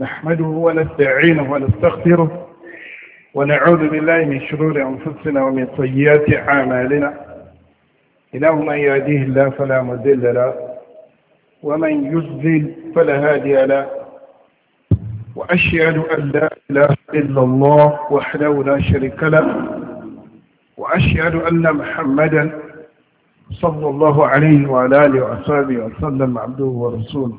نحمده ونستعينه ونستغفره ونعوذ بالله من شرور أنفسنا ومن سيئات أعمالنا إله من يهديه الله فلا مضل له ومن يضلل فلا هادي له وأشهد أن لا إله إلا الله وحده لا شريك له وأشهد أن محمدا صلى الله عليه وعلى آله وأصحابه وسلم عبده ورسوله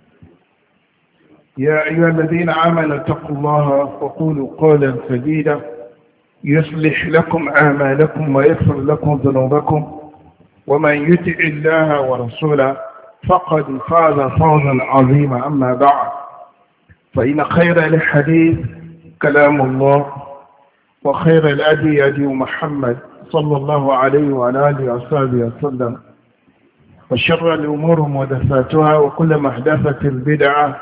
يا أيها الذين آمنوا اتقوا الله وقولوا قولا سديدا يصلح لكم أعمالكم ويغفر لكم ذنوبكم ومن يطع الله ورسوله فقد فاز فوزا عظيما أما بعد فإن خير الحديث كلام الله وخير الأدي أدي محمد صلى الله عليه وعلى آله وصحبه وسلم وشر الأمور محدثاتها وكل محدثة بدعة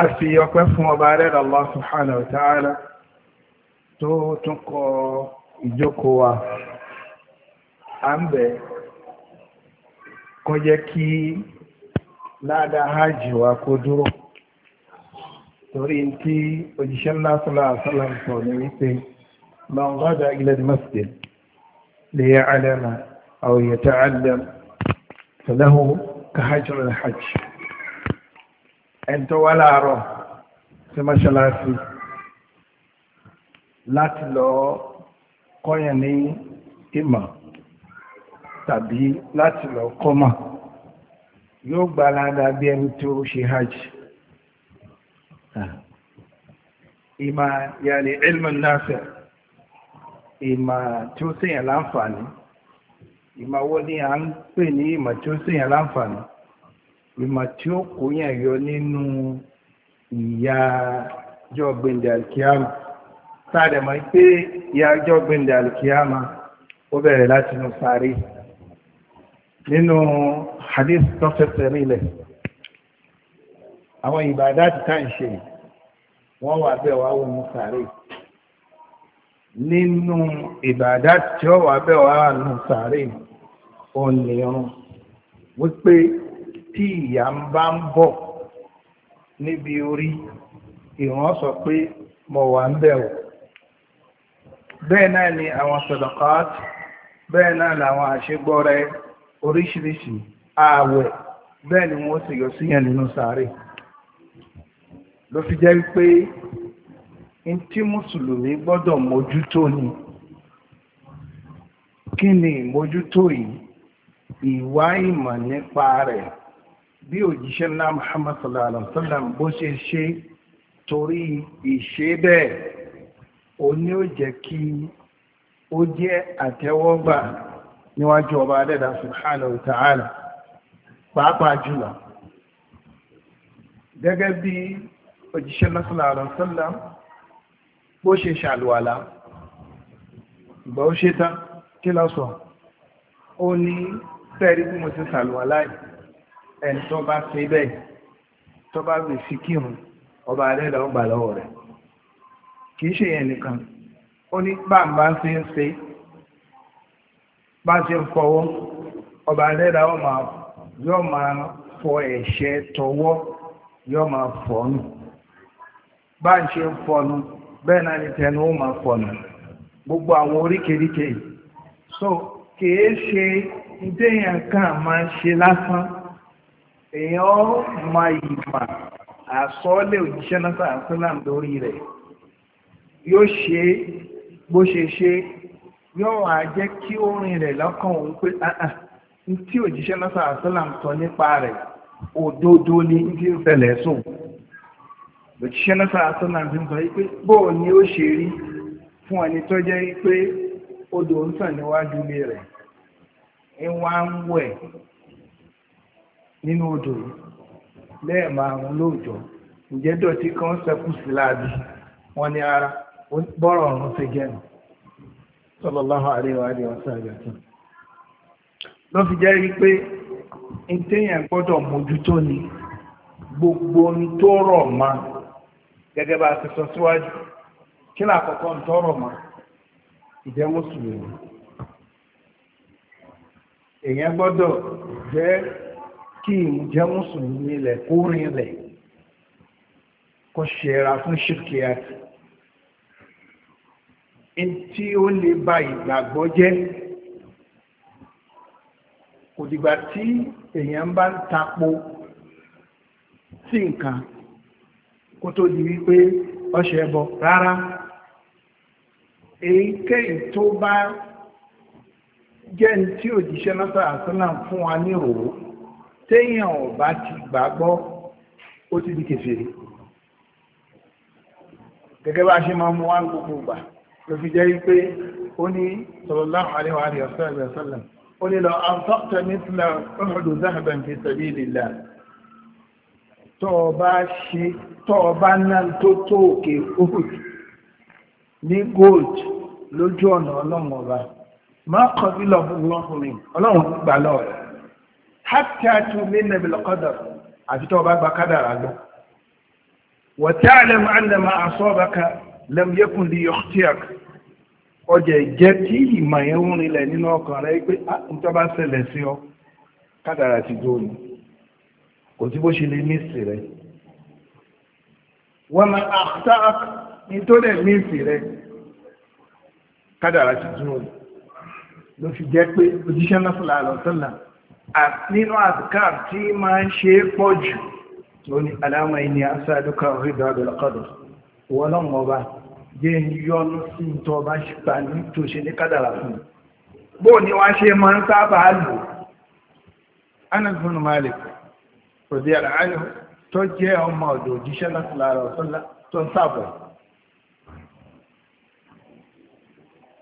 a fi ọpẹ́ fún ọba rẹ̀ Allah subhanahu wa ta'ala tó tún kọ ìjókòó wa a ń bẹ̀ kó jẹ́ kí láàdá hajj wa kó dúró torí tí òjíṣẹ́ ńlá sọ́lá àṣọ́lá sọ ní wípé man ghada ila al-masjid liya'lama aw yata'allam falahu ka hajj ẹ̀ntọ́ wá láàárọ̀ sí mọ́ṣáláṣí láti lọ kọ́yàn ní ìmọ̀ tàbí láti lọ kọ́mà yóò gbà ládàá bí ẹni tó ṣe hajj ìmọ̀ yàrá ilmu nafi ìmọ̀ tí ó ṣèyàn láǹfààní ìmọ̀ wo ni à ń pè ní ìmọ̀ tí ó ṣèyàn láǹfààní ìmọ̀ tí ó kó yàn yọ nínú ìyà ọjọ́ gbẹ̀ndẹ̀ alkiyama sáàdẹ̀ mọ̀ pé ìyà ọjọ́ gbẹ̀ndẹ̀ alkiyama ó bẹ̀rẹ̀ láti inú sáré nínú hadith tó fẹsẹ̀ rinlẹ̀ àwọn ìbàdá ti tá ń ṣe wọ́n wà bẹ́ẹ̀ wá wò ní sáré nínú ìbàdá tí ó wà bẹ́ẹ̀ wá wà ní sáré òun nìyẹn wípé tí ìyà ń bá ń bọ̀ níbi orí ìwọ̀n sọ pé mo wà ń bẹ̀ wò bẹ́ẹ̀ náà ni àwọn sọ̀dọ̀kọ́t bẹ́ẹ̀ náà làwọn àṣegbọ́rẹ oríṣiríṣi ààwẹ̀ bẹ́ẹ̀ ni wọ́n sì yọ síyàn nínú sàárè ló fi jẹ́ pé n tí mùsùlùmí gbọ́dọ̀ mójútó ni kí ni ìmójútó yìí ìwá ìmọ̀ nípa rẹ̀ bí òjíṣẹ́ ńlá Muhammad sallallahu alaihi wasallam bó ṣe ṣe torí ìṣe bẹ́ẹ̀ ó ní ó jẹ́ kí ó jẹ́ àtẹ́wọ́gbà níwájú ọba adẹ́dà subhanahu wa ta'ala pàápàá jùlọ gẹ́gẹ́ bí òjíṣẹ́ ńlá sallallahu alaihi wasallam bó ṣe ṣàlùwàlá ìgbà ó ṣe tán kí lọ́sọ̀ ẹni tó bá ṣe bẹ́ẹ̀ tó ọba adẹ́dà ó lọ́wọ́ rẹ̀ kì í ṣe yẹn nìkan ó ní ṣe ń ṣe bá ṣe ń fọwọ́ ọba adẹ́dà yóò máa fọ ẹ̀ṣẹ̀ tọwọ́ yóò máa fọnù bá ń ṣe ń fọnù bẹ́ẹ̀ náà ni tẹnu ó máa gbogbo àwọn oríkèéríkèé so kì í ṣe kan máa ń ṣe èèyàn ma ìmà àsọ́ọ́lẹ̀ òjíṣẹ́ náà sàásílà lórí rẹ̀ yóò ṣe bó ṣe ṣe yóò wà jẹ́ kí orin rẹ̀ lọ́kàn òun pé tí òjíṣẹ́ náà sàásílà ń sọ nípa rẹ̀ òdodo ni tí ń fẹlẹ̀ sùn òjíṣẹ́ náà ń pé bóò ni ó ṣe rí fún ẹni tó jẹ́ pé odò ń sàn níwájú ilé rẹ̀ ń nínú odò yìí lẹ́ẹ̀márùn lóòjọ́ ǹjẹ́ dọ̀tí kan ṣẹ́kù sí láàbí wọn ní ara bọ́rọ̀ ọ̀run ṣe jẹ́nu sallallahu àríwá wa alihi wasallam ló fi jẹ́ rí pé gbọ́dọ̀ mójútó ni gbogbo ohun tó rọ̀ gẹ́gẹ́ bá a ti sọ síwájú kí ni àkọ́kọ́ ma ìjẹ́ mùsùlùmí èèyàn gbọ́dọ̀ jẹ́ tí ìjẹ́ mùsùlùmí ilẹ̀ kó rin ilẹ̀ kó ṣera fún ṣìkìyàt tí ó lè ba ìgbàgbọ́ jẹ́ kò dìgbà tí èèyàn bá ń tapo sí nǹkan kó tó di wípé ọṣẹ bọ rárá èyíkéyìí tó bá jẹ́ ní tí òjíṣẹ́ lọ́sàá àtúnlá fún wa ní òwò téèyàn ò bá ti gbàgbọ́ ó ti di kèfèrí gẹ́gẹ́ bá ṣe máa mú wá gbogbo ìgbà ló fi jẹ́ wípé ó ní sallallahu alaihi wa sallam ó ní lọ àtọ́tẹ̀ mithla ọ̀rọ̀dù zahaban fi sabilillah tó bá ṣe tó tó òkè òhùd ní gold lójú ọ̀nà ọlọ́run ọba má kọ́ sí lọ́fún lọ́fún mi ọlọ́run gbà lọ́rẹ̀ hatta tu'mina bil qadar àti tó bá gba kádàrà lọ wa ta'lam anna ma asabaka lam yakun li yakhtiak ọjẹ́ jẹ́ tí ìmọ̀ yẹn ń rinlẹ̀ nínú ọkàn rẹ̀ pé ah, tó bá ṣẹlẹ̀ sí ọ kádàrà ti dó ni kò sí bó ṣe lè ní sí rẹ̀ wa ma akhtaak ní tó dẹ̀ ní sí rẹ̀ kádàrà ti dó ni ló fi jẹ́ pé òjíṣẹ́ nínú àzùkár tí ma ń ṣe pọ̀ jù tó ní aláma ìní àṣàdúkà orí dáadọ́lọ́kọ́dọ̀ wọ́lọ́mọba jẹ́ yọnu sí tó bá ṣìpá ní tó ṣe ní kádàrà fún bó ní wá ṣe ma ń sábà lò Malik tó jẹ́ ọmọ ọ̀dọ̀ òjíṣẹ́ láti lára ọ̀sọ́lá sábọ̀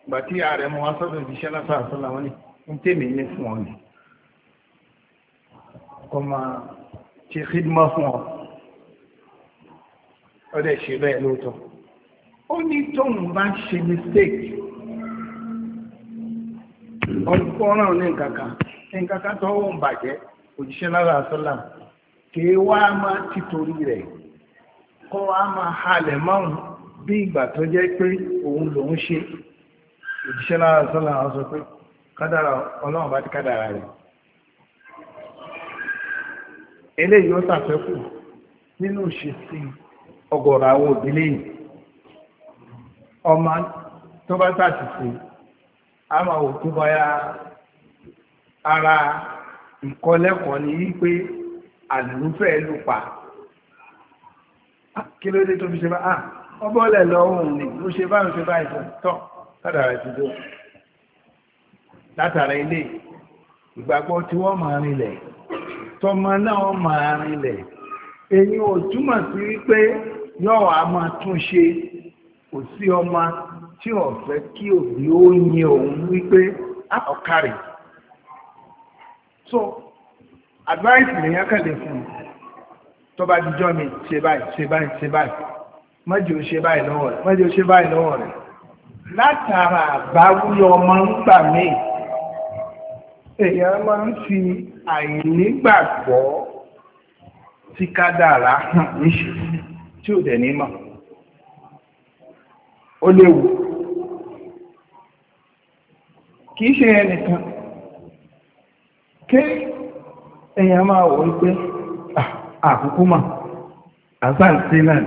gbàtí ààrẹ mọ́ wá sọ́dọ̀ òjíṣẹ́ láti lára tèmi ọ kó máa ṣe khidma fún ọ ó dẹ̀ ṣe bẹ́ẹ̀ lóòótọ́ ó ní tóun bá ṣe mistake ọ̀ràn ní nǹkankan nǹkankan tó ń bàjẹ́ òjíṣẹ́ lára àṣọ́là kìí wá máa ti torí rẹ̀ kọ́ wá máa halẹ̀ máhùn bí ìgbà tó jẹ́ pé òun lòun ṣe òjíṣẹ́ lára àṣọ́là àwọn sọ pé kádàrà ọlọ́run bá ti kádàrà rẹ̀ eléyìí ó ṣàfẹ́kù nínú ìṣesí ọ̀gọ̀rọ̀ àwọn ọmọ tó bá a máa wò tó ara ìkọlẹ́kọ̀ọ́ ni wípé àlùfẹ́ lù pa ah, kí ló dé tó fi ṣe bá ah, ọbọ̀lẹ̀ lọ́wọ́n ni ló ṣe ṣe báyìí tọ́ ti dó látara ilé ìgbàgbọ́ tọmọ náà máa rinlẹ̀ èyí ò túmọ̀ sí wípé yóò a máa tún ṣe kò sí ọmọ tí ò fẹ́ kí òbí ó yin òun wípé àkọ́kárì so advice lèyàn kẹ̀lé fún tó bá jíjọ́ mi ṣe báyìí ṣe báyìí ṣe báyìí mọ́jì ó ṣe báyìí lọ́wọ́ rẹ̀ látara àbáwí ọmọ ń gbà míì èèyàn máa ń fi àìnígbàgbọ́ tí kádàrá hàn níṣe tí ò dẹ̀ ní mọ̀ ó léwu kìí ṣe ẹnìkan ké èèyàn máa wò ó pé àkókò mà àzáǹtí náà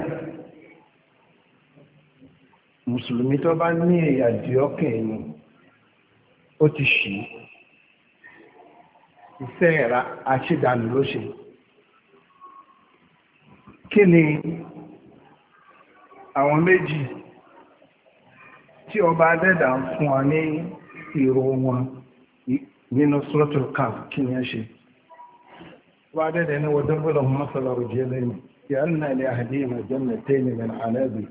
mùsùlùmí tó bá ní èyà dìọ́kẹ̀ ẹ̀yìn ó ti ṣì iṣẹ́ ẹ̀ra àṣedànù ló ṣe kí ni àwọn méjì tí ọba adẹ́dà ń fún ọ ní ìró wọn nínú suratul Kahf kí ni ẹ ṣe ọba adẹ́dà ní wọ́n dẹ́gbẹ́lọ́ mọ́sálà òjì ẹlẹ́yìn yàrá ilẹ̀ àdéhùn àjẹ́mẹ̀ tẹ́lẹ̀ mẹ́rin àlẹ́bì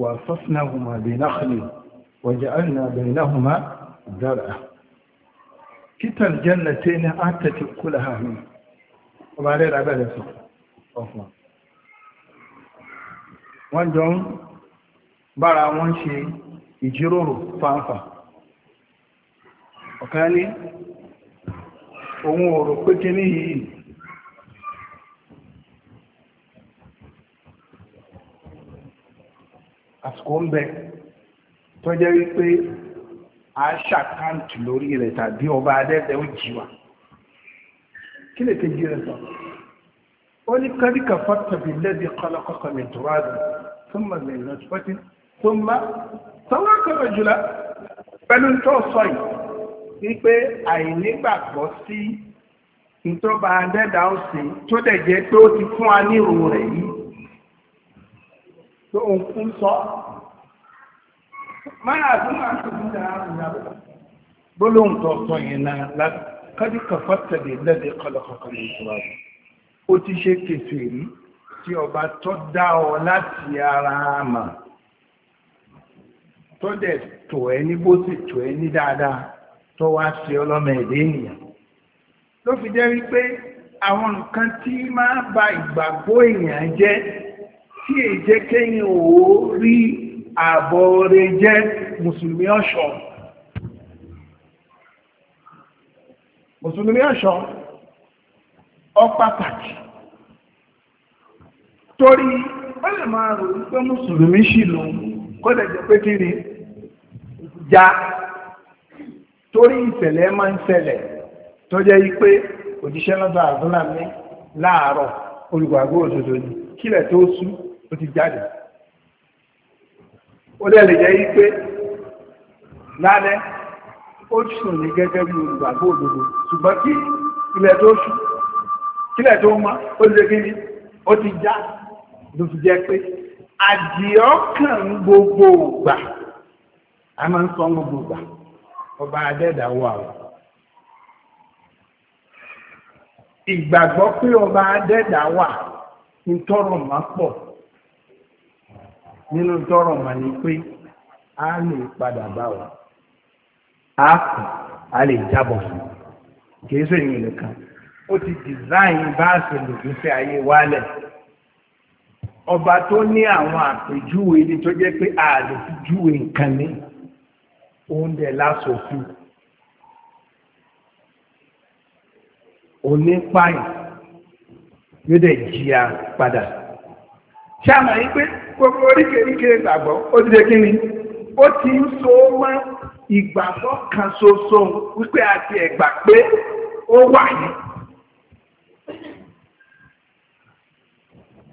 wà sọ́sìnà hùmà bẹ̀ẹ́nàkìlì wàjẹ́ àrìnà bẹ̀ẹ́nàhùmà dára kíntàn jẹ́nà tí ní àtẹ̀tì kúlẹ̀ àmì ọba rẹ̀ rábẹ̀rẹ̀ sọ ọ̀fọ̀ wọ́n jọ ń bára wọn ṣe ìjíròrò fáńfà ọ̀kan ní òun òrò pé ní yìí àsìkò ń bẹ tó wípé a ṣàkáǹtì lórí rẹ̀ tàbí ọba adẹ́dẹ́ ó jìwà kí lè tẹ́jì rẹ̀ sọ ó ní kọ́ríkà fọ́tàbí lẹ́bí kọ́lọ́kọ́kọ́ mi tùwádùn fún mọ̀mí ìrọ̀tí fún má tọ́wọ́ kọ́rọ̀ jùlọ pẹ̀lú tó sọ yìí wípé àìnígbàgbọ́ sí ìtọ́ba adẹ́dà ó sì tó dẹ̀ jẹ́ pé ó ti fún wa ní ìrù rẹ̀ yìí tó ń kún sọ máa tún máa tún ní àrùn yàrá gbólóhùn tọ̀tọ̀ yìí náà lákàdí kàfàtàdé lẹ́dẹ̀ kọlọ̀kọ̀kọ̀ ní ìtura rẹ̀ ó ti ṣe kèsì rí tí ọba tó dá ọ láti ara àmà tó dẹ̀ tò ẹ́ ní bó sì tò ẹ́ ní dáadáa tó wá ṣe ọlọ́mọ ẹ̀dẹ́ ènìyàn ló fi jẹ́ wípé àwọn nǹkan tí máa ba ìgbàgbọ́ èèyàn jẹ́ tí èjẹ́ kéèyàn ò àbọ̀ oore jẹ́ musulmi ọ̀ṣọ́ mùsùlùmí ọ̀ṣọ́ torí ó lè máa rò wípé mùsùlùmí ṣì kó lè jẹ́ pé kí ni já torí ìṣẹ̀lẹ̀ máa ń ṣẹlẹ̀ tó jẹ́ wípé òjíṣẹ́ lọ́dọ̀ àdúrà mi láàárọ̀ olùgbàgbọ́ òdodo ni kílẹ̀ tó ti jáde. ó dẹ̀ lè jẹ́ yí pé lálẹ́ ó sùn ní gẹ́gẹ́ bí olùgbàgbọ́ òdodo ṣùgbọ́n kí ilẹ̀ tó sùn kílẹ̀ tó mọ́ ó lè kí ni ó ti já ló fi jẹ́ pé àdìọ́kàn gbogbo ògbà a máa ń sọ gbogbo ògbà ọba adẹ́dàwọ̀ àwọn ìgbàgbọ́ pé ọba adẹ́dàwà ń tọrọ máa pọ̀ nínú tọrọ mà ní pé a lè padà bá wa a kù a lè jábọ̀ fún kìí nìkan ó ti design bá a ṣe lò fífẹ́ ayé wálẹ̀ ọba tó ní àwọn àpèjúwe ni tó jẹ́ pé a lè fi júwe nǹkan ní oúnjẹ lásòfin onípààyàn yóò dẹ̀ jìyà padà ṣáà mọ̀ pé gbogbo oríkèríkè ìgbàgbọ́ ó ti ó ti ń so mọ́ ìgbàgbọ́ kan ṣoṣo wípé a ti ẹ̀gbà pé ó wà ní.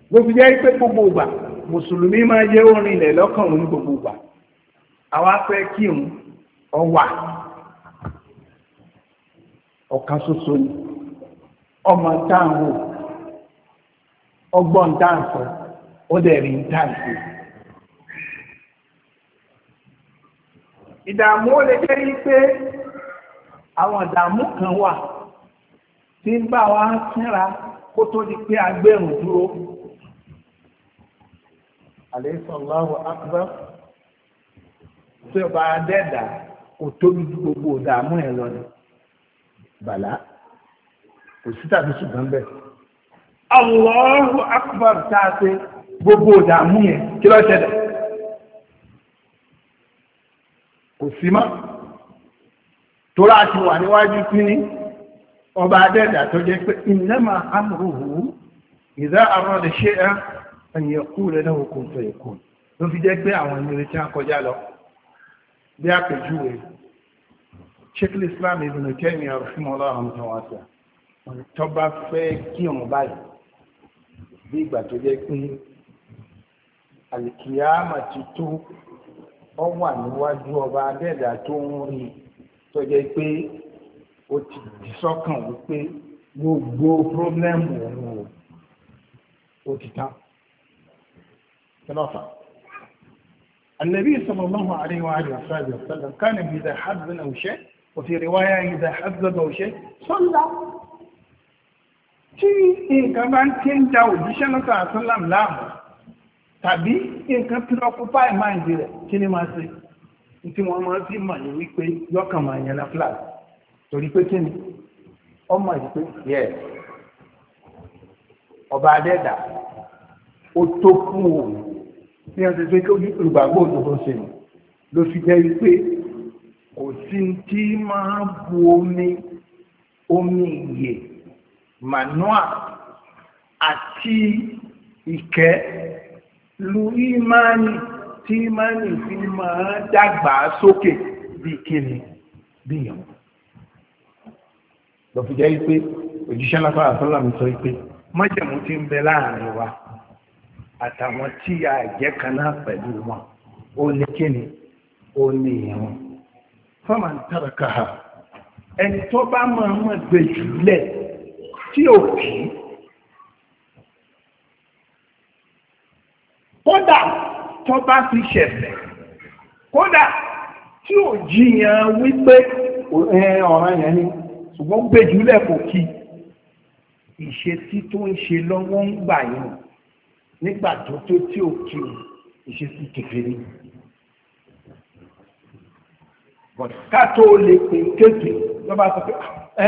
gbogbo jẹ́ pé gbogbo ìgbà mùsùlùmí máa yẹ orin ilẹ̀ lọ́kàn òun gbogbo ìgbà àwa fẹ́ kí òun ọ wà ọ̀kan ṣoṣo ni ọmọ ọgbọ́n ó dẹ̀ rí ń tàǹtì. ìdààmú ó lè jẹ́ yí pé àwọn ìdààmú kan wà tí ń bá wa fínra kó tó di pé agbẹ́rùn dúró. Allahu akbar tí ọba adẹ́dà kò tóbi ju gbogbo ìdààmú ẹ̀ lọ ni. Bàlá kò sí tàbí ṣùgbọ́n bẹ́ẹ̀. Allahu akbar tá a ṣe gbogbo ìdààmú yẹn kí ló ṣẹlẹ̀ kò sí mọ́ torá ti wà níwájú sí ní ọba adẹ́dà tó jẹ́ pé innama amruhu idha arada shay'an an yaqula lahu kun fayakun ló fi jẹ́ pé àwọn ìrìn tí a kọjá lọ bí àpèjúwe sheikh islam ibn Taymiyyah arúfúnmọ́lá ọmọ wáṣà tó bá fẹ́ kí ọmọ báyìí bí ìgbà tó jẹ́ pé àlìkìyàmà ti tó ọ wà níwájú ọba adẹ́dà tó ń rí tó jẹ́ pé ó ti di sọ́kàn wípé gbogbo pírọ́blẹ́mù òun o ó ti tán kílọ̀fà. النبي صلى الله عليه وآله وصحبه وسلم كان إذا حزن أو شيء وفي رواية إذا حزن أو شيء صلى tí nǹkan bá ń tí ń da òjíṣẹ́ lọ́sọ̀ àtúnlám láàmú tàbí nǹkan preoccupy mind rẹ̀ kí ni máa ṣe tí wọ́n máa fi mọ̀ ní wípé yọ́kàn máa yẹn lápá torí pé kí ni ọmọ yìí pé yẹ ọba adẹ́dà ó tó fún òun ní ọ̀sẹ̀ pé kí olùgbàgbọ́ òdodo ṣe ló fi jẹ́ wípé kò sí tí máa bu omi omi ìyè manua àti ìkẹ́ lu ìmánì tí ìmánì fi máa dàgbà sókè bí kíni bí yàn lọ́fíjẹ́ wípé òjíṣẹ́ lápá àtọ́là mi sọ wípé májẹ̀mú ti ń bẹ láàrin wa àtàwọn tí a jẹ́ kan náà pẹ̀lú wọn ó ní kíni ó ní ìrun fọ́mà ń tàràkà ẹni tó bá máa mọ̀ gbèjúlẹ̀ tí ò kìí kódà tó bá fi ṣẹ̀fẹ̀ kódà tí ò jiyàn wípé ọ̀ràn yẹn ni ṣùgbọ́n gbèjú lẹ́kọ̀ọ́ kí ìṣesí tó ń ṣe lọ́wọ́ ń gbà yẹn nígbà tó tó tí ò kí o ìṣesí kékeré but ká tó lè pè kéèké lọ́ba sọ pé ah, ẹ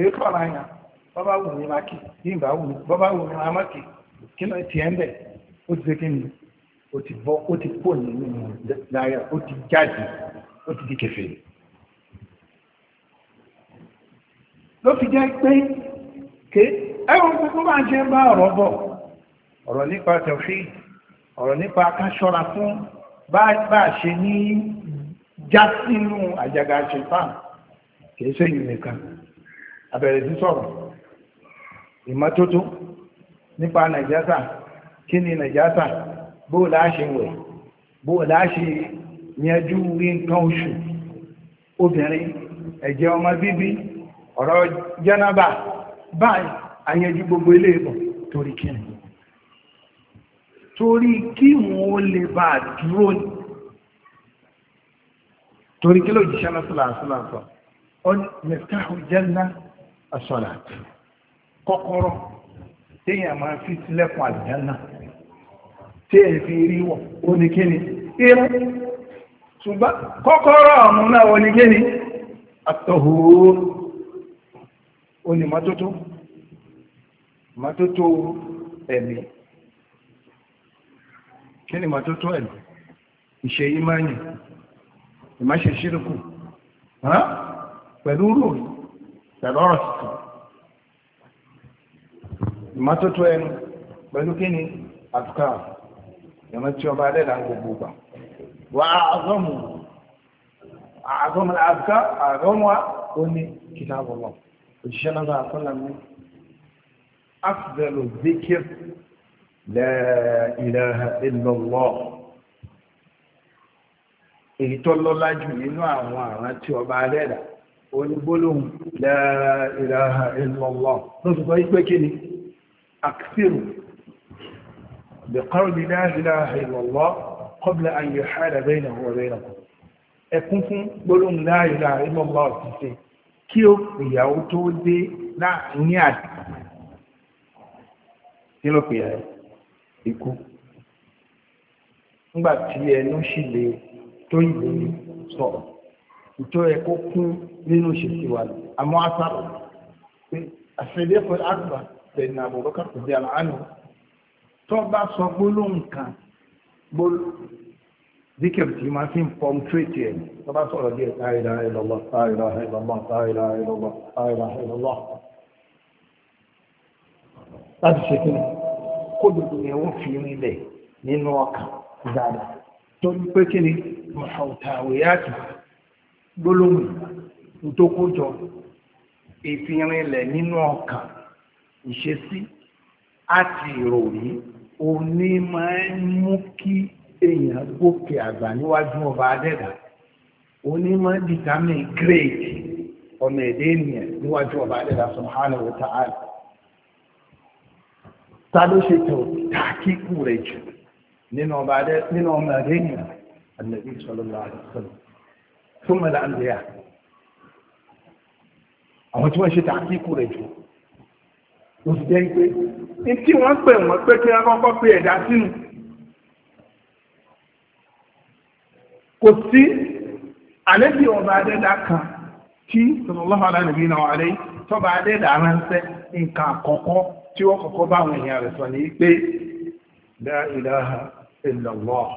èyí kọ́ra yẹn bọ́bá wù mí má kì bí ìgbà wù mí bọ́bá wù mí má kì kí ló ti ẹ̀ ń bẹ̀ ó ti ṣe kí ni. o ti bọ́ ó ti pò nínú ti jáde o ti di kèfèrí ló fi jẹ́ pé ké ẹ̀wọ̀n gbogbo máa jẹ́ bá ọ̀rọ̀ bọ̀ ọ̀rọ̀ nípa tẹ̀fí ọ̀rọ̀ nípa fún bá a ṣe ní já sínú àjàgà ṣetán kìí ṣe yìí nìkan abẹ̀rẹ̀ sí sọ̀rọ̀ ìmọ́tótó nípa bó láṣe wẹ̀ bó láṣe yanjú rí nǹkan oṣù obìnrin ẹ̀jẹ̀ ọmọ bíbí ọ̀rọ̀ jẹ́nàbà báyìí àyẹjú gbogbo ilé ìbọ̀ torí kí torí kí wọn lè bá dúró ní torí kí ló jíṣẹ́ mẹ́tàhù jẹ́nà àṣọ́lá kọ́kọ́rọ́ téèyàn tí ẹ̀ fi rí wọ̀ oníkíni irun ṣùgbọ́n kọ́kọ́rọ́ ọ̀mù náà oníkíni àtọ̀húrú onímọ́tótó mọ́tótó ẹ̀mí kí ni mọ́tótó ẹ̀mí ìṣe ìmáyìn ìmáṣe ṣírùkù pẹ̀lú ròyìn pẹ̀lú ọ̀rọ̀ ìmọ́tótó ẹnu pẹ̀lú kí ni àtúkà ìrántí ọba adẹ́dà gbogbo gbà wà àgọ́mù àgọ́mù àgbà àgọ́mù wa ó ní kitabullah òṣìṣẹ́ náà àtọ́là mi afdalu dhikr la ilaha illallah èyí tó lọ́lá jù nínú àwọn àrántí ọba adẹ́dà onígbólóhùn la ilaha illallah lọ́sùn yí pé kí ni àkísìrù بقول لا إله إلا الله قبل أن يحال بينه وبينكم ẹkún fún gbólóhùn la ilaha illallah ọ̀sísẹ́ kí ó ìyàwó tó dé ní àti tí ló pè é ikú nígbà tí ẹnu sì lè tó ìlú sọ̀rọ̀ ìtó ẹkó kún nínú ìṣèṣì wa àmọ́ àṣàrò pé àṣẹlẹ́fọ́ àgbà tẹ̀lé àbúrò kàkùdé àlàánú tó bá sọ gbólóhùn kan díkẹ̀ tí máa fi ń pọ̀mtrétì ẹ̀ tó bá sọ̀rọ̀ díẹ̀ la ilaha illallah la ilaha illallah la ilaha illallah la ilaha illallah láti ṣe kíni kó dodo yẹn wọ́n fi rinlẹ̀ nínú ọkàn dáadáa tó ní pé kíni mọ̀tàwé àti gbólóhùn ntókójọ ìfirinlẹ̀ nínú ọkàn ìṣesí àti ìròyìn òní máa ń mú kí èèyàn gòkè àgbà níwájú ọba adẹ́dà òní máa ń dìtámì gírèdì ọmọ èdè ènìyàn níwájú ọba adẹ́dà subhanahu wa ta'ala ta ló ṣe tó tàkíkù rẹ̀ jù nínú ọmọ èdè ènìyàn ànàbí sallallahu alaihi wasallam tó mọ̀ àwọn tí wọ́n ṣe tàkíkù rẹ̀ jù ló fi jẹ́ pé ní tí wọ́n pè wọ́n pé kí wọ́n kọ́kọ́ pe ẹ̀dá sínú kò sí àlébí ọba adẹ́dá kan tí sallallahu ala nabina na alayhi tọ́ba adẹ́dá ránṣẹ́ nǹkan àkọ́kọ́ tí wọ́n kọ́kọ́ bá àwọn èèyàn rẹ̀ sọ ní pé ilaha illallah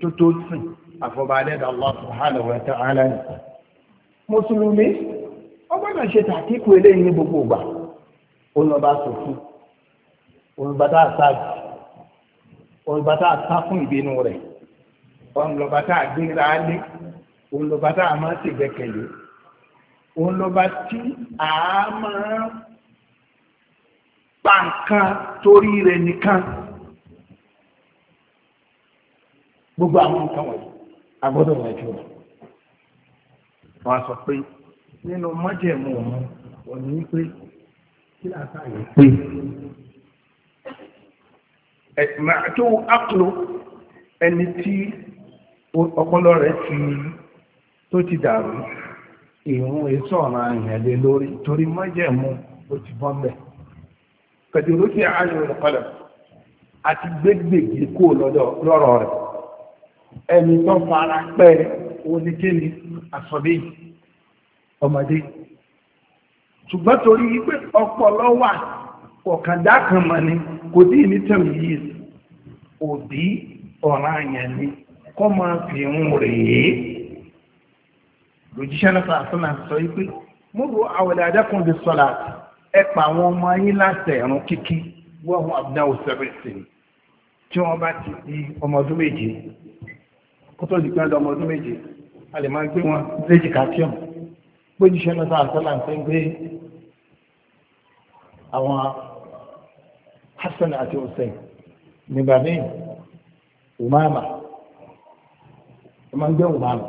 tó tó sìn àfọba adẹ́dá Allah subhanahu wa ta'ala ni mùsùlùmí ọgbọ́dọ̀ ṣe tàkíkù eléyìí ní gbogbo ìgbà olùbá sòfin olùbá tá a sáàjì olùbá tá a sá fún ìbínú rẹ̀ olùbá tá a gbéra lé olùbá tá a máa ṣègbẹ́kẹ̀lé olùbá tí a máa pa nǹkan torí rẹ̀ nìkan gbogbo àwọn nǹkan wọ̀nyí a gbọ́dọ̀ wọ̀ ẹ̀jú rẹ̀ wọ́n sọ pé nínú májẹ̀mú òun òní pé pé ẹ̀tọ́ àpò ẹni tí ọpọlọ rẹ̀ ti tó ti dàrú ìrún èso ọ̀ràn ìrìnlẹ̀ lórí torí mọ́jẹ̀mú ó ti bọ́ mẹ́ kẹ̀dùrú àti gbégbègbè lọ́rọ̀ rẹ̀ ẹni tó fara pẹ́ ṣùgbọ́n torí wípé ọpọlọ wà kọ̀kàndá kan mọ̀ ni kò dí ní tẹ̀lé yìí òbí ọ̀ràn àyàn ni kọ́ máa fi ń rèé lòjíṣẹ́ náà sàásánà sọ wípé múrò àwẹ̀lẹ̀ adẹ́kùn bí sọ́lá ẹ pa àwọn ọmọ yín láti ẹ̀rùn kíkí wọ́n àbúdá òṣèrèsì tí wọ́n bá ti di ọmọ ọdún méje kó tó di pé ọdún méje a lè máa gbé wọn léjìká kí ọ̀hún gbójúṣẹ́ náà àtọ́là ń pẹ́ gbé àwọn Hassan àti Hussein nígbà míì Umama wọ́n máa ń gbé Umama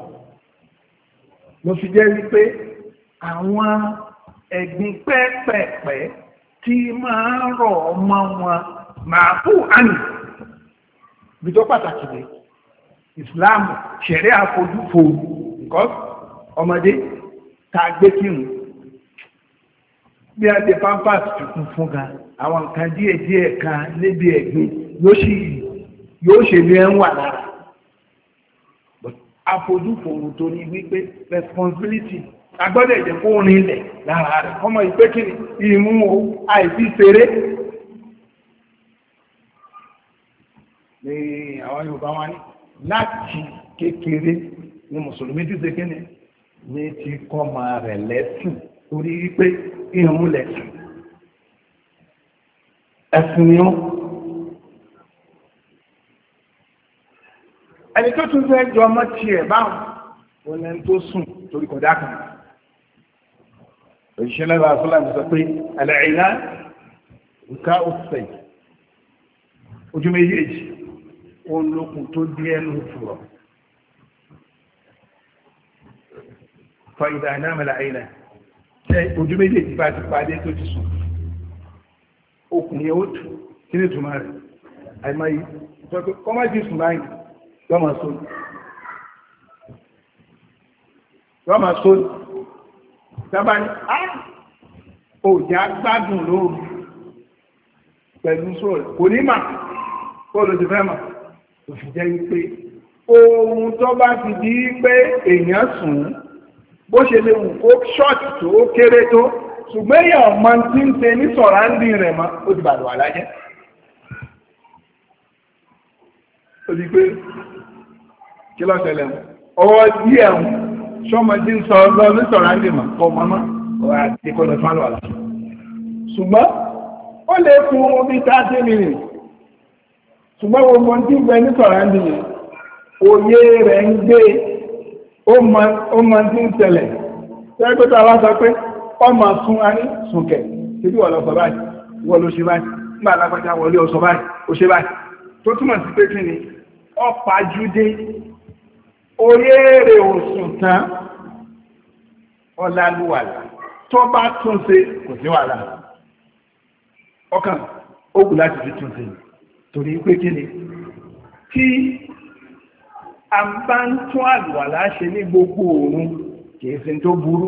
ló fi jẹ́ wípé àwọn ẹ̀gbin pẹ́ẹ́pẹ́ẹ́pẹ́ tí máa ń rọ̀ ọmọ wọn máa kú àná bìtọ́ pàtàkì dé Islam ṣẹ̀rẹ́ àfojúfò nǹkan ọmọdé ta gbé kírun bí a ti pampers tuntun fún ga àwọn nǹkan díẹ̀ díẹ̀ kan níbi ẹ̀gbin yóò sì yóò ṣe ní ẹ̀ ń wà lára àfojúfòrò tó ní wípé responsibility agbọ́dọ̀ ìjẹ́ kó rin ilẹ̀ lára rẹ̀ ọmọ ìpé kí ni ìmú àìsí ṣeré ní àwọn Yorùbá wa ní láti kékeré ní mùsùlùmí ti ṣe kí ni ní ti kọ́ máa rẹ̀ lẹ́sìn torí wípé irun lẹ́sìn ẹ̀sìn ni ó ẹni tó tún fẹ́ jọ ọmọ tiẹ̀ báwọn ó lẹ́ni tó sùn torí kọjá kan òṣìṣẹ́ lẹ́bàá asọ́láàmù sọ pé àlẹ́ìlá nǹkan ọ̀sẹ̀ ojú méjèèjì ó ń lókun tó dí ẹnu fùrọ̀ fa ìdá anáàmìlà àìlà tẹ́ ojú méjèèjì bá ti pàdé tó ti sùn okùn yẹn ó tù kí ní túnmà rẹ̀ àìmáyé ìjọpẹ́ kọ́má jí sùn báyìí lọ́mà sóòlù lọ́mà sóòlù sábà ní á òjá gbádùn lóòrùn pẹ̀lú sóòlù kò ní mà sóòlù ti fẹ́ mà òfìjẹ́ wípé ohun tó bá ti di pé èèyàn sùn bó ṣe lè wù kó ṣọ́ọ̀tì tó kéré tó ṣùgbọ́n èèyàn ọmọ tí ń ṣe ní sọ̀ráńdì rẹ̀ mọ́ ó ti bàlùwà lájẹ́ ó ti pé kí ló ṣẹlẹ̀ ọwọ́ díẹ̀ ń ṣọ́mọdé ń sọ lọ ní sọ̀ráńdì mọ́ kọ́ mọ́mọ́ ọ̀rọ̀ àti ìkọlọ̀ tó bàlùwà lájẹ́ ṣùgbọ́n ó lè fún omi tààtì mìíràn ṣùgbọ́n gbogbo tí ń gbẹ ní sọ̀ráńdì yẹn òye rẹ̀ ń gbé ó mọ tí ń tẹ̀lẹ̀ tẹ́gbẹ́ta wá sọ pé ọmọ sún a ní sùnkẹ̀ títí wọ̀ lọ sọ báyìí wọ́n ló ṣe báyìí nígbà alágbájá wọlé ọsọ báyìí ó ṣe báyìí tó túmọ̀ sí pé kí ni ọ̀pá júdé orí èrè òsùn tán ọ̀làlúwàlà tó bá tún ṣe kò sí wàhálà ọkàn ó kù láti fi tún ṣe torí pé kí ni tí a bá ń tún àlùwàlá ṣe ní gbogbo òun kìí sin tó burú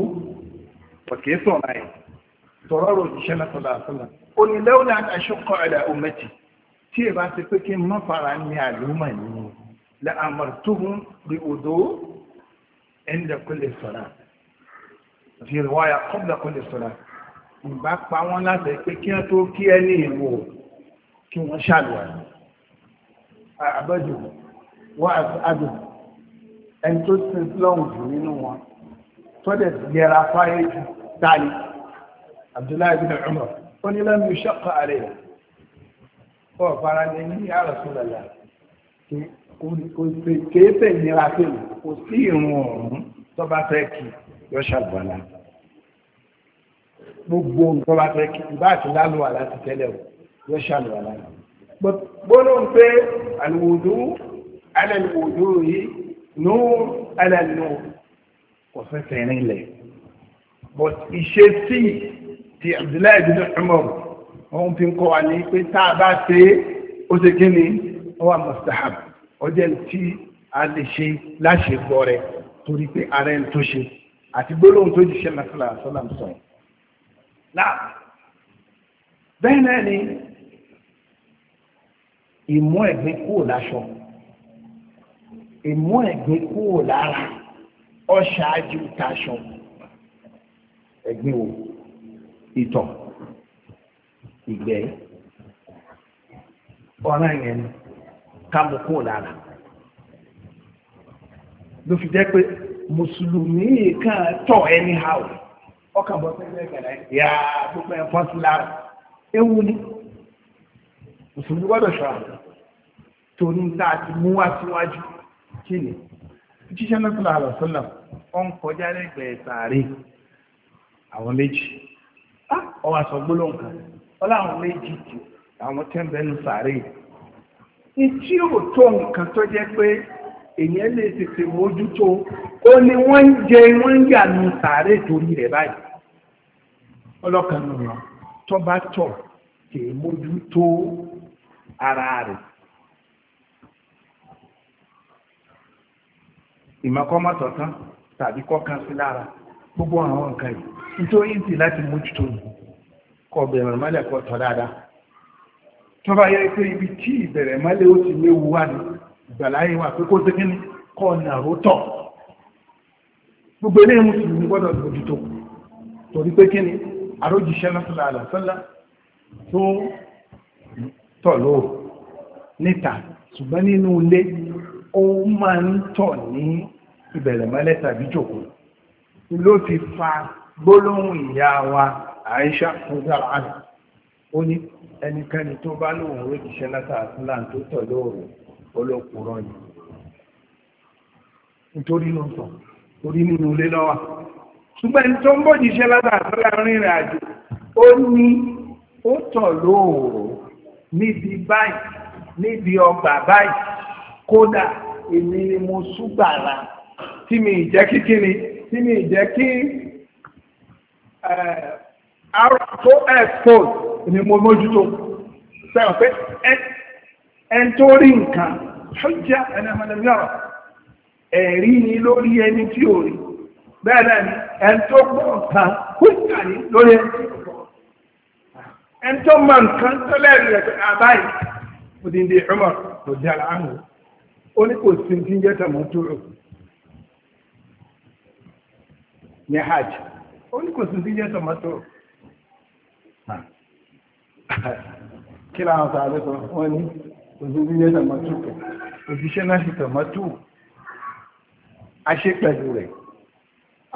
ọ̀kìí sọ̀rọ̀ ẹ̀ tọ̀rọ̀ rò jíṣẹ́ náà sọ̀rọ̀ àfọlà ó ní lẹ́wọ̀n àṣọkọ̀ ẹ̀dà ọmọtì tí ẹ bá ti pé kí n má fara ní àlùmọ̀ yìí la àmọ̀tòhún bí odò ẹ̀ńdà kò lè sọ̀rọ̀ fi rìwáyà kọ́bùdà kò lè sọ̀rọ̀ ìbá pa wọ́n láti pé kí wọ́n tó kí ẹ ní ìwò kí wọ́n ṣàlùwà àbẹ́jù wọ́n àdù ẹni tó ti lọ́hùn jù nínú wọn tó dẹ̀ yẹra fáyé jù dání abdullahi bin umar ó ní lẹ́nu ṣọ́kọ̀ àrẹ ọ̀ fara ní ní àrùsùlẹ̀lá kéèpè nira pé kò sí ìrùn ọ̀run tó bá fẹ́ kí yọ ṣàgbọ́nà gbogbo nǹkan bá fẹ́ kí ìbá àti lálùwà láti tẹ́lẹ̀ o yọ ṣàlùwà láti gbọ́dọ̀ pé àlùwòdó على الوجوه نور على النور وفتن إليه but ìṣesí ti Abdullahi bin Umar wọn fi ń kọ́ wa ní pé tá a bá ṣe é ó ṣe kí ni ó wà mustahab ọjọ́ tí a lè ṣe láṣegbọ́ rẹ̀ torí pé ara ẹni tó ṣe àti gbólóhùn tó jíṣẹ́ lásìlá àṣọlá sọ bẹ́ẹ̀ náà ni ìmú ẹ̀gbin kúrò láṣọ ìmú ẹ̀gbin kúrò lára ọ̀ṣáájú taṣọ ẹ̀gbin wò ìtọ̀ ìgbẹ́ ọ̀ràn yẹn kámú kúrò lára ló fi jẹ́ pé mùsùlùmí kan tọ̀ anyhow ọkàn bọ́ sẹ́gbẹ́ gẹ̀rẹ́ yá gbogbo ẹ̀fọ́ sí lára ewu ni mùsùlùmí gbọ́dọ̀ ṣọ́ra torí tá a ti mú wá síwájú kí ni jíṣẹ́ lọ́sọ̀lá àlọ́sọ́lá ọ ń kọjá lẹ́gbẹ̀ẹ́ sàárè àwọn méjì ọwọ́ aṣọ gbólóhùn kan ọláwọn méjì jù àwọn tẹ́ǹbẹ̀ẹ́nu sàárè tí ò tó nǹkan tó jẹ́ pé èèyàn lè tètè mójútó ó ní wọ́n ń jẹ wọ́n ń yànú sàárè torí rẹ̀ báyìí ọlọ́kan nù tó bá tọ̀ kì í mójútó ara rẹ̀. ìmọ̀kọ́mọ̀tọ̀tán tàbí kọ́kan sí lára gbogbo àwọn nǹkan yìí nítorí ti láti mójútó kọ bẹ̀rẹ̀ mọ́lẹ̀ kọ́ tọ́ dáadáa tó bá yẹ pé ibi tí ìbẹ̀rẹ̀ mọ́lẹ̀ ó ti léwu wà ní ìgbàláyé wà pé kó sí kí ni kọ́ nàró tọ̀ gbogbo ilé mùsùlùmí gbọ́dọ̀ mójútó torí pé kí ni àrójíṣẹ́ lọ́sọ̀lá àlàsọ́lá tó tọ̀ lóòrùn níta ṣùgbọ́n nínú ilé ó máa ń tọ̀ ní ìbẹ̀rẹ̀ mọ́lẹ̀ tàbí jòkó ló ti fa gbólóhùn ìyá wa àìṣà fún dára àná ó ní ẹnikẹ́ni tó bá lóun ó jíṣẹ́ látàásílà tó tọ̀ lóòrùn olókùrọ̀ ni nítorí ló ń sọ orí nínú ilé lọ́wọ́ ṣùgbọ́n ẹni tó ń bọ̀ jíṣẹ́ látàásílà rìnrìn àjò ó ní ó tọ̀ lóòrùn níbi báyìí níbi ọgbà báyìí kódà èmi ni mo súgbàrà tí mi ìjẹ́ kíkíni tí mi ìjẹ́ kí tó expose ni mo mójútó sẹ́wọ̀n pé ẹn tó rí nǹkan ṣọ́jà ẹni ọmọdébí ọ̀rọ̀ ẹ̀rí ni lórí ẹni tí ò rí bẹ́ẹ̀ náà ni ẹn tó gbọ́ nǹkan kúta ni lórí ẹni tí ò gbọ́ ẹn tó mọ nǹkan tó lẹ́rìí rẹ̀ pé àbáyé òdìndí Umar lòdì àlàáhùn ó ní kò sí tí ń jẹ́ tàmọ́tòrò ní hajj ó ní kò sí tí ń jẹ́ tàmọ́tòrò kí láwọn sàárẹ́ sọ wọ́n ní kò sí tí ń jẹ́ tàmọ́tòrò òṣìṣẹ́ náà sì tàmọ́tòrò a ṣe pẹ̀lú rẹ̀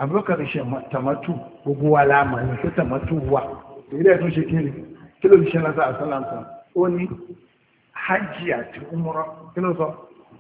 àbúrọ̀kàrí ṣe tàmọ́tù gbogbo wa láàmà ní pé tàmọ́tù wà ilé ẹ̀tún ṣe kí ni kí ṣe kí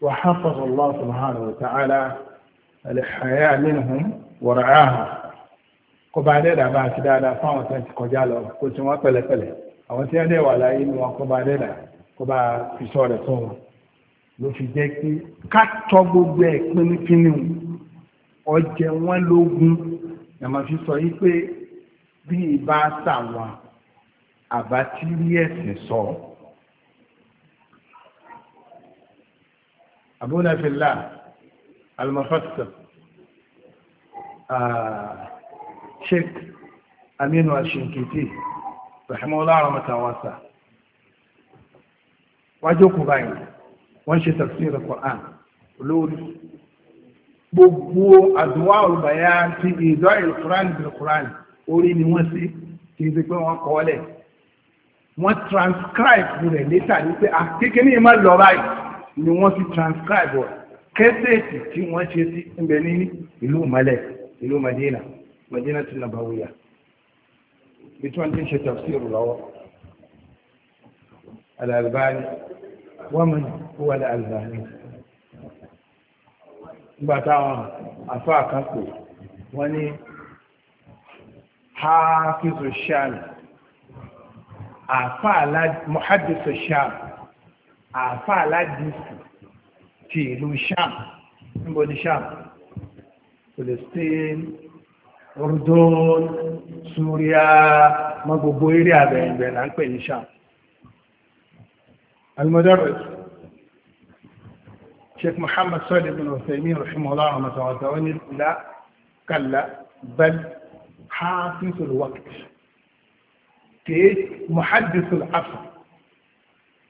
وحفظ الله سبحانه وتعالى الحياة منهم ورعاها kọba adẹ́dà bá ti dáadáa fáwọn tó ti kọjá lọ kó tí wọ́n pẹ̀lẹ́pẹ̀lẹ́ àwọn tí wọ́n dẹ̀ wà láyé ni wọn kọba adẹ́dà kọba fisọ́ rẹ̀ tó wọn ló fi jẹ́ pé kátọ́ gbogbo ẹ̀ pínpínlẹ̀ ọjẹ́ wọn lógún yàmà fi sọ yí pé bí ibà sàwọn àbá tí rí ẹ̀sìn sọ̀rọ̀. أبونا في الله، sheik aminu ashinkiti rahimahullah rahmatan wasa wájú kù báyìí wọ́n ṣe tafsir القرآن، quran lórí gbogbo àdúwà olùbáyá ti ìdọ́ ìlúkùránì ìlúkùránì orí ni wọ́n sí kì í ṣe pé wọ́n kọ́ lẹ̀ wọ́n transcribe rẹ̀ létà ní pé àkékeré ah, yìí má lọ báyìí ni wọ́n fi transcribe kẹ́sẹ̀tì tí wọ́n ṣe sí ibẹ̀ ní ìlú malẹ̀ ìlú madina madina tún nàbàwíyà bí tí wọ́n ti ń ṣe tafsiru lọ́wọ́ al-Albani wọ́n mọ̀ wọ́n al-Albani nígbà táwọn àfáà kan wọ́n ní hafizu sham àfáà muhaddisu sham àáfà aládìsí ti ìlú sham níbo ni sham Palestine Jordan Syria mọ gbogbo eré abẹ̀yìnbẹ̀ là ń pè ní sham almudarris sheikh muhammad sọ́ọ̀lì bin Uthaymin rahimahullah rahmatulahi wa ni la kalla bal hafisul waqt kìí muhaddisul asr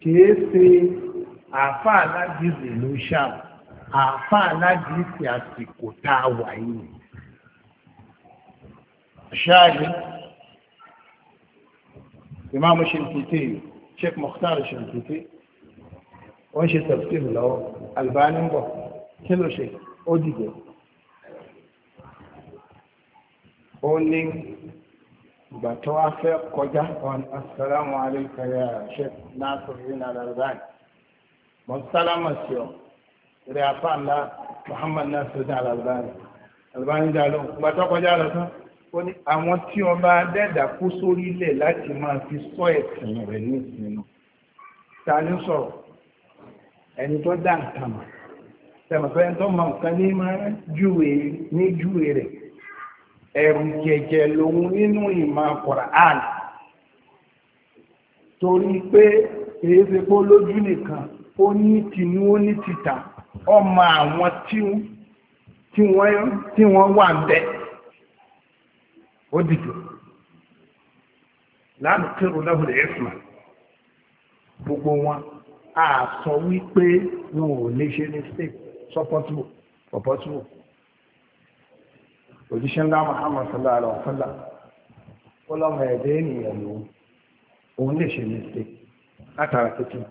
kìí ṣe àáfà aládìsí ló ṣàm àáfà aládìsí àsìkò tá a wà yìí ṣáàyè ìmáàmù ṣèǹkìtì sheikh mukhtar ṣèǹkìtì wọ́n ṣe tafsir lọ́wọ́ albani ń bọ̀ kí ló ṣe ó dìde ó ní ìgbà tó wá fẹ́ kọjá wọn assalamu alayka ya Sheikh Nasiruddin Al-Albani mọ̀ sálámà sí ọ rẹ̀ afá ńlá Muhammad Nasiruddin Al-Albani Al-Albani dá lóhùn ìgbà tó kọjá lọ tán ó ní àwọn tí ọba dẹ́dà kú sórí ilẹ̀ láti máa fi sọ ẹ̀sìn rẹ̀ ní ìsinmi ta ní sọ̀rọ̀ ẹni tó dá nǹkan mọ̀ tẹ̀mọ̀fẹ́ tó mọ̀ nǹkan ní máa júwe ní júwe rẹ̀ ẹ̀rù jẹjẹ lòun nínú ìmọ̀ Quran torí pé èyí ṣe pé lójú nìkan ó ní tinú ó ní títà ọmọ àwọn tí wọ́n wà ń bẹ ó dìjọ láti kírun lọ́wọ́ rẹ̀ ẹ̀fùmá gbogbo wọn a sọ wípé wọn ò lè ṣe ní state sọpọ́tù ọ̀pọ̀tù òjíṣẹ́ ńlá Muhammad sallallahu alaihi wa sallam ẹ̀dẹ́ ènìyàn lòun òun lè ṣe mistake látara tuntun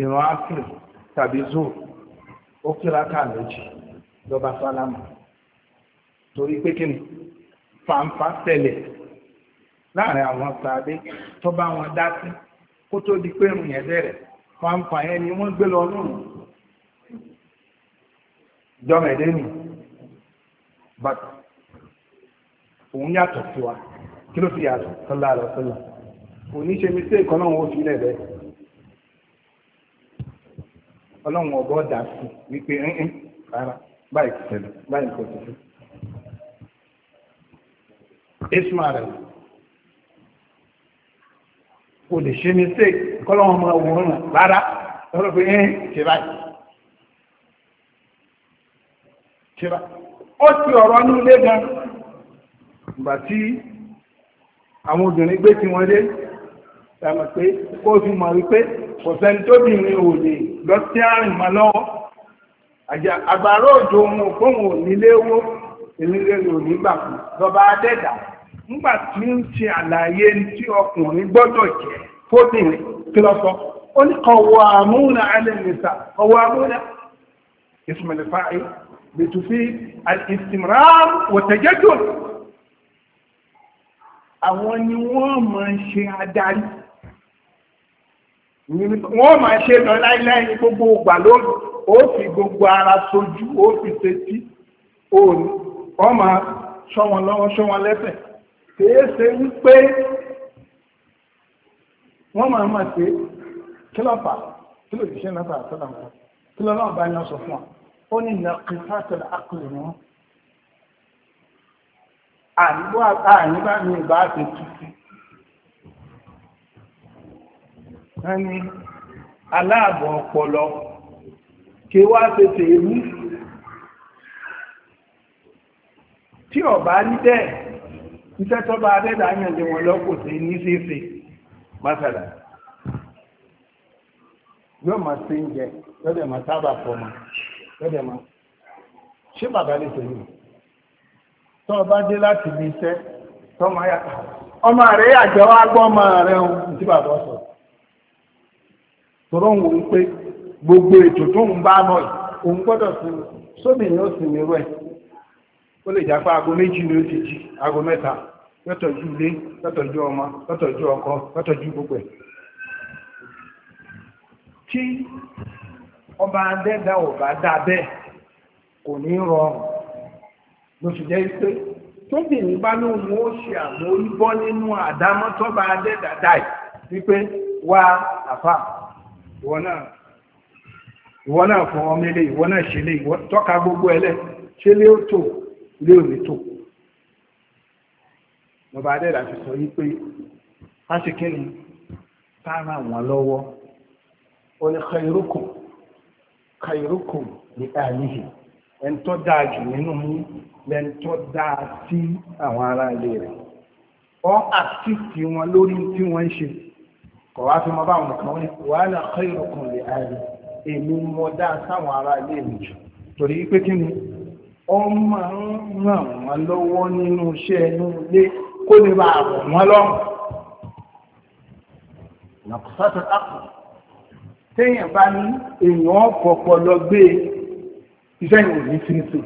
ìran tàbí zoo ó kira ká méjì lọ́ba sálámù torí pé kí ni fàǹfà tẹ̀lẹ̀ láàrin àwọn tó bá wọn dá sí kó tó di pé ìrùn yẹn bẹ̀rẹ̀ ni wọ́n gbé lọ bat, òun yàtọ̀ sí wa kí ló fi yàtọ̀ sọ́lá àlọ́ sọ́lá òní ṣe mistake ọlọ́run ó fi ilẹ̀ bẹ́ẹ̀ ọlọ́run ọ̀gọ́ dà sí wípé ẹ́ẹ́ rárá báyìí kò tẹ̀lé báyìí kò tẹ̀lé esma rẹ̀ kò lè ṣe mistake kọ́lọ́run ọmọ òun rárá ọlọ́run pé ẹ́ẹ́ ṣe báyìí ṣe báyìí. ó ti ọ̀rọ̀ ní ilé gan ìgbà tí àwọn obìnrin gbé tí wọ́n dé tàbí pé kó fi mọ̀ wípé kò sẹ́ni tó bìnrin ò lè lọ sí àrìn mọ́ lọ́wọ́ àgbàrá òjò ohun òkóhun ò nílé owó ìlúlé ò nígbà fún lọ́ba adẹ́dà nígbà tí ń ṣe àlàyé tí ọkùnrin gbọ́dọ̀ jẹ́ fóbìnrin بتفيد الاستمرار والتجدد àwọn ni wọ́n máa ń ṣe adarí wọ́n máa ṣe lọ láíláí ní gbogbo ìgbà lóòrùn ó fi gbogbo ara sojú ó fi tẹ́tí òní wọ́n máa ṣọ́ wọn lọ́wọ́ ṣọ́ wọn lẹ́sẹ̀ kèése wípé wọ́n máa máa ṣe kílọ̀pà kílò ìṣẹ́ náà tààtà kílọ̀ náà bá yàn sọ fún wa ó ní nàkìfàtàlá àkùlù wọn àníbá ní ìbá àti títí wọ́n ní aláàbọ̀ ọpọlọ kí wá tètè mú tí ọ̀bá ní bẹ́ẹ̀ iṣẹ́ tó bá adẹ́dà yànjẹ wọn lọ́pọ̀ sí ní ṣeéṣe mọ́sàlá yóò máa ṣe ń jẹ lọ́dẹ̀ máa sábà fọmọ lọ́dẹ̀ ma ṣé bàbá lè tẹ̀lé tọ́ ọba dé láti ibi iṣẹ́ tọ́ máa yà ọmọ rẹ̀ àjọ agbọ́ ọmọ rẹ̀ ohun tí bàbá sọ tọ́rọ òun pé gbogbo ètò tó ń bá náà òun gbọ́dọ̀ sí sóbìnrin ó sì ó aago méjì ni ó ti jí aago mẹ́ta lọ́tọ̀jú ilé lọ́tọ̀jú ọmọ lọ́tọ̀jú ọkọ lọ́tọ̀jú ọba adẹ́dá ọba dá bẹ́ẹ̀ kò ní rọrùn ló fi jẹ́ pé tóbìnrin bá ní òun ó ṣe àmóríbọ́ nínú àdámọ́ tọ́ba adẹ́dá dáì wípé wá àfà ìwọ náà ìwọ náà fún ọmọ ilé ìwọ náà ṣe lé ìwọ tọ́ka gbogbo ẹlẹ́ ṣe lé ó tò lé òní tò lọ́ba adẹ́dá fi sọ yí pé fásitì kí ni tá a ràn wọ́n lọ́wọ́ ó ní khairukum kairukum ní àníhì ẹni tó dáa jù nínú yín lẹni tó dáa sí àwọn ará ilé rẹ̀ ọ àtìsí wọn lórí tí wọ́n ń ṣe kọ̀ wá fi mọ bá àwọn kan wàhálà kairukum ní àníhì èmi mo dáa sáwọn ará ilé mi jù torí pé kí ni wọ́n máa ń ràn wọ́n lọ́wọ́ nínú iṣẹ́ inú ilé kó lè bá àwọn wọn lọ́rùn téèyàn bá ní èèyàn ọ̀pọ̀pọ̀ lọ gbé e, iṣẹ́ ìròyìn tí ń tò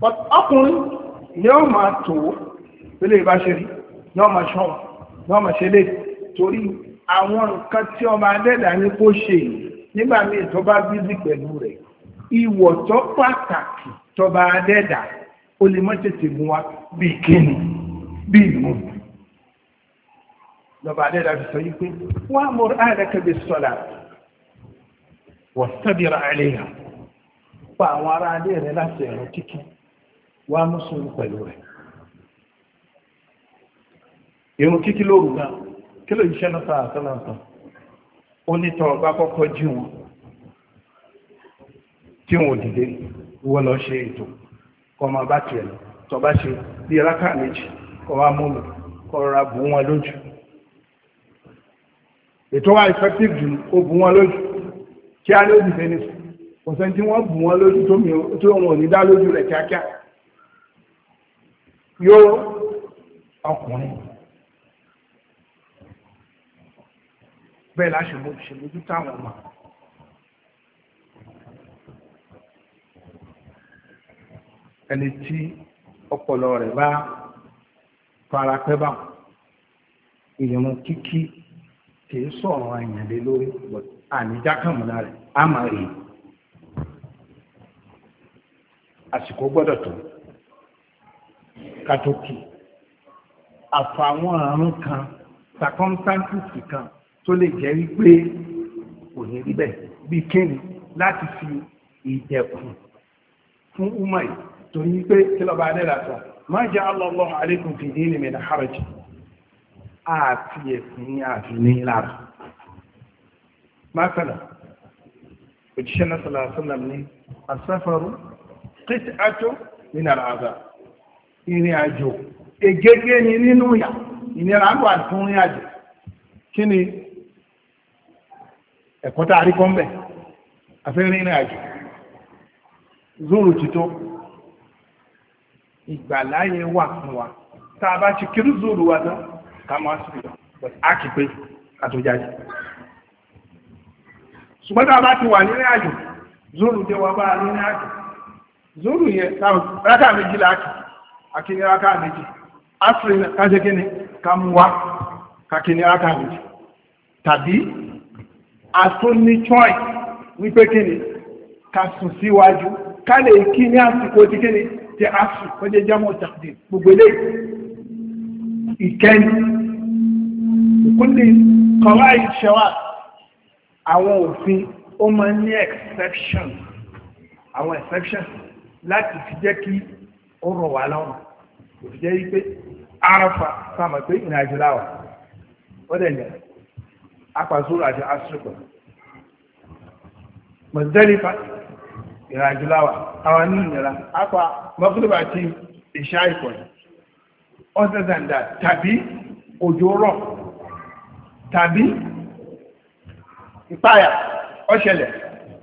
but ọkùnrin ni ó máa tò ó pélé ìbá ṣe rí ni ó máa ṣọ́wọ́ ni ó máa ṣe lè torí àwọn nǹkan tí ọmọ adẹ́dà ní kó ṣe nígbà míì tó bá bízì pẹ̀lú rẹ̀ ìwọ̀ tó pàtàkì tọba adẹ́dà ó lè mọ́ tètè mú wa bíi kíni bíi mú lọba adẹ́dà fi sọ yí pé wọ́n á mọ ààrẹ kẹbi sọ̀lá wọ̀sítẹ́bìrà àìlèyàn pa àwọn ará alé rẹ̀ láti ẹ̀rọ kíkí wá mùsùlùmí pẹ̀lú rẹ̀ irun kíkí lóru gan kí ló iṣẹ́ náà sáà sọ́nà sọ ó ní tọrọ bá kọ́kọ́ jí wọn tí wọn ò dìde wọ́n lọ ṣe ètò kọ́ máa bá tiẹ̀ lọ tọ́ bá ṣe bí rákà méjì kọ́ wá mú mi kọ́ rọra bù wọn lójú ètò wa effective jù ó bù wọn lójú kí á lójú fẹ́ nìsọ ọ̀sẹ̀ tí wọ́n bù wọ́n lójú tó wọn ò ní dá lójú rẹ̀ kíákíá yóò ọkùnrin bẹ́ẹ̀ láṣẹ̀mọ́ ṣèlójú táwọn ọmọ ẹni tí ọpọlọ rẹ̀ bá farapẹ́ bá ìrìnrìn kíkí kìí sọ̀rọ̀ àyànlélórí bọ̀tí àníjákàmùlá rẹ̀ á máa rí àsìkò gbọ́dọ̀ tó kàtókì àfàwọn àrùn kan circumstances kan tó lè jẹ́ wípé kò ní rí bẹ́ẹ̀ bí kíni láti fi ìdẹ̀kùn fún umar torí wípé kí lọ́ba adẹ́rà sọ máa jẹ́ alọ́lọ́ àlékún fìdí ní mẹ́ta àti ẹ̀sìn ní àfi ní lára مثلا òjíṣẹ́ náà sọ̀rọ̀ àṣọ́làm ní asáfàrú kìtì àjò nínú àràbà ìrìn àjò ègégé ni nínú ìyà ìnira ń wà fún ìrìn àjò kí ni ẹ̀kọ́ tá a rí kọ́ńbẹ̀ àfẹ́rin a bá ti kiri zuru wa tán ká máa sùn lọ ṣùgbọ́n tá a bá ti wà nínú àjò zóòrù jẹ́ wọ́n bá a nínú àjò zóòrù yẹn rákà méjì láàkì àkíní rákà méjì asiri káṣe ni ká mú wá kàkíní rákà méjì tàbí àtúní choi wípé kíni ká sùn síwájú ká lè kí ní àsìkò tí kíni ti asiri ó jẹ́ jámọ́ tàbí gbogbo eléyìí ìkẹyìn ìkúndì kọ̀wá ìṣẹ́wàá àwọn òfin ó máa ń ní exception àwọn exception láti fi jẹ́ kí ó rọ̀ wá lọ́rùn kò fi jẹ́ wípé arafa sáàmà pé ìrìn àjò láwà ó dẹ̀ yẹn apàzúrò àti asirikọ̀ mọ̀sídẹ́lífà ìrìn àjò láwà àwọn ní ìnira apá mọ́kúlùbà àti ìṣá ìkọ̀ other than that tàbí òjò rọ̀ tàbí ìpáyà ọ̀ṣẹlẹ̀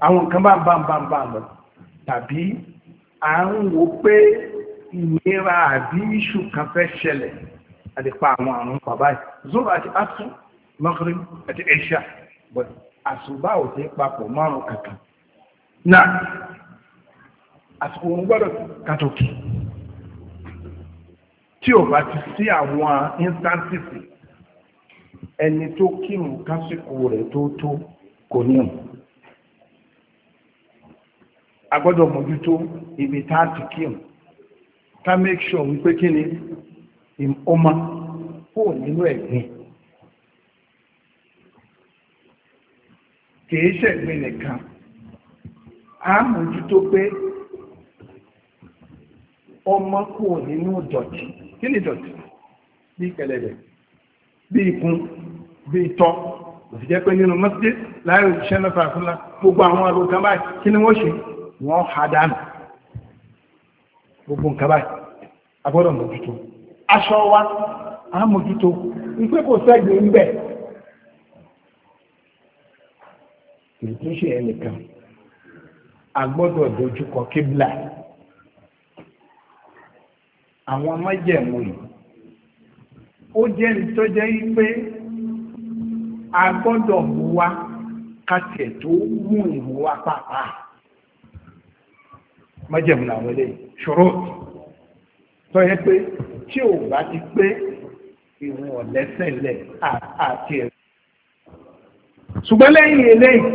àwọn nǹkan bá ń bá ń bá ń bá lọ tàbí à ń wo pé ìnira àbí iṣu kan fẹ́ ṣẹlẹ̀ àdìpa àwọn àrùn bàbá yìí zoro àti asu Maghrib àti asia but àṣùbà ò sí papọ̀ márùn kankan náà àsìkò gbọ́dọ̀ kàtòkì tí ò bá ti sí àwọn instances ẹni tó kírun kásìkò rẹ̀ tó tó kò ní ọ̀n agbọ́dọ̀ mójútó ibi tá ti kí ọ̀n ká make sure wípé kí ni ọmọ kò nínú ẹ̀gbìn kìí ṣẹ̀gbìn nìkan a mójútó pé ọmọ kò nínú dọ̀tí kí ni dọ̀tí bí kẹlẹ̀dẹ̀ bí ikun bí itọ́ òfi jẹ́ pé nínú masjid láàrin òṣìṣẹ́ náà fàfúnlá gbogbo àwọn àrò kan báyìí kí ni wọ́n ṣe wọ́n ha dànù gbogbo nǹkan báyìí agbọ́dọ̀ mójútó aṣọ wa a mójútó wípé kò sẹ́gbẹ̀ ń bẹ̀ kì í tún ṣe ẹnìkan agbọ́dọ̀ dojúkọ kíbla àwọn májẹ̀mú yìí ó jẹ́ ní tó jẹ́ pé a gbọ́dọ̀ mú wá kàtẹ̀ tó mú ìmú wá pàápàá májẹ̀mú làwọn ilé ṣòro tó yẹ pé tí ò bá ti pé ìwọ̀n ọ̀lẹ́sẹ̀lẹ̀ àti ẹ̀rọ ṣùgbọ́n lẹ́yìn eléyìí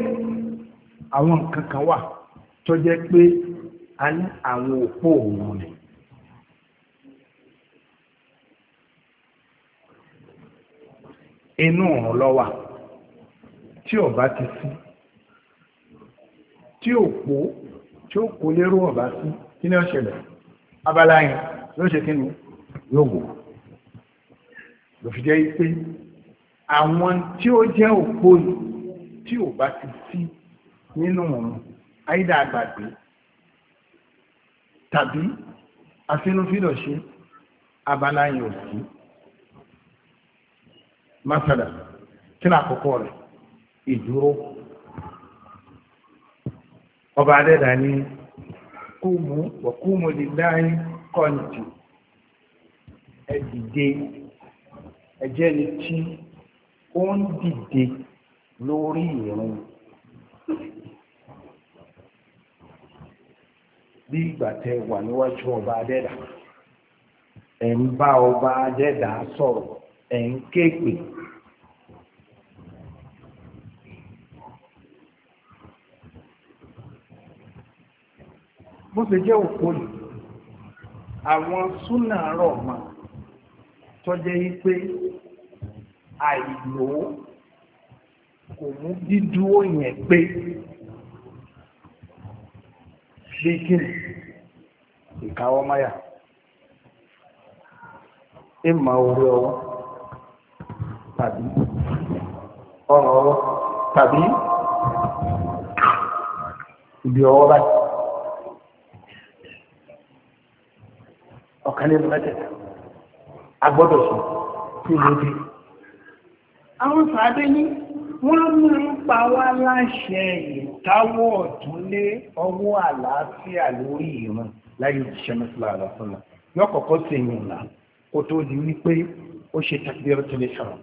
àwọn nǹkan kan wà tó jẹ́ pé a ní àwọn òpó òun ni inú ọ̀run lọ́wà tí ọ̀bá ti sí tí òpó tí ó kò lérò ọ̀bá sí kí ní ọ̀ṣẹ̀lẹ̀ abala yẹn ló ṣe kí ni yóò wò ló fi jẹ́ pé àwọn tí ó jẹ́ òpó tí ọ̀bá ti sí nínú ọ̀run àìdá àgbàgbé tàbí afínúfínà ṣe abala yẹn ò sí. masada kí ni àkọ́kọ́ rẹ̀ ìdúró ọba adẹ́dà ni kúmù wọ̀kúmù lillahi di ẹ dìde ẹ jẹ́ ni tí ó ń dìde lórí ìrun bí ìgbà wà níwájú ọba adẹ́dà ẹ̀ ń bá ọba adẹ́dà sọ̀rọ̀. ẹ̀ ń kéèpè bó ṣe jẹ́ òpó àwọn súnà rọ̀ mà tọ́jẹ́ yí pé àìlò kò mú dídúró yẹn pé bí kí ni ìkáwọ́ máyà ìmọ̀ orí ọwọ́. tàbí ọrùn ọwọ́ tàbí ibi ọwọ́ báyìí ọ̀kan nínú mẹ́tẹ̀ẹ̀ta agbọ́dọ̀ sùn tí ló dé. àwọn sàádé ní wọ́n mú un pa wá láṣẹ ìtawọ́ ọ̀tún lé ọwọ́ àlàáfíà lórí ìran láyé òṣìṣẹ́ mẹ́sàlá àlàáfíà yọkọ̀kọ́ sí ìyìnlá kó tó di wípé ó ṣe tàbí ọ̀tún lé sọ̀rọ̀.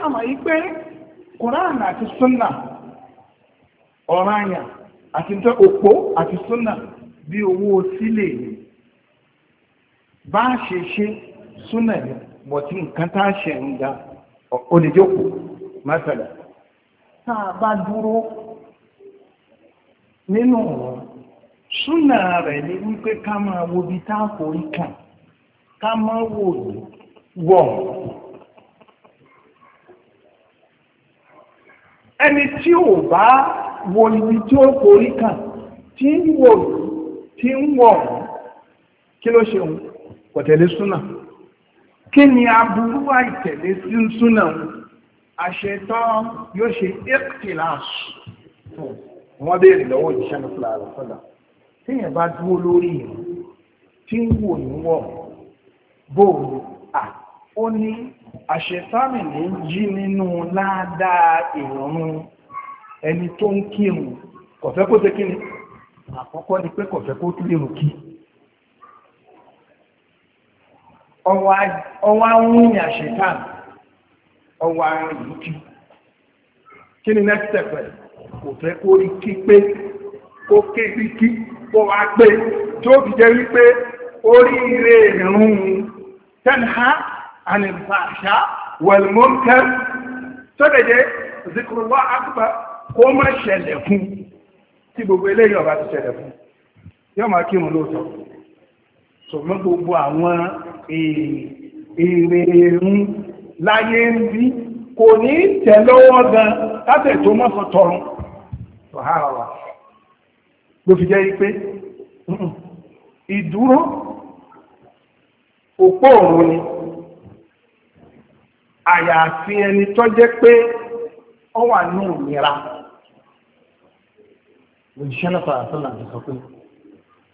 ṣàmà yí pé Kùránì àti súnà ọ̀ranyà àti jẹ́ òpó àti súnà bí owó sílẹ̀ bá ṣe ṣe súnà ní bọ̀tí nǹkan tá ṣe ń ga oníjókò mẹ́sàlẹ̀ tá a bá dúró nínú ọ̀rọ̀ súnà rẹ̀ ní wípé ká máa wo bí ká máa wò wọ̀ ẹni tí ò bá wo ibi tí ó forí kàn tí ń wò tí ń wọ̀ kí ló ṣe òun kò tẹ̀lé súnà kí ni aburú àìtẹ̀lé sí súnà àṣetán yóò ṣe ikhtilas wọ́n béèrè lọ́wọ́ ìṣẹ́ ní fúlàrà fúlà tíyẹn bá dúró lórí ìrìn tí ń wò ní wọ̀ bóòlù à ó ní àṣetánì ní jí nínú ládàá ìrọ̀rùn ẹni tó ń kírun kọ̀fẹ́ kó tẹ́ kí ni àkọ́kọ́ ni pé kọ̀fẹ́ kó tún lè rùn kí ọwá rúnyìn àṣetán ọwá rúnyìn kí kí ni next step ẹ̀ kò fẹ́ kó rí kí pé kó ké rí kí kó wá pé tí ó fi jẹ́ wípé oríire ìrún tẹ́nà عن الفحشاء والمنكر sọ́dẹ̀dẹ̀ zikurullah akbar kó má ṣẹlẹ̀ fún tí gbogbo eléyìí ọba ti ṣẹlẹ̀ fún yọ́ máa kí mú lóòtọ́ ṣùgbọ́n gbogbo àwọn èrè ẹ̀rùn láyé ń bí kò ní tẹ̀lọ́wọ́ gan látẹ̀ tó mọ́ sọ tọrùn ṣọ̀hárọ̀wà ló fi jẹ́ pé ìdúró òpó òrùn ni àyàfi ẹni tó jẹ́ pé ọ wà ní òmìnira òjíṣẹ́ náà sọ̀rọ̀ sọ́nà àti sọ pé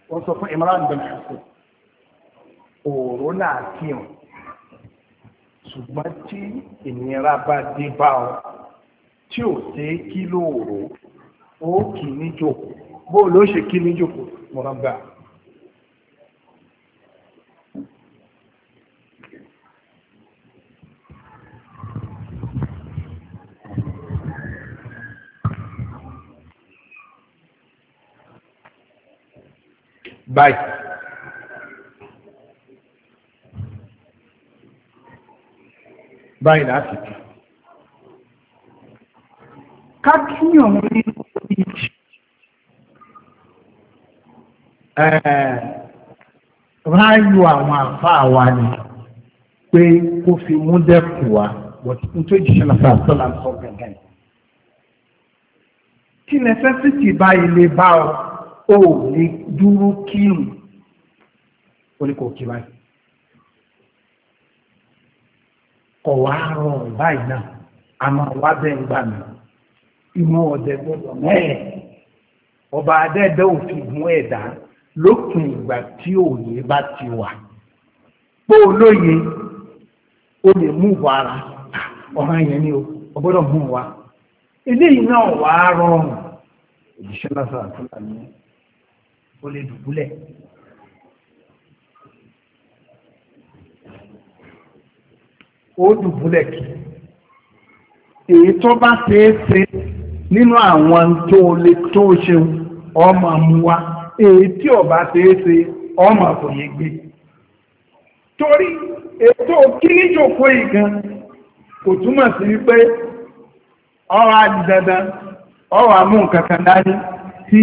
wọ́n sọ fún Imran bin Hussein òòró náà kí ọ ṣùgbọ́n tí ìnira bá dé bá ọ tí ò ṣe é kí lóòró ó kì í níjòkó bó ló ṣe kí níjòkó mọ̀ràn báà. báyìí. báyìí láti kí. ká kíyàn ní ìjì. ráyò àwọn àfáà wa ni pé kó fi mú dẹ́kun wa wọ́n tó jíṣẹ́ lọ́sàn án sọ́lá ń sọ gẹ́gẹ́. kí necessity báyìí lè bá ọ ó lè dúró kírun ó ní kò kí báyìí ọ̀wá rọrùn báyìí náà a máa wá bẹ́ẹ̀ ń gbà mí ìmọ̀ ọ̀dẹ gbọ́dọ̀ mẹ́ẹ̀ ọba adẹ́ẹ̀dẹ́ òfin mú ẹ̀dá lópin ìgbà tí òye bá ti wà pé olóye ó lè mú ìwà ara ọ̀ràn yẹn ni o ọgbọ́dọ̀ mú wa eléyìí náà wàá rọrùn òjíṣẹ́ lásán àtúntà nìyẹn ó lè dùbúlẹ̀. ó dùbúlẹ̀ kí èyí tó bá ṣeé ṣe nínú àwọn tó lè tó ṣeun ọmọ mú wa èyí tí ò bá ṣeé ṣe ọmọ kò yé gbé torí ètò kíníjòkó ìgan kò túmọ̀ sí wípé ọ̀rọ̀ àdìdandan ọ̀rọ̀ àmú nǹkan dání tí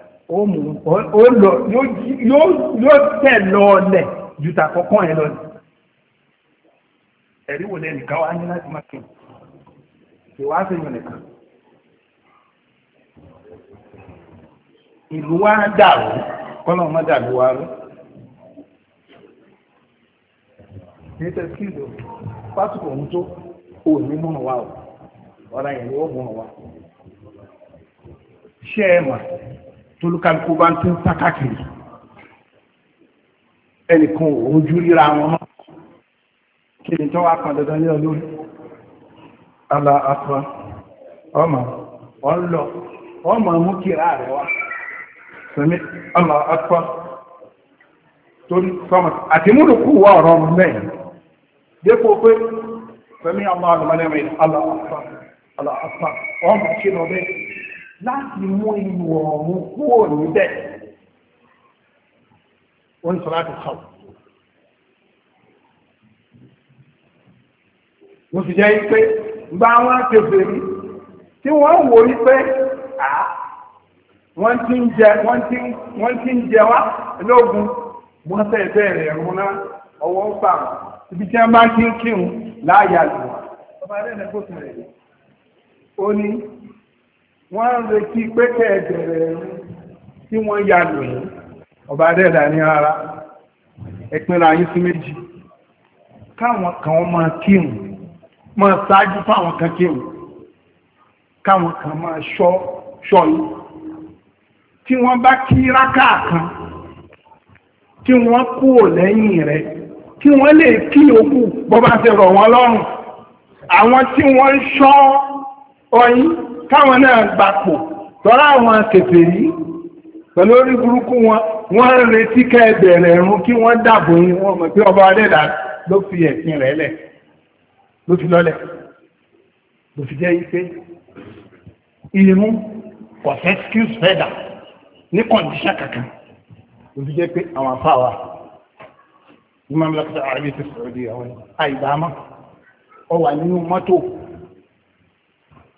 ó mú lọ yóò tẹ̀ lọ ọlẹ̀ ju tàkọ́kọ́ yẹn lọ ẹ̀rí wò lẹ́nu wá ní láti nìkan ìlú wa dàrú kọ́nà ọmọ dàrú wa rú ní tẹ́síkìlì pásítọ̀ ọ̀hún tó òní mọ̀ wá ọ̀rọ̀ yẹn ni ó mọ̀ wá ṣé ẹ mọ̀ tolúkálukú bá ń tún sákàkiri ẹnìkan ojú ríra wọn mọ́ kí ni tó wá kan dandan ní olórí ala afa ọmọ ọlọ ọmọ mú kíra rẹ wá sami ala afa torí sọmọ àti múlò kú wá ọ̀rọ̀ ọmọ mẹ́rin dépò pé sami ala afa ala afa ọmọ kí lọ bẹ́ẹ̀ láti mú inú ọ̀run kúrò níbẹ̀ wọ́n sọ láti kọ̀ mo sì jẹ́ pé gba wọn kèfèrí tí wọ́n wò ó pé wọ́n ti ń jẹ wọ́n ti ń wọ́n ti ń jẹ wá lógun wọ́n fẹ́ bẹ̀rẹ̀ ẹ̀rùn náà ọwọ́ ń fà ibi tí wọ́n bá ti ń kírun láàyè àlùmọ́ ọba rẹ̀ nẹ́gbọ́sọ̀rẹ̀ ó ní wọ́n ń retí pé kẹ́ẹ̀dẹ̀rẹ̀ tí wọ́n yà lòyìn ọba dẹ́ẹ̀dà ní ara ẹ̀pínra yín sí méjì káwọn kan máa kírun máa ṣáájú fáwọn kan kírun káwọn kan máa ṣọ́ ṣọ́ yìí tí wọ́n bá kí rákà kan kí wọ́n kúrò lẹ́yìn rẹ̀ kí wọ́n lè kí òkú bọ́bá ṣe rọ̀ wọ́n lọ́rùn àwọn tí wọ́n ń ṣọ́ ọyìn káwọn náà gbapò tọ́lá àwọn kèfèrí pẹ̀lú orí burúkú wọn wọ́n ń retí kẹ́ bẹ̀rẹ̀ ẹ̀rún kí wọ́n dàbò yín wọ́n mọ̀ pé ọba adẹ́dà ló fi ẹ̀sìn rẹ̀ lẹ̀ ló fi lọ́lẹ̀ ló fi jẹ́ ife irun kò fẹ́ skills fẹ́dà ní kọ̀ǹdíṣà kankan ló fi jẹ́ pé àwọn afáwa imam lakita arabi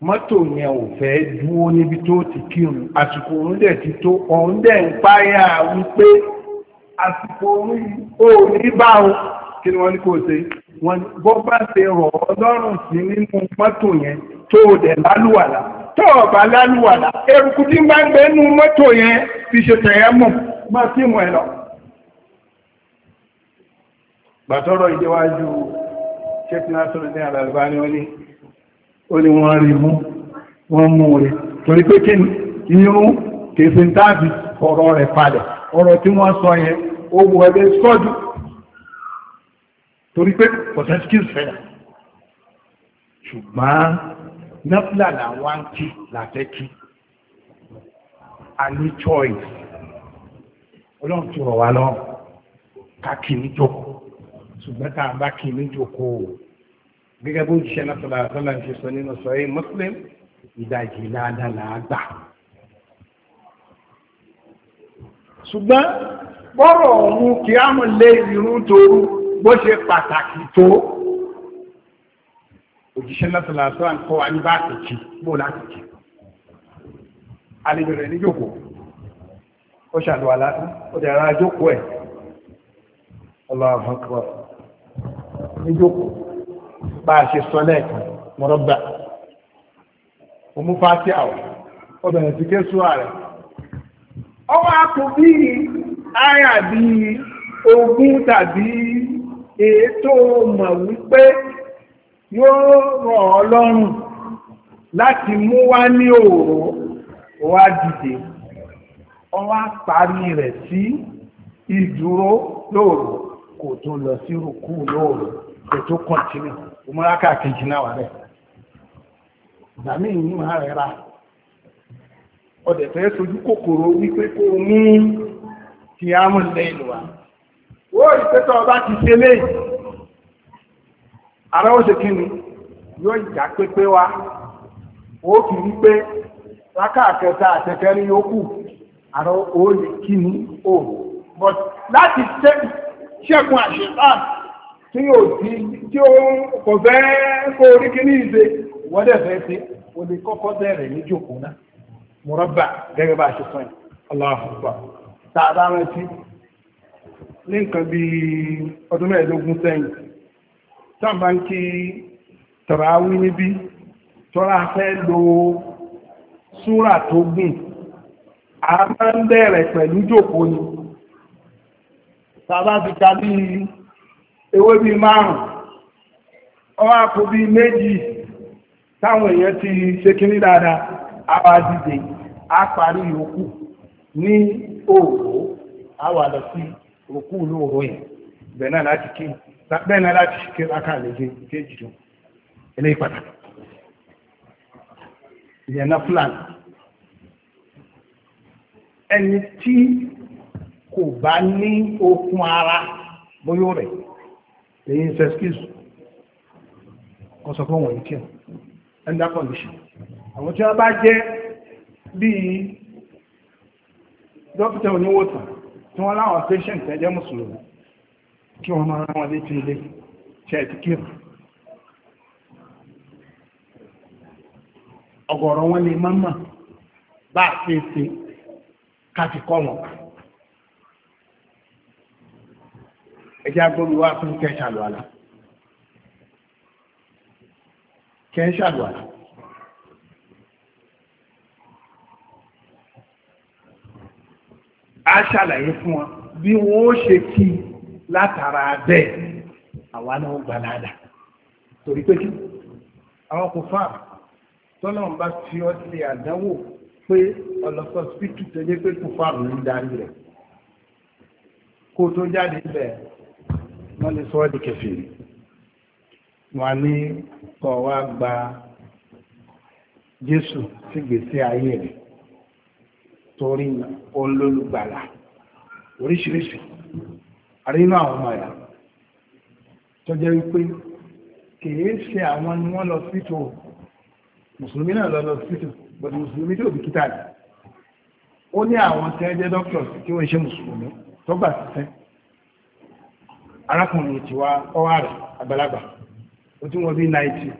mọ́tò yẹn ò fẹ́ dúró níbi tó ti kírun àsìkò òun dẹ̀ ti tó òun dẹ̀ ń páyà wípé àsìkò òun ò ní bá o kí ni wọ́n ní kò ṣe wọ́n bọ́ bá ṣe rọ̀ ọ́ lọ́rùn sí nínú mọ́tò yẹn tó o dẹ̀ lálùwàlà tó o bá lálùwàlà eruku tí ń bá ń gbé nínú mọ́tò yẹn fi ṣe tẹ̀yẹ́ mọ̀ má sí mọ̀ ẹ lọ. gbàtọ́rọ̀ ìdíwájú ṣé ní àlàlùbá ni wọ́n ní ó ní wọ́n rí mú wọ́n mú rẹ̀ torí pé kí irun kèsì ń tàbí ọ̀rọ̀ rẹ̀ padẹ̀ ọ̀rọ̀ tí wọ́n sọ yẹn ó wọ ẹgbẹ́ sọ́jú torí pé kọ̀tẹ́skìs fẹ́yà ṣùgbọ́n nọ́pìlà làwọn kí làtẹ́kí a ní choice ọlọ́run ti rọ̀ wá lọ́rùn ká kì í jókòó ṣùgbọ́n tá a bá kì í gẹ́gẹ́ bó jíṣẹ́ lásọ̀lá àtọ́lá ń ṣe sọ nínú sọ̀rọ̀ muslim ìdajì láàdá làágbà ṣùgbọ́n bọ́rọ̀ ọ̀hún kí á mọ̀ lé irun tóru bó ṣe pàtàkì tó òjíṣẹ́ lásọ̀lá àtọ́lá ń kọ́ wa ní bá ti bó láti jì àlejò rẹ̀ níjòkó ó ṣàlùwà lásán ó dẹ̀ ara jókòó ẹ̀ Allahu akbar níjòkó bá a ṣe sọ lẹ́ẹ̀kan mọ́rọ́gbà òmúfàtí àwọ̀ obìnrin ti ké súwà rẹ̀ ọwọ́ akọ bí àyà bí ogún tàbí ètò mọ̀ wípé yóò rọ̀ ọ́ lọ́rùn láti mú wá ní òòrò wá dìde ọwọ́ parí rẹ̀ sí ìdúró lóòrò kò tún lọ sí rùkú lóòrò kò tún kọ̀tínú òmúráká kejì náà wà rẹ̀ ìdàmí ìyí máa rẹ̀ ra ya fẹ́ sojú wípé kó mú ti ámúlẹ̀ ìlú wa ó ọba ti ṣe ara ó ṣe kíni yóò ìjà pépé wa ó fi wípé lákàkẹta àtẹ̀kẹ́ ní yókù ara ó lè kíni ó bọ̀ láti ṣẹ́gun tí ó ti tí ó kò fẹ́ kó orí kí ní ìṣe wọ́dẹ̀ fẹ́ ṣe o lè kọ́kọ́ bẹ̀rẹ̀ ní jòkó náà mọ̀rọ́bà gẹ́gẹ́ bá ṣe fún ẹ̀ aláàfúgbà tààdá rántí ní nǹkan bí ọdún mẹ́ẹ̀ẹ́dógún sẹ́yìn táàbá ń kí tàràwí níbí tọ́ra fẹ́ lo súrà tó gùn a máa ń bẹ̀rẹ̀ pẹ̀lú jòkó ni tààdá fi ka bíi ewé bíi márùn ọwọ́ àpò bíi méjì táwọn èèyàn ti ṣe kíní dáadáa àwa dìde á parí òkú ní òòrò àwa lọ sí òkú lóòrò yẹn bẹ́ẹ̀ náà láti kí bẹ́ẹ̀ láti kí lákà kéjì tó eléyìí pàtàkì ìyẹn náà ẹni tí kò bá ní okun ara bóyó rẹ̀ the ń sẹ́skísù wọ́n sọ fún ndị kí under condition àwọn tí wọ́n bá jẹ́ bíi dókítà oníwòsàn tí wọ́n láwọn patient ẹ̀jẹ̀ mùsùlùmí kí máa rán wọn létí ilé ṣẹ́ẹ̀tì kírù ọgọrọ wọn lè máa mọ̀ bá a ṣe ṣe wọn ẹjẹ́ agbóru wá fún kẹ́ṣàlù àlá kẹ́ṣàlù àlá a ṣàlàyé fún wọn bí wọ́n ó ṣe kí látara bẹ́ẹ̀ àwa náà gbalada torí pé kí àwọn kò fáà tọ́lọ́n bá fi ọ́ sí àdánwò pé ọlọ́sọ̀ spítù tẹ́lẹ̀ pé kò fáà ló ń darí rẹ̀ kó tó jáde bẹ́ẹ̀ wọ́n lè sọ ọ́ di kèfèrí wọ́n ní kọ́ wá gba Jésù sí gbèsè ayé rẹ̀ torí olólùgbàlà oríṣiríṣi àrínú àwọn ọmọ ẹ̀yà tó jẹ́ wípé kìí ṣe àwọn ni wọ́n lọ síto mùsùlùmí náà lọ lọ síto bọ̀dù mùsùlùmí tí ò bìkítà rẹ̀ ó ní àwọn tẹ́ẹ́jẹ́ dókítà tí wọ́n ṣe mùsùlùmí tó gbà síṣẹ́ arákùnrin ti wá ọwá rẹ̀ àgbàlagbà ó tí wọ́n bí 90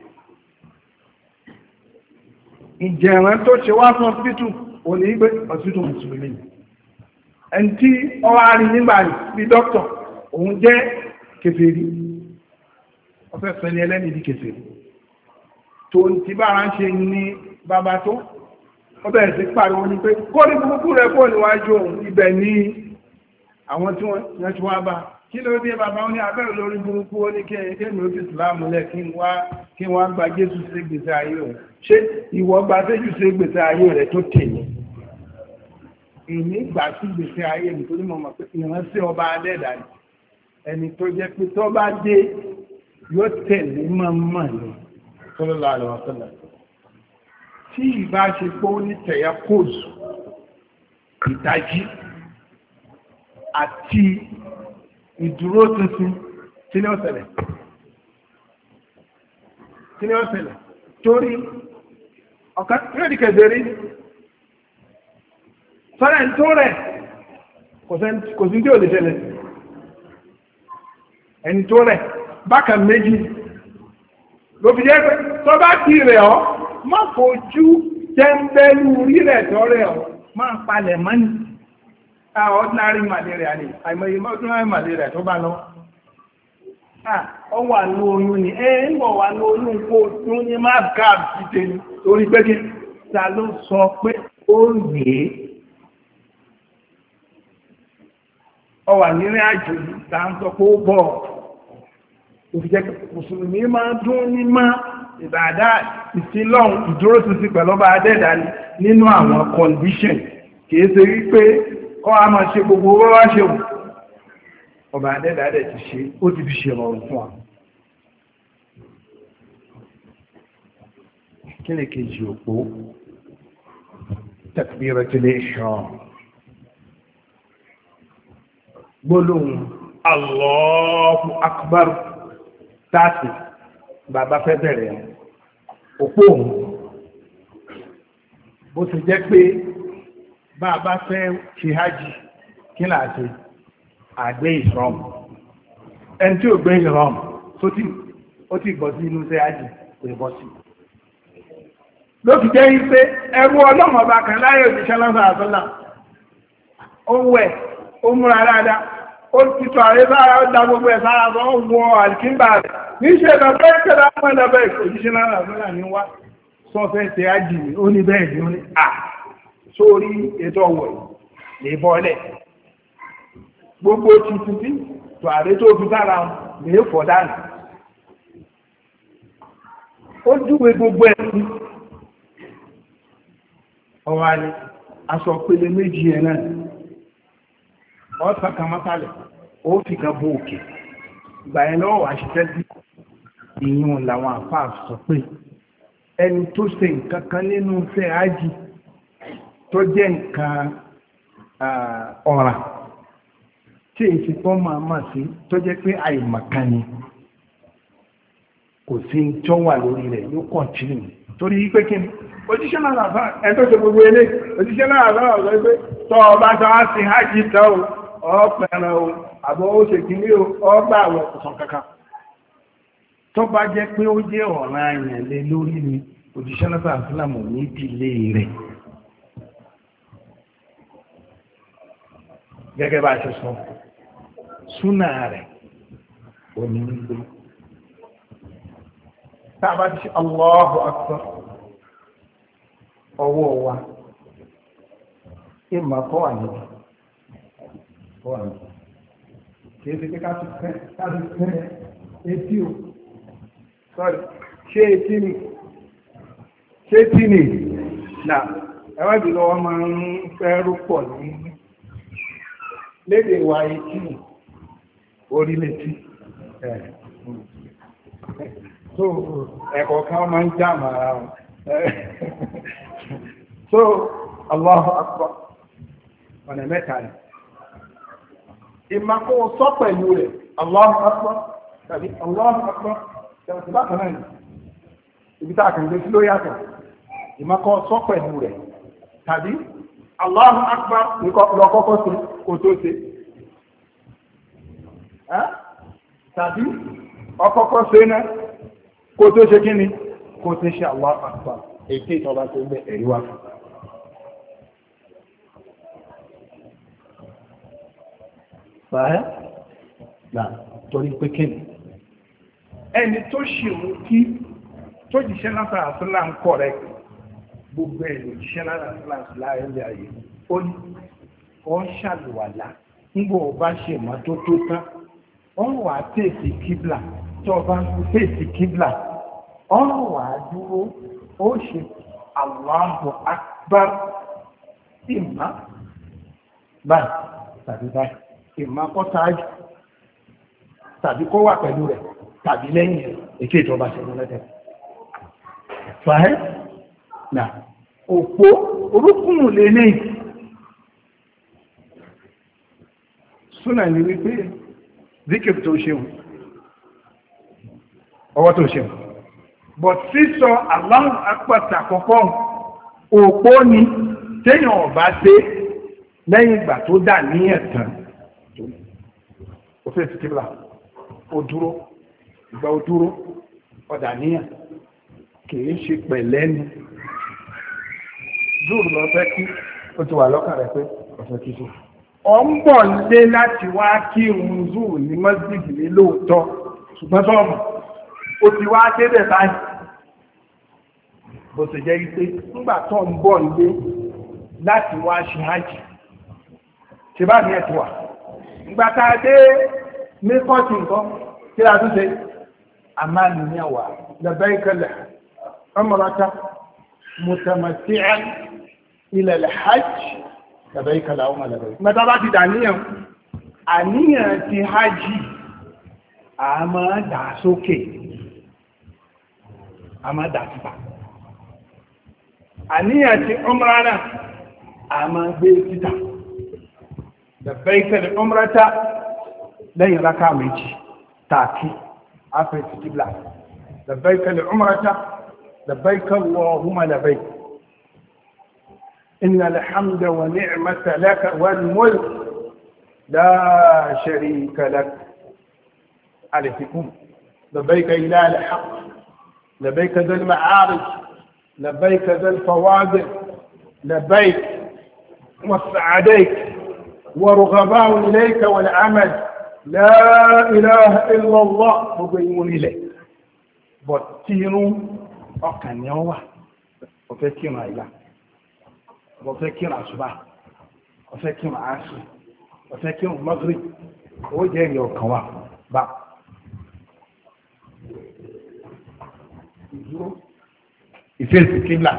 ìjẹ̀rẹ̀ tó ṣe wá fún ọsibítù ò ní gbé ọsibítù mùsùlùmí ẹni tí ọwá rí nígbà bí dókítà òun jẹ́ kèfèrí ọfẹ́ sẹni ẹlẹ́ni di kèfèrí tó ti bára ń ṣe ní bàbá tó ó bẹ̀rẹ̀ sí pariwo ní pé kó ní burúkú rẹ̀ kó níwájú òun ibẹ̀ ní àwọn tí wọ́n ti wá bá a kí ló dé bàbá wọn ní abẹ́rẹ̀ lórí burúkú ó ní kí ẹni tẹ́mi ó ti sùlámù lẹ̀ kí wọ́n gba jésù sí gbèsè ayé rẹ̀ ṣé ìwọ gba jésù sí gbèsè ayé rẹ̀ tó tèmi èmi gbà sí gbèsè ayé mi torí mo mọ̀ pé ìránṣẹ́ ọba alẹ́dà ni ẹni tó jẹ́ pé tó bá dé yóò tẹ̀lé mọ́mọ́ ni tọ́lọ́lọ́ àlọ́sọ́lọ́ tí ìbá ṣe pé ó ní tẹ̀yà kóòsù ìdájí àti ìdúró tuntun kí ni ó ṣẹlẹ̀ kí ni ó ṣẹlẹ̀ torí ọ̀kan yóò di kẹ̀dẹ̀rí sọ́rẹ̀ tó rẹ̀ kò sí tí ò lè ṣẹlẹ̀ ẹni tó rẹ̀ bákan méjì ló fi jẹ́ tó bá ti rẹ̀ ọ́ má fojú tẹ́ńbẹ́lú rírẹ̀ tó rẹ̀ ọ́ máa palẹ̀ mọ́ni Ah, ordinary malaria ni àìmọye ordinary malaria tó bá lọ ọ ah, wà ní oyún ni ẹ eh, ń bọ̀ ni torí pé kí ta ló sọ pé ó rèé ọ wà nírìn àjò yìí ta ń sọ pé ó bọ̀ òfìjẹ́ mùsùlùmí máa dún ní má ìbàdá ìsílọ́hùn ìdúróṣinṣin pẹ̀lú ọba adẹ́dà nínú àwọn condition kìí ṣe wípé kọ́ a máa ṣe gbogbo owó wá ṣe wù ọba adẹ́dàdẹ̀ ti ṣe ó ti fi ṣe rọrùn fún wa kí ni kejì òpó takbiratul ihram gbólóhùn Allahu akbar tààtì bàbá fẹ́ bẹ̀rẹ̀ òpó òun bó ti jẹ́ pé bá a bá fẹ́ ṣe hajj kí là á ṣe àgbé ìṣọ́m ẹni tí ò gbé ìṣọ́m tó ti ó ti bọ̀ sí inú ṣe hajj kò bọ̀ sí. ló fi jẹ́ pé ẹrú ọlọ́mọ ọba kan láyé òṣìṣẹ́ lọ́sọ̀ àtọ́là ó wẹ̀ ó múra dáadáa ó ti tọ́ àrẹ sára ó da gbogbo ẹ̀ sára tó ń wọ àlìkínbà rẹ̀ níṣẹ́ lọ bẹ́ẹ̀ kẹ́lá mọ́ ẹ̀ bẹ́ẹ̀ òṣìṣẹ́ lọ́sọ̀ àtọ́là ní wá sọ fẹ́ ṣe hajj ó ní bẹ́ẹ̀ ni ó ní à sórí ètò ọwọ̀ lèbọ́lẹ̀ gbogbo tuntun tí tòàrí tó fi sára lè fọ̀ dànù ó júwe gbogbo ẹ̀sìn ọwọ́ alẹ́ aṣọ pele méjì ẹ̀ náà ọ̀sán kan mọ́sálẹ̀ ó fi kan bó òkè ìgbà yẹn lọ́wọ́ àṣìṣẹ́ bí ìyún làwọn àfáà sọ pé ẹni tó ṣe nǹkan kan nínú iṣẹ́ ájì tó jẹ́ nǹkan ọ̀ràn tí èsì pọ́ máa máa sí tó jẹ́ pé àìmọ̀kan ni kò sí tó wà lórí rẹ̀ yóò torí pé kí ni òjíṣẹ́ náà làbá ẹ̀tọ́ tó gbogbo ilé òjíṣẹ́ náà làbá ọ̀rọ̀ ọba tó á sí hajj o ọ̀pẹ̀rẹ̀ o àbọ̀ ó ṣe kí o ọgbà ọ̀sán kankan tó bá jẹ́ pé ó jẹ́ ọ̀ràn ni òjíṣẹ́ náà làbá gẹ́gẹ́ bá ṣe sọ súnà rẹ̀ òní ń gbé tá a bá ti ṣe Allahu Akbar ọwọ́ wa ìmọ̀ kọ́ wà níbi kọ́ wà níbi kì í ṣe pé fẹ́ ká fẹ́ etí o sọ́rí ṣé etí ni ṣé etí ni nà ẹ̀wọ́n ìbílẹ̀ wọn máa ń fẹ́ rúpọ̀ ní lédè wa etí orílẹ̀-èdè so ẹ̀kọ̀ kan máa ń já màrà wọn so Allahu akpa ọ̀nà mẹ́ta rẹ̀ ìmàkó sọ pẹ̀lú rẹ̀ Allahu Akbar tàbí Allahu Akbar tẹ̀wọ̀tì bákan náà ibi tá a kàn gbé sí lórí àtọ̀ tàbí Allahu lọ́kọ́kọ́ sí kò tó ṣe tàbí ọkọ̀kọ́ ṣe kò tó ṣe kí ni kò tó ṣe àwọn àpapà èké ìtọba tó gbẹ ẹ̀rí wá fún báyẹ́ gbà torí pé kí ni ẹni tó ṣe òun kí tó jíṣẹ́ lásán àtúnlá ń kọ̀ rẹ̀ gbogbo ẹ̀ àtúnlá ayé ó ní ọ ṣàlùwàlá nígbà ọba ṣe mọ́tótó tán ọ wà tèsì kíblà tó ọba tèsì kíblà ọ wà dúró ó ṣe ìmá báyìí tàbí báyìí ìmá kọ́ sáájú tàbí wà pẹ̀lú rẹ̀ tàbí lẹ́yìn rẹ̀ èké ìjọba ṣẹ̀mọ́ lẹ́tẹ̀. Fàáhẹ́ nà òpó orúkún lè lẹ́yìn. súnà ní wípé zikir tó ṣeun ọwọ́ tó ṣeun but sísọ Allahu akbar àkọ́kọ́ òpó ni téèyàn ọ̀bá ṣe lẹ́yìn ìgbà tó dà ní ẹ̀tàn òfin ìsìkìlá ó dúró ìgbà ó dúró ọ̀dà níyàn kìí ṣe pẹ̀lẹ́ ni zúùrù lọ fẹ́ kí ó ti wà lọ́kàn rẹ̀ pé ọ̀fẹ́ kí sí ọ ń bọ̀ lé láti wá kí irun zoo ní mọ́sídìí ní lóòótọ́ ṣùgbọ́n sọ́ọ̀mù ó ti wá débẹ̀ báyìí bó ṣe jẹ́ wípé nígbà tó ń bọ̀ lé láti wá ṣe hajj ṣe bá mi ẹ̀ tó wà tá a dé ní kọ́ọ̀tù nǹkan kí la tún ṣe àmà nìyẹn wà labbaik umratan mutamati'an ila al-hajj tẹ̀bẹ́ ìkàlà ọmọ lẹ́bẹ̀. mẹ́ta bá ti dàníyàn àníyàn ti hajj a máa dà sókè a máa dà síta àníyàn ti umra náà a máa gbé síta tẹ̀bẹ́ ìkàlà umra ta lẹ́yìn rákà méjì tààkì afẹ́ ti kíbla tẹ̀bẹ́ ìkàlà umra ta labbaik Allahumma labbaik إن الحمد ونعمة لك والملك لا شريك لك عليكم لبيك إله الحق لبيك ذا المعارج لبيك ذا الفواضل لبيك وسعديك ورغباء إليك والعمل لا إله إلا الله مضيم إليك بطين أقنعوه وفكين إليك mo fẹ́ àṣùbà mo fẹ́ àṣù mo fẹ́ mọ́gírì owó jẹ́ ìrìn ọ̀kan wa bá. ìfèsì kíbla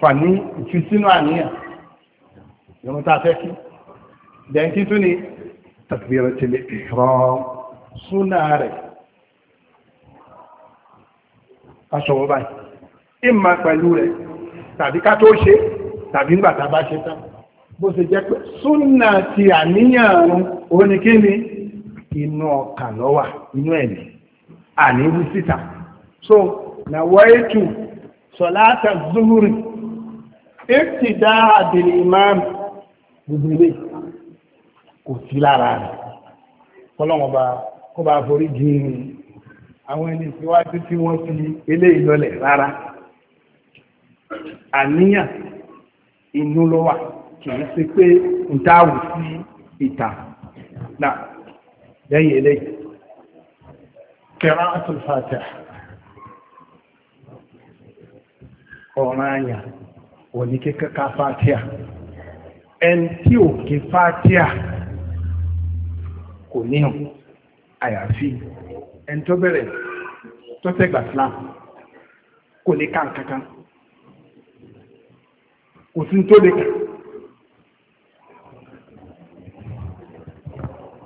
fani ìfisínú àníyàn ìrun tá a fẹ́ kí dẹ́ńkí tún ni takbiratul ihram súnà rẹ̀ aṣọwọ́ báyìí ìmà pẹ̀lú rẹ̀ tàbí ká tó ṣe tàbí nígbà tá a bá ṣe tán bó ṣe jẹ́ pé súnà ti àníyàn oníkíni inú ọkàn lọ́wà inú ẹ̀mí àníwú síta so na waitu sọ̀láta zuhuri ìtìdá àdìrí imam gbogbo ilé kò sí lára rẹ̀ kọ́lọ́wọ́n bá kó bá forí jìn àwọn ẹni tí wá títí wọ́n fi eléyìí lọ́lẹ̀ rárá àníyàn inú ló wà kì ṣe pé ń ita. sí ìta náà lẹ́yìn eléyìí qira'atul Fatiha ọ̀ràn àyà òní kíkẹ́kà Fatiha ẹni tí ò kí Fatiha kò níhùn àyàfi ẹni tó bẹ̀rẹ̀ tó fẹ́ gbà kò sí tó lè kà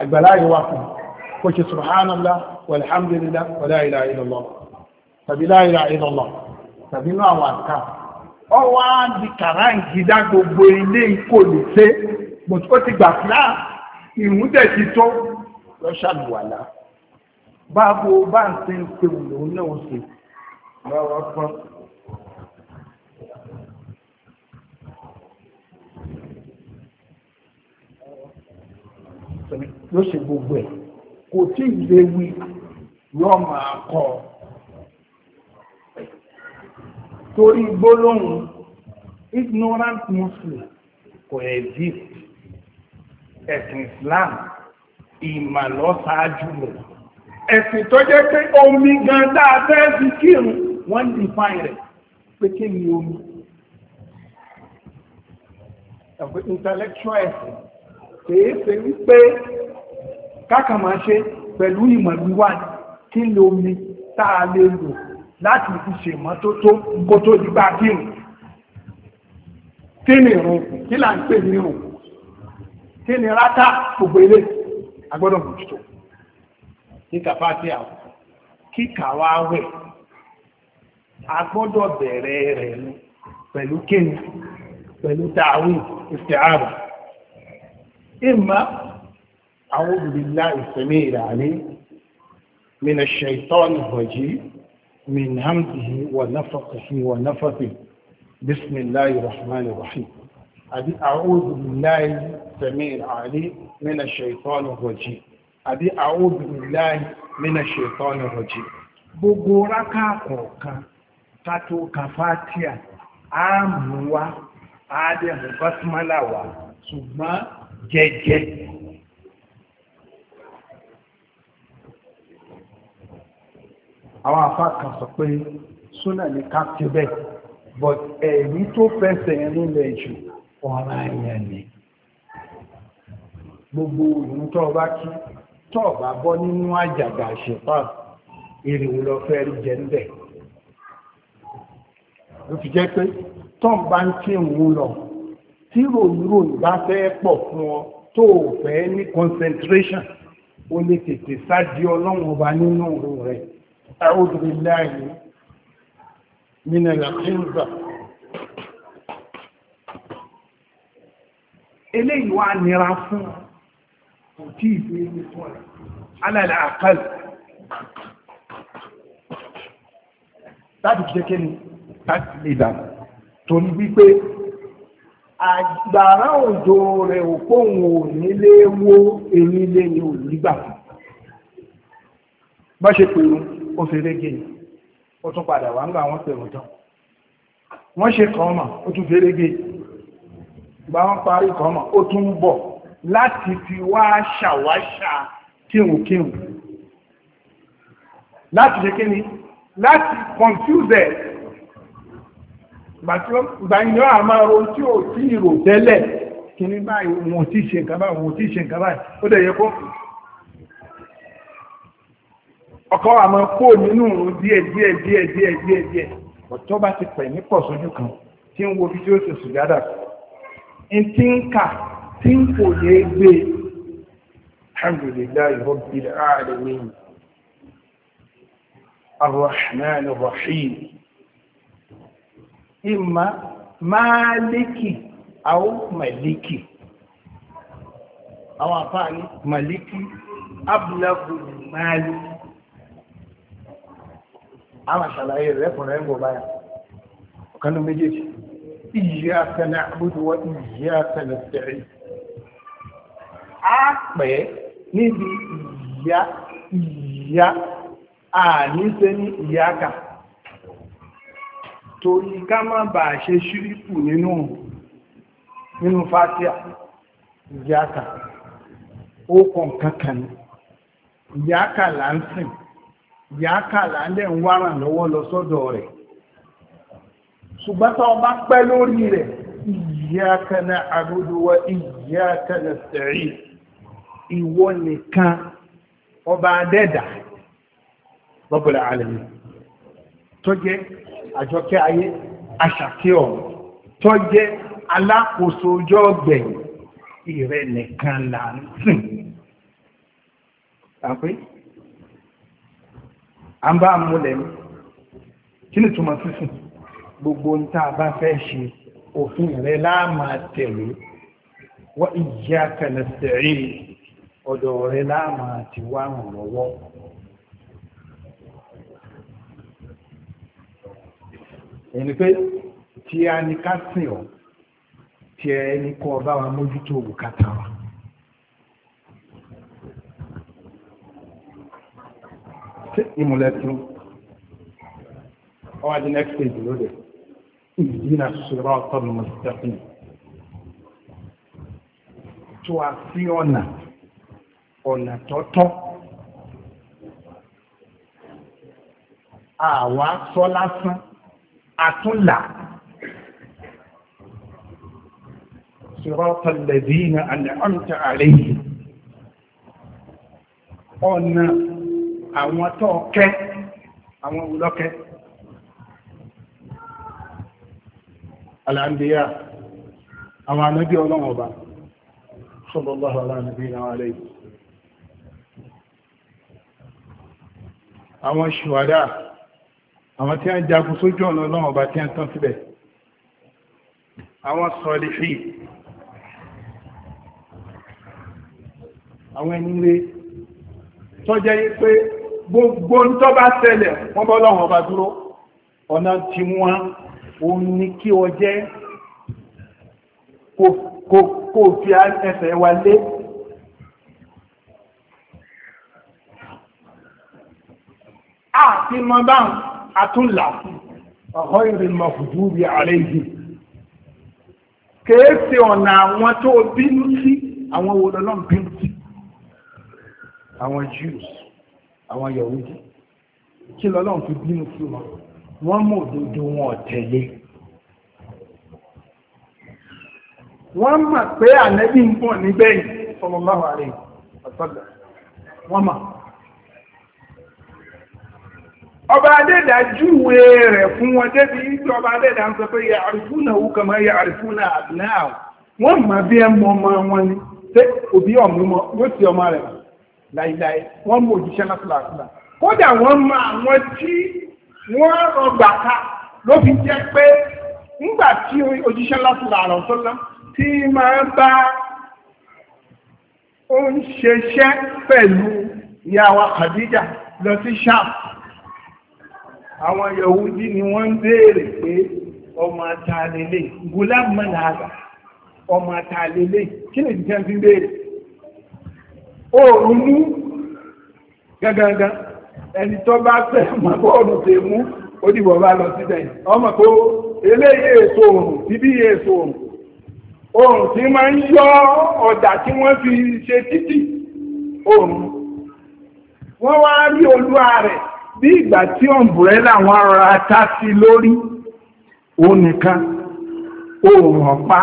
àgbàlá ìwà fún kò ṣe subhanallah walhamdulillah wala ilaha illallah tàbí la ilaha illallah tàbí náà wà ká ọ wá di kàrá ìjìdá gbogbo ilé ikò lè ṣe bọ̀tí ó ti gbà fúlá ìrúndẹ̀ ti tó lọ́ṣàlùwàlá báàbò bá ń ṣe ń pe òun náà ṣe lọ́wọ́ fún yóò ṣe gbogbo ẹ̀ kò tí ì lè wí yóò máa kọ́ ọ torí gbólóhùn ignorant muslim kò exist ẹ̀sìn islam ìmàlọ́sáájú rẹ̀ ẹ̀sìn tó jẹ́ pé omi gan dáadáa fi kírun wọ́n define rẹ̀ pé kí ni omi intellectual ẹ̀sìn kìí ṣe wípé kákàmá ṣe pẹ̀lú ìmọ̀ wíwá kí ló mi tá a lè lò láti fi ṣe mọ́tótó kó tó di bá kírun kí ni ìrun kí là ń pè ní ìrun kí ni rátá gbogbo ilé agbọ́dọ̀ mọ̀tútó kíkà fáti àwọn kíkà wá wẹ̀ agbọ́dọ̀ bẹ̀rẹ̀ rẹ̀ pẹ̀lú kíni pẹ̀lú tààwí ìfẹ́ àrùn ìmá àwọn olùdílá ìsẹ̀mí ìràní mina ṣaitọ́nì bọ̀jí min hamdihi wa nafasihi wa nafasi bismillahi rahmani rahim àbí àwọn olùdílá ìsẹ̀mí ìràní mina ṣaitọ́nì bọ̀jí àbí àwọn olùdílá mina ṣaitọ́nì bọ̀jí gbogbo rákà kọ̀ọ̀kan kátó kàfátíà á mú wa ṣùgbọ́n jẹjẹ àwọn afá kan sọ pé súnà ní kápẹ́bẹ̀ but ẹ̀rí tó fẹsẹ̀ nílẹ̀ jù ọ̀rọ̀ ẹ̀yàn ni gbogbo ìrun tó bá kí tó bá bọ́ nínú àjàgà àṣepá lọ fẹ́ rí jẹ níbẹ̀ fi jẹ́ lọ tí ròyìnròyìn bá fẹ́ pọ̀ fún ọ tó fẹ́ ní concentration o lè tètè sáàdì ọlọ́run ọba nínú ọ̀rọ̀ rẹ̀ a'udhu billahi minal khinza eléyìí wá nira fún kò tí ìfẹ́ ní fún ẹ̀ alal aqal láti jẹ́ ni láti lè dà torí wípé àgbàrá òjò rẹ̀ òkóhùn ò nílé wó èyí lé ní òlígbà bá ṣe pèrú ó fi rége ni ó tún padà wá ń gbà wọ́n pèrú tán wọ́n ṣe kọ́mà ó tún fi rége bá wọ́n parí kọ́mà ó tún ń bọ̀ láti fi wá ṣàwáṣà kíhùnkíhùn láti ṣe kí ni láti confuse gbàyìnbó àmàrò tí ò tí ìrò tẹ́lẹ̀ kí ní báyìí wọn tí ṣe nǹkan báyìí wọn tí ṣe nǹkan báyìí ó dẹ̀ yẹ kó ọkọ̀ àmọ́ kó nínú díẹ̀ díẹ̀ díẹ̀ díẹ̀ díẹ̀ díẹ̀ ọ̀tọ́ bá ti pẹ̀ ní pọ̀ sójú kan tí ń wo bí tí ó sì sùgádà ń tí ń kà tí ń ìmá máàlìkì àwọn màlìkì àwọn àfáàní màlìkì abúlábù máàlìkì àwọn àṣàlàyé rẹ̀ kùnrin ẹgbò báyà ọ̀kanú méjèèjì iyyaka na'budu wa iyyaka nasta'in a pẹ̀ níbi ìyá ìyá àníṣẹ́ ní ìyáka torí ká má bà ṣe ṣírípù nínú fásíà ìyáka ó kankan ìyáka là ìyáka là ń wárà lọ́wọ́ lọ sọ́dọ̀ rẹ̀ ṣùgbọ́n bá pẹ́ lórí rẹ̀ ìyáka na àrúdúwọ́ ìyáka na sẹ̀rí ìwọ nìkan ọba adẹ́dà lọ́bọ̀lá alẹ́mí àjọkẹ́ ayé aṣàkẹ́ ọ̀run tó jẹ́ alákòóso ọjọ́ ọgbẹ̀yìn ìrẹ nìkan là ń sìn àpé à ń bá múlẹ̀ mi kí ni túmọ̀ sísìn gbogbo ń tá a bá fẹ́ ṣe òfin rẹ láàmà tẹ̀lé wọ́n ìyá kẹlẹ̀ sẹ̀rí ọ̀dọ̀ rẹ láàmà ti wá ràn lọ́wọ́. ẹni pé tí a ní ká sìn ọ́ tí ẹni kọ́ ọ bá wa mójútó òkúta wa. ìmùlẹ̀tún ọwọ́ di next page lóde ìdínà ṣùgbọ́n ọ̀tọ́ ni mo ti tẹ́kùn tó a sí ọ̀nà ọ̀nà tọ́tọ́ àwa sọ lásán àtúnlà sirata alladhina an'amta alayhi ọ̀nà àwọn tó kẹ́ àwọn olókẹ́ al-anbiya àwọn anábí ọlọ́wọ̀n ọba sallallahu ala nabiyina alayhi àwọn ṣùwádá àwọn tí a ń jagun sójú ọ̀nà ọlọ́run ọba tí a ń tán síbẹ̀ àwọn sọ̀lìfì àwọn ẹni lé tọ́jẹ́ yí pé gbogbo ń tọ́ bá ṣẹlẹ̀ wọ́n bọ́ lọ́run ọba dúró ọ̀nà tí wọ́n òun ni kí ọ jẹ́ kò fi ẹsẹ̀ wa lé àti mọ báwọn atúnlà ọ̀họ́ ìrìn mọ̀fùdú bí ààrẹ yìí kèése ọ̀nà àwọn tó bínú sí àwọn olọ́lọ́ bínú sí àwọn Jews àwọn Yahudi kí lọ́lọ́run fi bínú sí wọn wọ́n mú òdodo wọn tẹ̀lé wọ́n mọ̀ pé ànẹ́bí ń bọ̀ nígbẹ̀yìn sallallahu alaihi wasallam wọ́n mọ̀ ọba adẹ́dà júwe rẹ̀ fún wọn débi ìgbẹ́ ọba adẹ́dà ń sọ pé yà àrífúnà òkàmọ́ yà àrífúnà àbínáà wọ́n mà bí ẹ mọ ọmọ wọn ni pé òbí ọmọ yóò ti ọmọ rẹ̀ láìláì wọ́n mú òjíṣẹ́ lásìlásìlá kódà wọ́n mọ àwọn tí wọ́n rọgbà ká ló fi jẹ́ pé nígbà tí òjíṣẹ́ lásìlá rọ̀ tó lọ tí máa bá ó ń ṣeṣẹ́ pẹ̀lú ìyàwó Khadija lọ sí ṣáàpù àwọn Yahudi ni wọ́n ń béèrè pé ọmọ àtàlélé gulam mọ́nàdà ọmọ àtàlélé kí ni ìjẹun fi ń béèrè òòrùn mú gangan ẹni tó bá fẹ́ mọ́ bọ́ọ̀lù tè mú ó dìbò bá lọ síbẹ̀ ọmọ kó eléyìí èso òòrùn bíbí èso òòrùn òòrùn tí máa ń yọ ọ̀dà tí wọ́n fi ṣe títì òòrùn wọ́n wá rí olúwa rẹ̀ bí ìgbà tí ọ̀mbrẹ́là wọn ra ta sí lórí òun nìkan òun ọ̀pá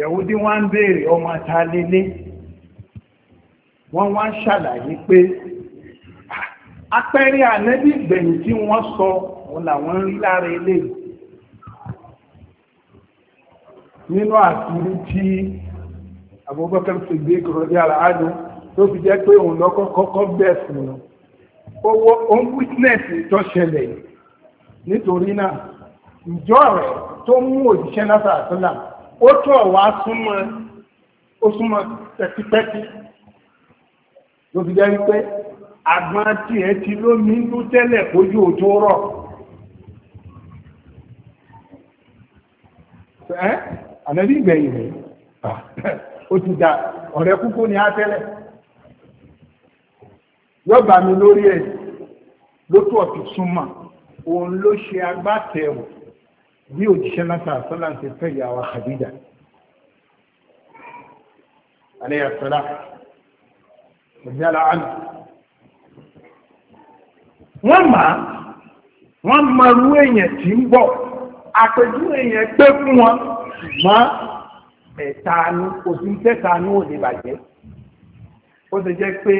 yẹ̀wúdí wọ́n ń béèrè ọmọ ta lélé wọ́n wá ń ṣàlàyé pé apẹ́rí ànẹ́bí ìgbẹ̀yìn tí wọ́n sọ òun làwọn ń rí lára eléyìí nínú àtúrí tí Abubakar Siddiq rọ́dí àlàájú tó fi jẹ́ pé òun lọ́kọ́ kọ́kọ́ bẹ̀ fún un owó on witness ṣẹlẹ̀ nítorí náà ìjọ rẹ̀ tó mú òjíṣẹ́ lásà àtúnlà ó tún ọ̀wá súnmọ́ ló fi jẹ́ wípé ti tẹ́lẹ̀ ojú òjò rọ̀ ẹ́ ìgbẹ̀yìn rẹ̀ ni á tẹ́lẹ̀. yọ́bà mi lórí ẹ̀ lótú ọ̀tún súnmọ́ òun ló ṣe agbátẹ̀wò bí òjíṣẹ́ lásà àsọ́là ti fẹ́ ìyàwó Khadija aléyàsọ́lá ọ̀dẹ́lá àná wọ́n máa wọ́n marú èèyàn tí ń bọ̀ àpèjú èèyàn pé fún wọn ṣùgbọ́n ẹ̀ta ni kò sí tẹ́ta ní òde bàjẹ́ ó ti jẹ́ pé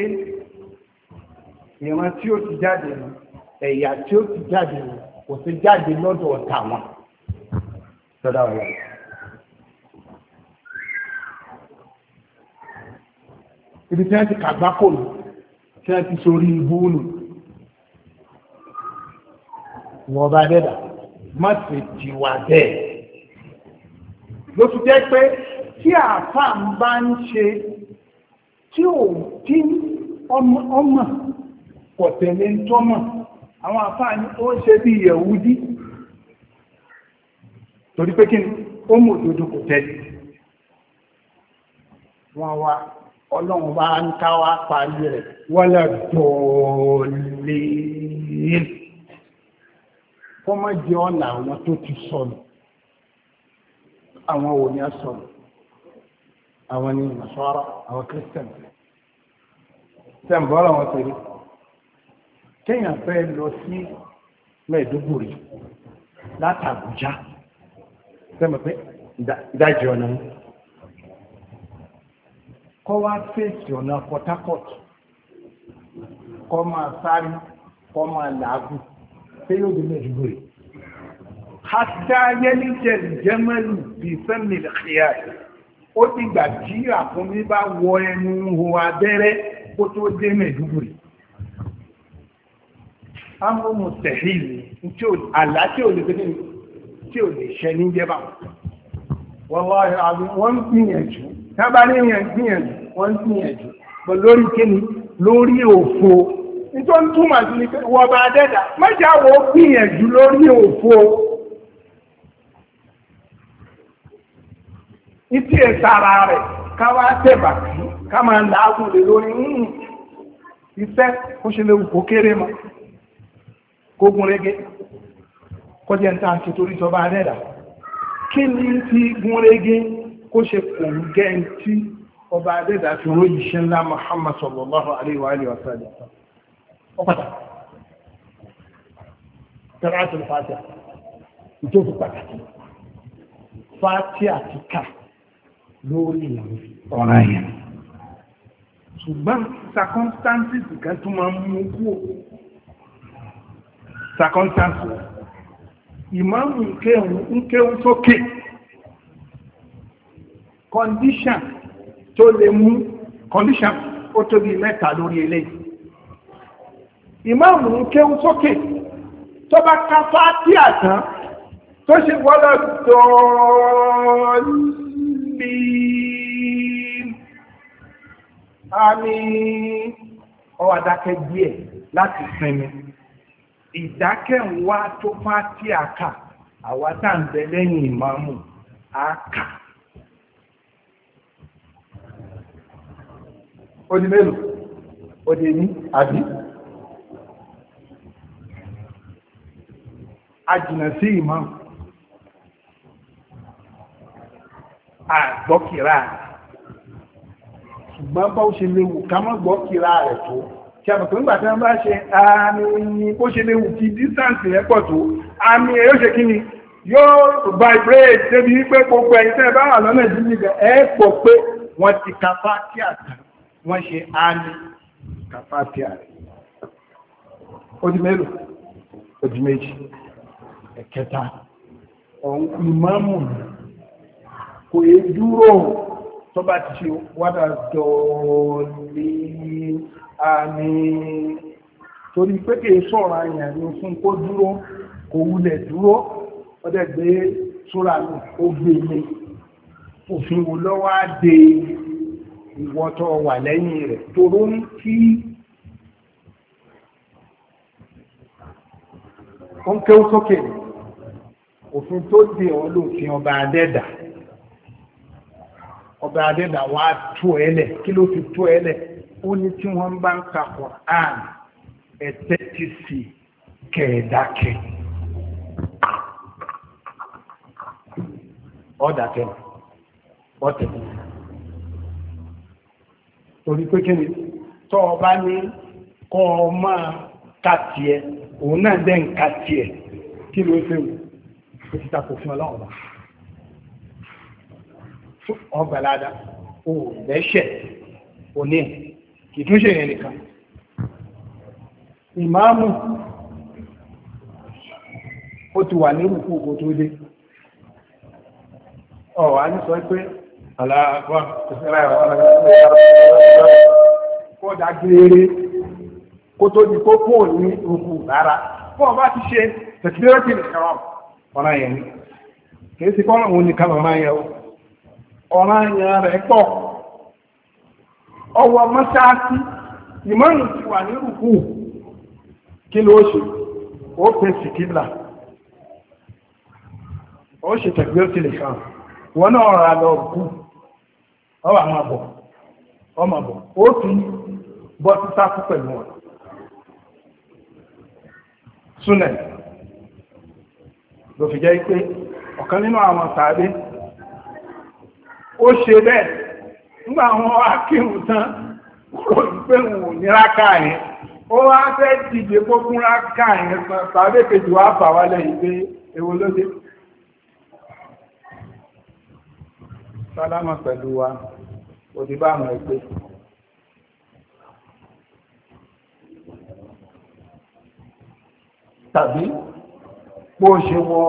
ìran tí ó ti jáde nù ẹ̀yà tí ó ti jáde nù kò sí jáde lọ́dọ̀ ọ̀tá wọn ibi tí wọ́n ti kàgbákò nù tí wọ́n ti sórí ibú nù wọ́n bá dẹ́dà má sì jìwà bẹ́ẹ̀ ló fi jẹ́ pé tí àáfàá bá ń ṣe tí ò tí ọmọ kọ̀tẹ̀lé ń tọ́mọ̀ àwọn àfáà ní ó ṣe bí Yẹ̀húdí torí pé kí ni ó mú òdodo kò tẹ̀lé wọn wá ọlọ́run bá ń ká wá parí rẹ̀ wọ́lẹ̀ dọ̀ọ̀lẹ́ kó má jẹ́ ọ̀nà àwọn tó ti sọnù àwọn wo ni a sọnù àwọn ni Nasara àwọn kírísítẹ̀nì tẹ̀ ń bọ́ ọ̀rọ̀ wọn torí téèyàn fẹ́ lọ sí mẹ́ẹ̀dógùrì látàbújá fẹ́mọ̀ pé ìdájì ọ̀nà kọ́ wá fèsì ọ̀nà Port Harcourt kọ́ máa sáré kọ́ máa làágùn pé yóò dé mẹ́ẹ̀dógùrì hata yẹ́líjẹ̀ jẹ́mẹ́lì bí fẹ́mì ìlẹ̀kìyà ó ti gbà jí àkúnmí bá wọ ẹnu ho abẹ́rẹ́ kó tó dé mẹ́ẹ̀dógùrì amú mùsẹ̀hìlì àlá tí ò lè gbé tí ò lè ṣẹ ní jẹba wọ́n gbìyànjú tábà ní gbìyànjú wọ́n gbìyànjú pọ̀ lórí kíni lórí òfo nítorí túmọ̀ sí ni pé wọ́n bá dẹ́dà mẹ́jà wo gbìyànjú lórí òfo ìtì ẹ̀sára rẹ̀ káwá tẹ̀bà sí ká máa làágùn lórí iṣẹ́ hmm, kó ṣe lè kó kéré mọ́ kógun régé kọjẹ́ ń tàà ti torí ìjọba rẹ̀dà kí ni ti gun régé kó ṣe pòrú gẹ́ tí ọba rẹ̀dà fi ró ìṣẹ́ ńlá Muhammad sallallahu alaihi wa alihi wa sallam ọpàtà tẹ́láṣẹ́ fàtíà ìjọ́fù pàtàkì fàtíà ti ká lórí ọ̀ràn yẹn ṣùgbọ́n circumstances kan tún máa ń mú kú circumstance ìmáàmù ń kéhun sókè condition tó lè mú condition ó tóbi mẹ́ta lórí eléyìí ìmáàmù ń sókè tó bá ká fáátì àtàn tó ṣe wọ́lọ́ dọ́ọ̀lì àmì ọwọ́ díẹ̀ láti sinmi ìdákẹ́wà tó fàtí àkà àwátà ń bẹ lẹ́yìn ìmáàmù àkà ó di mélòó ó di ní àbí ajìnà sí ìmáàmù àgbọ́kìrá rẹ̀ ṣùgbọ́n bá ó ṣe léwu ká mọ́ gbọ́kìrá rẹ̀ tó ṣàbùkù ńgbà tí wọ́n bá ṣe àmì oyin bó ṣe lè wù kí distance yẹn pọ̀ tó àmì ẹ̀ yóò ṣe kí ni yóò vibrate débi wípé gbogbo ẹ̀yin tẹ́ ẹ bá wà lọ́nà ìdílé gan ẹ pọ̀ pé wọ́n ti kàfá kí àtà wọ́n ṣe àmì kàfá kí àrẹ. ó di mélòó ó di méjì ẹ̀kẹta ìmáàmù kò yé dúró tó bá ti ṣe wádà dọ̀ọ́lé àmì torí pé kìí sọ̀rọ̀ àyàn ní fún kó dúró kò wulẹ̀ dúró ọdẹ gbé súra mi ó gbé mi òfin wo lọ́wọ́ á de ìwọ́tọ̀ wà lẹ́yìn rẹ̀ toró ń kí ó ń kéwú sókè òfin tó dé ọ lófin ọba adẹ́dà ọba adẹ́dà wàá tú ẹ lẹ̀ kí ló fi tú ẹ lẹ̀ ó ní tí wọ́n bá ń ka Quran ẹ̀tẹ́ ti sì kẹ̀ẹ̀dákẹ́ ọ̀dàkẹ́ ọ̀tẹ̀ torí pé kí ni tọ́ ọ bá ní kọ́ ọ máa ka tiẹ̀ òun náà dẹ́ ń ka tiẹ̀ kí ló ṣe wù ó ti takò fún ọlọ́run ọgbàládà ò lẹ́ṣẹ̀ òní ẹ̀ ìtúnṣe yẹn nìkan ìmáàmù ó ti wà nírù kú òkú tó dé ọ̀wà ní sọ pé aláàbọ̀ ìṣẹ́lá ìwọ̀n kó dá gẹ́rẹ́ kó tó di kó kó ní rúkú rárá fún ọba ti ṣe tẹ̀síwẹ́rẹ́tì nìkan ọ̀rọ̀ yẹn ni kìí sí kọ́nà òun nìkan ọ̀rọ̀ yẹn ọ̀rọ̀ yẹn rẹ̀ pọ̀ ọwọ́ mọ́sáàsì ìmọ̀rùn ti wà ní rùkú kí ló ṣe ó pè sí kíbla ó ṣe tẹ̀gbẹ́ ó tilẹ̀ kan wọn náà rà lọ rùkú ọwọ́ àmà bọ̀ ọmọ bọ̀ ó fi bọ́ títà kú pẹ̀lú wọn súnẹ̀ ló fi jẹ́ pé ọ̀kan nínú àwọn tàbí ó ṣe bẹ́ẹ̀ nígbà wọn wá kírun tán kò ní pé òun ò ní rákà yẹn ó wá fẹ́ dìde kókún rákà yẹn san sàbẹ̀ kejì wá bà wá lẹ́yìn pé èwo ló dé. sálámà pẹ̀lú wa òdìbò àwọn ẹgbẹ́. tàbí bó ṣe wọ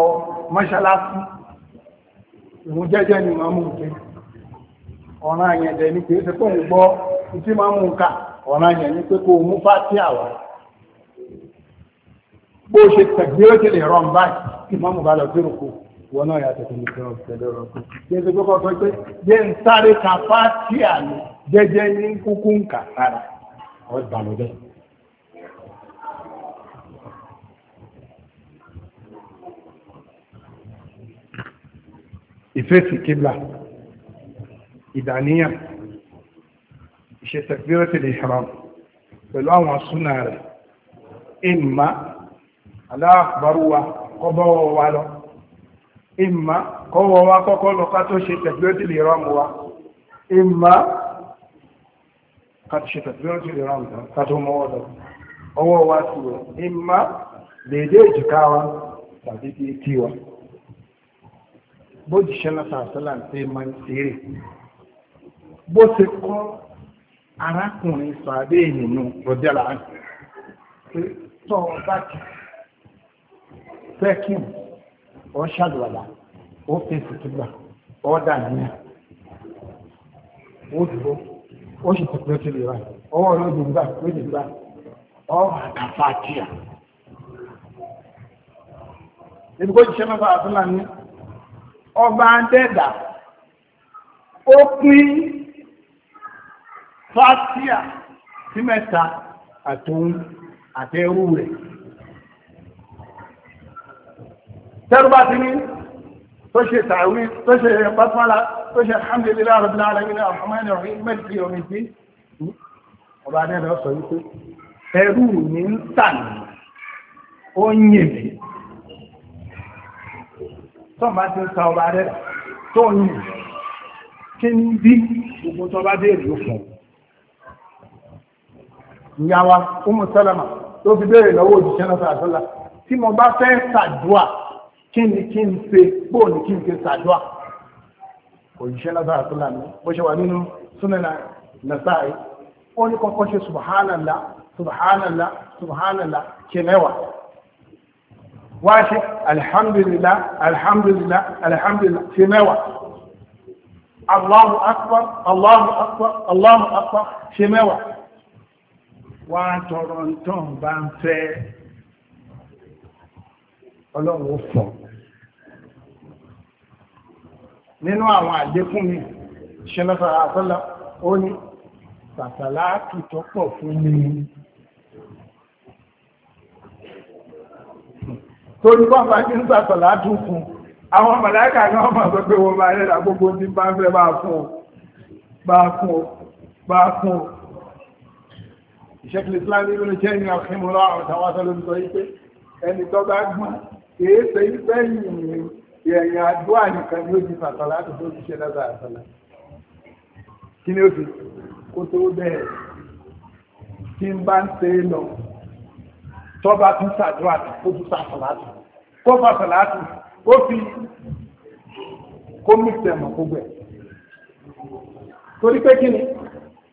mọ́ṣáláṣí ìwọ̀n jẹ́jẹ́ ni màmú jẹ́ ọ̀ràn àyẹ̀dẹ̀ ni kì í ṣe pé òun gbọ́ tí máa mú ká ọ̀ràn àyẹ̀ ni pé kó mú fátí àwà bó ṣe tẹ̀gbé ó ṣe lè rọ̀ báyìí kí máa mú bá lọ sí rògbò wọn náà yàtọ̀ tó ní kí wọ́n tẹ̀lé ọ̀rọ̀ kù kí ẹ ṣe pé kọ́kọ́ pé jẹ́ ń sáré ka fátí àmì jẹ́jẹ́ ní kúkú ń sára ọ̀ ìbànújẹ́. ìfẹ́ kíbla ìdàníyàn ìṣe takbiratul ihram pẹ̀lú àwọn súnà rẹ̀ ìmá wa lọ ìmá kọ́wọ́ wa kọ́kọ́ lọ ká tó ṣe wa ìmá ká tó ṣe takbiratul ihram ká wa sí rẹ̀ ìmá bó ṣe kọ́ arákùnrin sàdé ìnìyàn rọ̀dẹ́là pé tọ́ ọ bá fẹ́kìn ọ ṣàlùwàlà ó fèsì ọ dara ó dúró ó ṣe tẹ̀pẹ́ tó lè báyìí ọwọ́ ló dùn gbà ló dùn gbà ọ ibi kó ṣiṣẹ́ mẹ́fà àtúnlá ní ọba dẹ́dà ó fásíà sí mẹ́ta àtòun àtẹ́rú rẹ̀ tẹ́rùbá ti ní tó ṣe tàwí tó ṣe pàtàlá tó ṣe alhamdulillah rabbil alamin àmọ́mọ́ni ọ̀rìn mẹ́tì omi sí ọba adẹ́rẹ́ sọ wípé ẹrú ní ń tàn ó ń yèmí tó bá ti ń ta ọba adẹ́rẹ́ tó ń yèmí kí ń bí gbogbo tó bá dé ìlú fún un ìyá wa Umu Salama tó fi béèrè lọ́wọ́ òjíṣẹ́ náà sàdúrà tí mo bá fẹ́ sàdúà kí ni kí n ṣe bó ni kí n ṣe sàdúà òjíṣẹ́ náà sàdúrà ni bó ṣe wà nínú súnmẹ́nà Nasa'i ó ní kọ́kọ́ ṣe subhanallah subhanallah subhanallah ṣe mẹ́wàá wá ṣe alhamdulillah alhamdulillah alhamdulillah ṣe mẹ́wàá Allahu akbar Allahu akbar Allahu akbar ṣe mẹ́wàá wá tọrọ ntọ́n bá ń fẹ́ ọlọ́run fọ̀ nínú àwọn àdékùn mi ṣẹlẹ́fà àfọ́lá ó ní tàtàlá kìtọ́ pọ̀ fún mi torí wọ́n bá ní tàtàlá tún fún àwọn màláìkà náà wọ́n máa sọ pé wọ́n máa rẹ́ra gbogbo ní bá ń fẹ́ bá fún ọ bá fún bá fún ìṣẹ́kìlì islam ibùn jẹ́ni àfihànlá àtàwátà ló ń sọ ipé ẹni tó bá gbọ́n kìí ṣe ipé ìyẹ̀yìn àdúrà nìkan ni ó di fàtàlá tó tó ti ṣe lọ́gbà àtàlá kí ni ó fi kó tó bẹ́ẹ̀ tí ń bá ń ṣe lọ tó bá tún ṣàdúrà tó tún ṣàtàlá tó kó fàtàlá tó ó fi kó mú tẹ̀mọ̀ gbogbo torí pé kí ni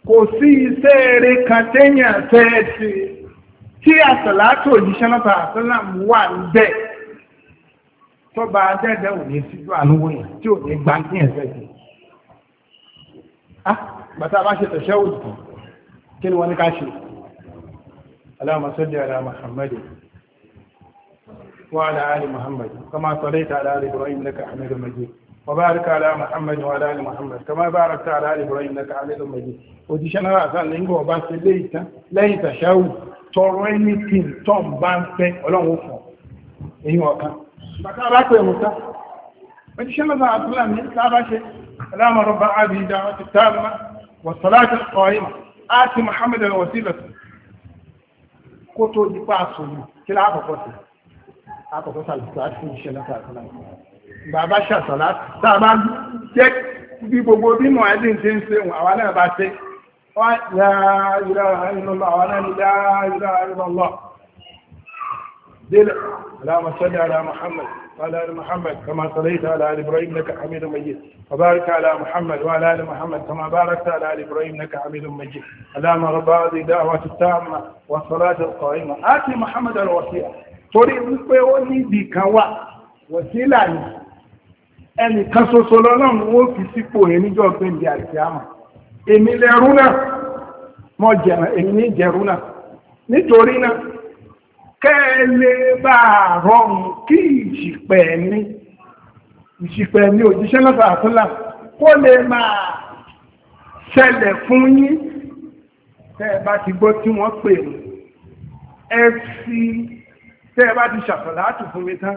kò sí iṣẹ́ eré kan téèyàn fẹ́ ṣe tí àsàlátò òjíṣẹ́ náà tààtàlà wà níbẹ̀ tọ́ba adẹ́dẹ́ ò ní síjú àánúwò yẹn tí ò ní gbá ní ẹ̀fẹ́ sí. Ah, bàtà bá ṣe tẹ̀ṣẹ́ òdì kí ni wọ́n ní ká ṣe Allahumma salli ala Muhammadin wa ala ali Muhammad kama sallaita ala Ibrahim innaka Hamidun Majid وبارك على محمد وعلى ال محمد كما باركت على ال ابراهيم انك حميد مجيد òjíṣẹ́ náà àtàn lẹ́yìn bọ̀ bá ń ṣe lẹ́yìn tàṣáwù tọrọ ẹni tí ń tọ́n bá ń fẹ́ ọlọ́run fún ẹ̀yìn ọ̀kan bàtà bá pè mú ká òjíṣẹ́ náà àtúnlá ní sábà ṣe aláàmọ̀rọ̀ bá àbí ìdá ti táàmà wọ̀sọ̀láàtì ọ̀ọ́yìn àti Muhammad al-wasila kó tó dípa àsòyìn kí láàkọ̀kọ́ sí àkọ̀kọ́ sàlùkù àti òjíṣẹ́ náà àtúnlá bàbá ṣàtọ̀lá tá a bá jẹ́ bí gbogbo bí mọ̀ẹ́dì ti ń ṣe àwa náà bá ṣe wá yá ìlà ìlọ́lọ́ àwa náà ni yá ìlà ìlọ́lọ́ délẹ̀ اللهم صل على محمد وعلى ال محمد كما صليت على ال ابراهيم انك حميد مجيد وبارك على محمد وعلى ال محمد كما باركت على ال ابراهيم انك حميد مجيد اللهم رب هذه الدعوه التامه والصلاه القائمه اتي محمد الوسيله torí wípé ó ní ibì kan wà wọ̀sílà ni ẹnìkan ṣoṣo lọ́lọ́run ó fi sípò yẹn níjọ́ pé ìdí àti àmà èmi lẹ́rú náà mọ jẹ̀rán èmi ní ìjẹ̀rú náà nítorí náà kẹ́ ẹ lè bá a rọrùn kí ìṣìpẹ̀ ní ìṣìpẹ̀ ní òjíṣẹ́ náà sàtúnlà kó lè máa ṣẹlẹ̀ fún yín tẹ́ ẹ bá ti gbọ́ tí wọ́n pè é ẹ fi tẹ́ ẹ bá ti ṣàfọ̀lá àtùfún mi tán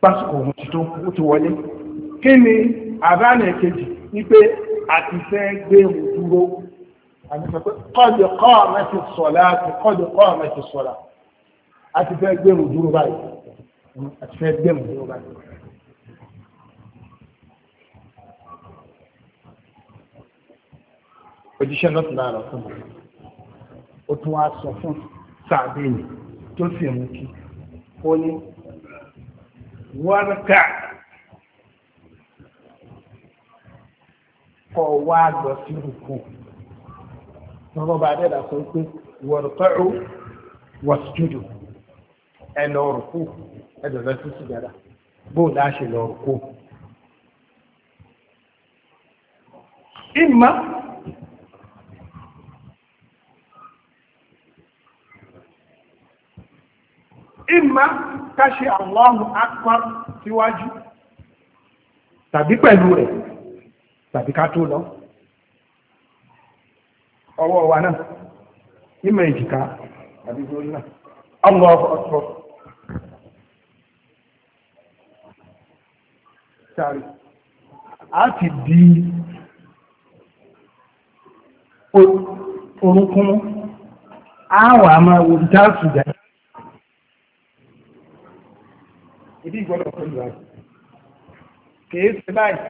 pásìkò òun ti tó ó ti wọlé kí ni àbáàlì kejì ní pé àti fẹ́ gbé òun dúró kọ́dì kọ́ mẹ́tì sọ̀lá àti kọ́dì kọ́ mẹ́tì sọ̀lá àti fẹ́ gbé òun dúró báyìí àti fẹ́ gbé òun dúró báyìí. òjíṣẹ́ náà tún lára fún mi ó tún wá sọ fún sàbẹ̀yìn tó sì mú kí ó ní wọ́rọ̀kà kọ̀ wá lọ sí rúkú tọ́lọ́ bá dẹ́dà sọ pé wọ́rọ̀kọ̀ọ́ wọ́sítúdù ẹ lọ rúkú ẹ lọ sí sìgádà bóun náà ṣe lọ rúkú. ìmọ̀ ìmá káṣe Allahu akbar síwájú tàbí pẹ̀lú rẹ̀ tàbí ká tó lọ ọwọ́ wa náà ìmọ̀ èjìká tàbí lórí náà Allahu akbar sáré a ti di orúnkún a wà máa wo ìdí ìgbọ́dọ̀ pẹ̀lú rẹ̀ kìí ṣe báyìí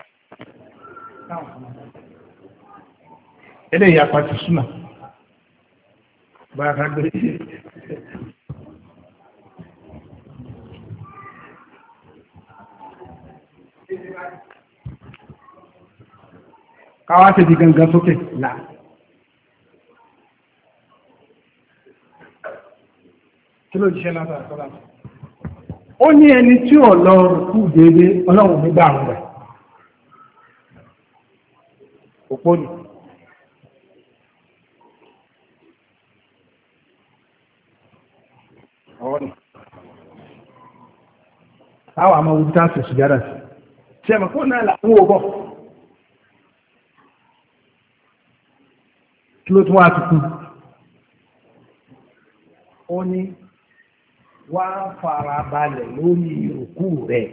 eléyìí apàtì súnà báyà ká gbé káwá ṣe di gangan sókè là. kí ló jíṣẹ́ látàrí sọ́dọ̀ ó ní ẹni tí ò lọ rùkú déédé ọlọ́run nígbà rẹ̀ òpó nù. Àwọn àmọ́ ojú táàsì ṣùgbọ́n ṣe mọ̀ fún náà làwọn òbọ̀. Kí ló tún wá tukú? Ó ní wá fara balẹ̀ lórí òkú rẹ̀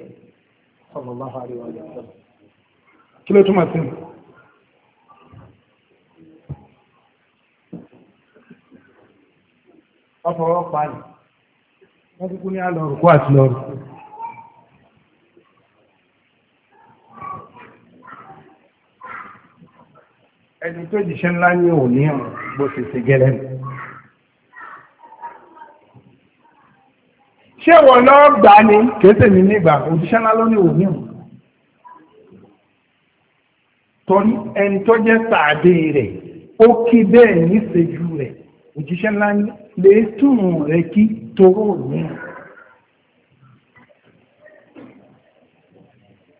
sallallahu alaihi wa sallam kí ló túmọ̀ sí mi. ọfọwọ́ pa ni wọ́n kúkú ní àlọ́rù kó àti lọ́rù. ẹni tó jìṣẹ́ ńlá ní òní ọ̀rọ̀ bó ṣe ṣé wọ́n lọ gbà ní kéèsè mi nígbà òṣìṣẹ́ ńlá lónìí wò ní òun torí ẹni tó jẹ́ sàádé rẹ̀ ó kí bẹ́ẹ̀ ní ìṣẹ́jú rẹ̀ òjíṣẹ́ ńlá lè túrùn rẹ̀ kí toró ní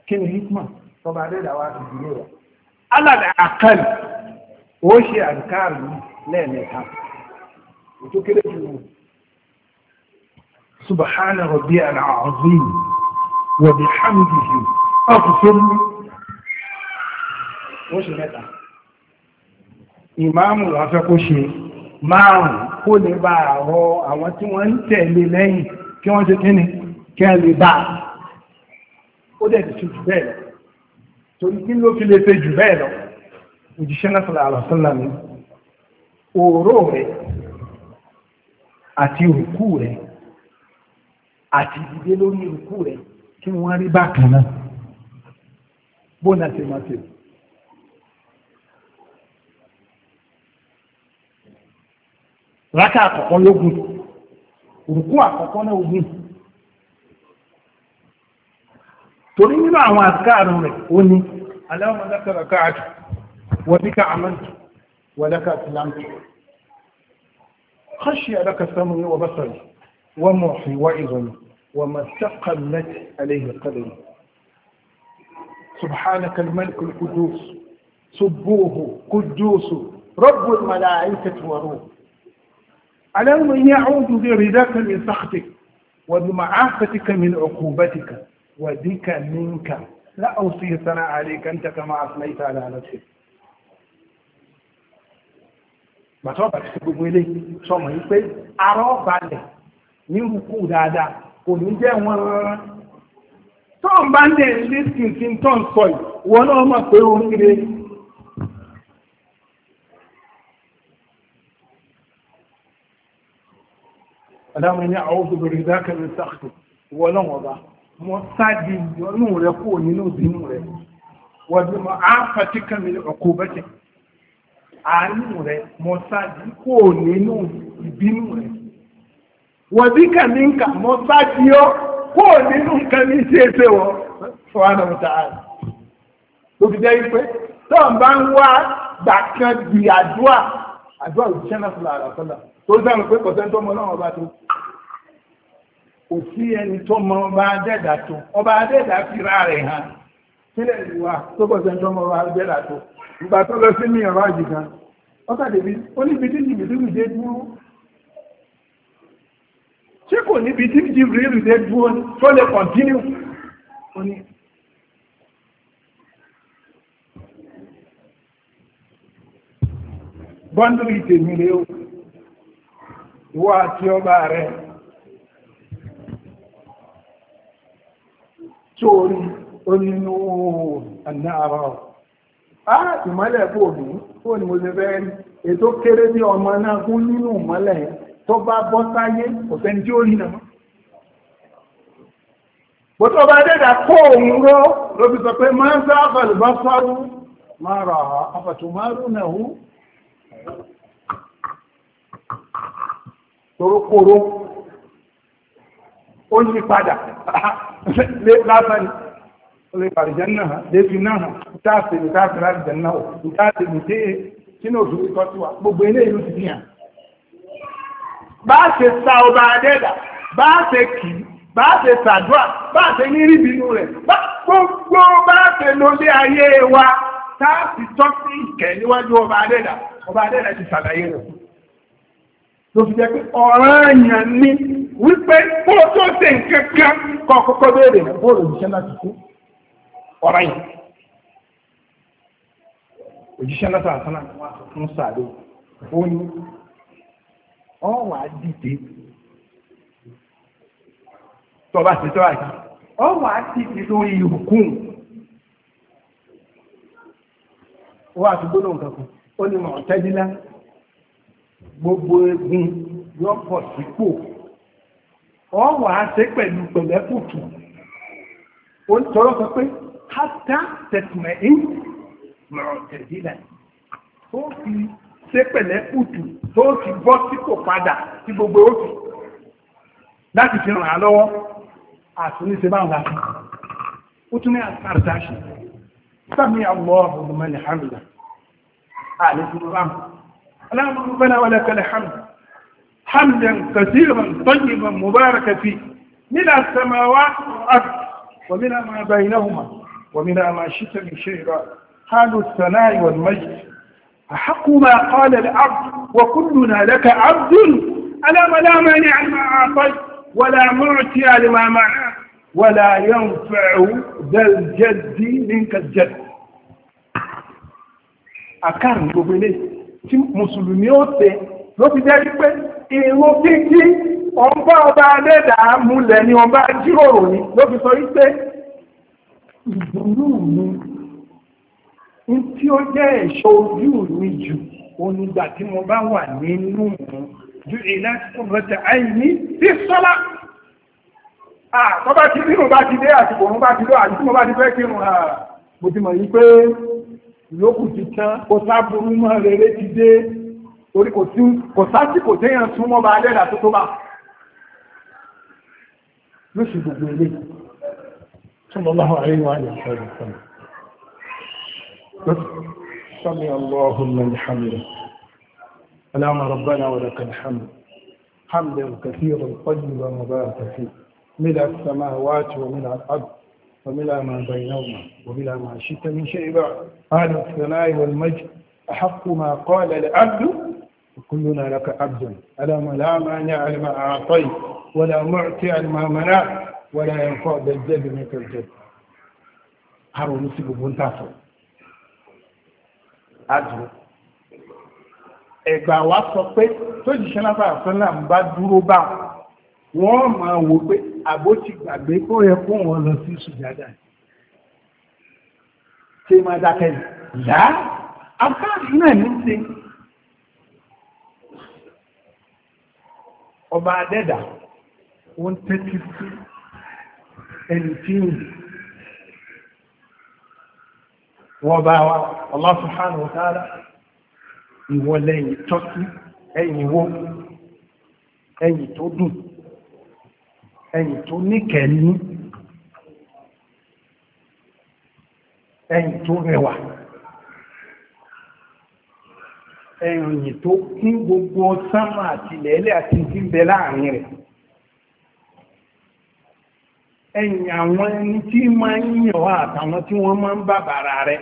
kí ni hikma tọba adẹ́dàwà ti dúró rẹ̀ alàdà àkàlì ó ṣe àǹkàrù lẹ́ẹ̀mẹ́ta ètò kéré jù سبحان ربي العظيم وبحمده أغفر oṣù mẹ́ta ìmáàmù afẹ́ kó ṣe márùn kó lè bá àwọ àwọn tí wọ́n ń tẹ̀lé lẹ́yìn kí wọ́n ṣe kíni kí wọ́n lè bá ó dẹ̀ ti ṣe jù bẹ́ẹ̀ lọ torí kí ló fi lè ṣe jù bẹ́ẹ̀ lọ òjíṣẹ́ náà sọ̀rọ̀ àlọ́sọ́lá mi òró rẹ̀ àti òkú rẹ̀ àti ìdílé lórí ìrùkú rẹ̀ kí wọ́n rí bákan náà bóńdà ṣe máa ṣe. rákà àkọ́kọ́ lógún ìrùkú àkọ́kọ́ náà ogun torí nínú àwọn àkáàrùn rẹ̀ ó ní aláwọ̀ mọ́lákàrà káàtù àmọ́ntù wọ́n lákàtù láǹtù خشي لك سمعي وبصري وموحي وعظا وما استقمت عليه قدري سبحانك الملك القدوس سبوه قدوس رب الملائكة وروح على من يعود برداك من سخطك وبمعافتك من عقوبتك وبك منك لا أوصي ثناء عليك أنت كما أثنيت على نفسك ما تقول gbogbo eléyìí sọmọ yìí يقول أرى بعدك ní rúkú dáadáa kò ní jẹ́ wọn rárá tó ń bá ń dẹ̀ lísìn tó ń sọ yìí wọn náà mọ̀ pé oríire Adáwọn ẹni àwọn òṣèlú ìdákẹ̀rẹ̀ sáàkì wọ́n lọ́wọ́ bá wọ́n sáàdì ìyọnú a kò nínú ìdínú rẹ̀ wọ́n mọ̀ áfàtí kàmìlì wọ̀díkà ní nkà mọ́ sáàkì ọ́ kó nínú nǹkan ní sí ẹsẹ̀ wọ́ fọ́nà mùtàlá tó fi jẹ́ ipé tó ń bá ń wá gbàkan di àdúrà àdúrà òṣìṣẹ́ náà fúnra rà sọ́dà tó sẹ́nu pé kọ̀sẹ́ tó mọ náà ọba tó kò sí ẹni tó mọ ọba adẹ́dà tó ọba adẹ́dà fira rẹ̀ hàn sílẹ̀ ìwà tó kọ̀sẹ́ tó mọ ọba adẹ́dà tó ìgbà tó lọ sí mi ọ̀rọ̀ àjìkan ṣé kò níbi tí Jibril dé dúró tó lè kọ̀ntínú ó ní bọ́ndùrú ìtèmí rẹ̀ ó ìwọ àti ọba rẹ̀ tó orí onínú àná ara ọ̀ á ìmọ́lẹ̀ bò ní ó ní mo ṣe fẹ́ ètò kéré ní ọmọ náà kún nínú ìmọ́lẹ̀ yẹn tó bá bọ́ sáyé kò sẹ́ni tí ó rí nàmọ́ bó tó bá dẹ́dà kó òun ró ló fi sọ pé máa ń sá àfàlùbá fárú máa rà àfàtù máa rú nà hú torókóró ó yí padà lásán ni ó lè parí jẹ́ náà débi náà táàsì ní táàsì láti jẹ́ náà táàsì ní tí kí ní òṣùwé kọ́ sí wa gbogbo eléyìí ló ti ní hàn bá ṣe sa ọba adẹ́dà bá ṣe kì í bá ṣe sàdúà bá ṣe nírí bínú rẹ̀ gbogbo bá ṣe lólé ayé wa tá a sì tọ́ sí ìkẹ́ níwájú ọba adẹ́dà ọba adẹ́dà ti ṣàlàyé rẹ̀ ló fi jẹ́ pé ọ̀ràn yàn ni wípé kó o tó ṣe nǹkan kan kọ́ kọ́kọ́ béèrè rẹ̀ bóòlù òjíṣẹ́ náà ti kú ọ̀ràn yàn òjíṣẹ́ náà sàásánà ń sàdó ó ní ọ̀wà dìde tọba sí tọ́ àti ọ̀wà dìde lórí ìrùkún wọ́n àtúgbò náà kankan ó ní mọ̀ tẹ́dílá gbogbo egun yóò pọ̀ sípò ọ̀wà ṣe pẹ̀lú pẹ̀lẹ́kùtù ó ń tọrọ sọ pé kátà tẹ̀tùmẹ̀ in mọ̀ tẹ̀dílá ó fi ṣé pẹ̀lẹ́kùtù tó ti bọ́ sípò padà tí gbogbo ó ti láti fi ràn án lọ́wọ́ àtúnṣe báwọn láti ó tún ní àtàrdáṣì sami allahu liman hamida alaikum ram alamu rabbana wa lakal hamd hamdan katiran أحق ما قال العبد وكلنا لك عبد ألا لا مانع لما أعطيت ولا معطي لما منعت ولا ينفع ذا الجد منك الجد àkàrùn gbogbo ilé tí mùsùlùmí ó tẹ ló fi jẹ́ wípé ìrún kíkí ọba ọba alẹ́dàá múlẹ̀ ni ọba jíròrò ni ló fi sọ wípé ìdùnnú mi ní tí ó jẹ́ ẹ̀ṣọ́ ojú mi jù onígbà tí mo bá wà nínú mú ju ìlà ọ̀rẹ́tẹ̀ àìní sí sọ́lá àtọ́bá ti rírùn bá ti dé àsìkò òun bá ti lọ àti tí mo bá ti fẹ́ kírun ààrà mo ti mọ̀ yí pé lókù ti tán kò sáburú mọ́ rere ti dé torí kò sásìkò téèyàn súnmọ́ bá lẹ́dà tó tó bá lóṣù gbogbo ilé sọ́lọ́láhùn àríwá ìyàtọ̀ ìsọ̀rọ̀ سمع الله من حمده اللهم ربنا ولك الحمد حمدا كثيرا طيبا مباركا فيه ملء السماوات وملء الارض وملء ما بينهما وملء ما شئت من شيء بعد اهل الثناء والمجد احق ما قال العبد وكلنا لك عبد الا لا مانع لما اعطيت ولا معطي لما منعت ولا ينفع ذا الجد منك الجد هارون سيبو àdúró ẹ̀gbà wa sọ pé tó jìṣẹ́ lábàá àfẹ́lá ń bá dúró bá wọ́n máa wò pé àbó ti gbàgbé kó yẹ kó wọn lọ sí sùjádà ṣe máa dákẹ́ yá afáàfin náà ní ṣe ọba adẹ́dà wọ́n tẹ́tí sí ẹni tí ń wọ́n bá wa Allah subhanahu wa ta'ala ìwọ lẹ́yìn tọ́kí ẹ̀yìn wó ẹ̀yìn tó dùn ẹ̀yìn tó níkẹ̀ẹ́ní ẹ̀yìn tó rẹwà ẹ̀yìn tó kún gbogbo sánmà àti ilẹ̀ẹ́lẹ̀ àti ìdíbẹ̀ láàrin rẹ̀ ẹ̀yìn àwọn ẹni tí máa ń yàn wá àtàwọn tí wọ́n máa ń bàbàrà rẹ̀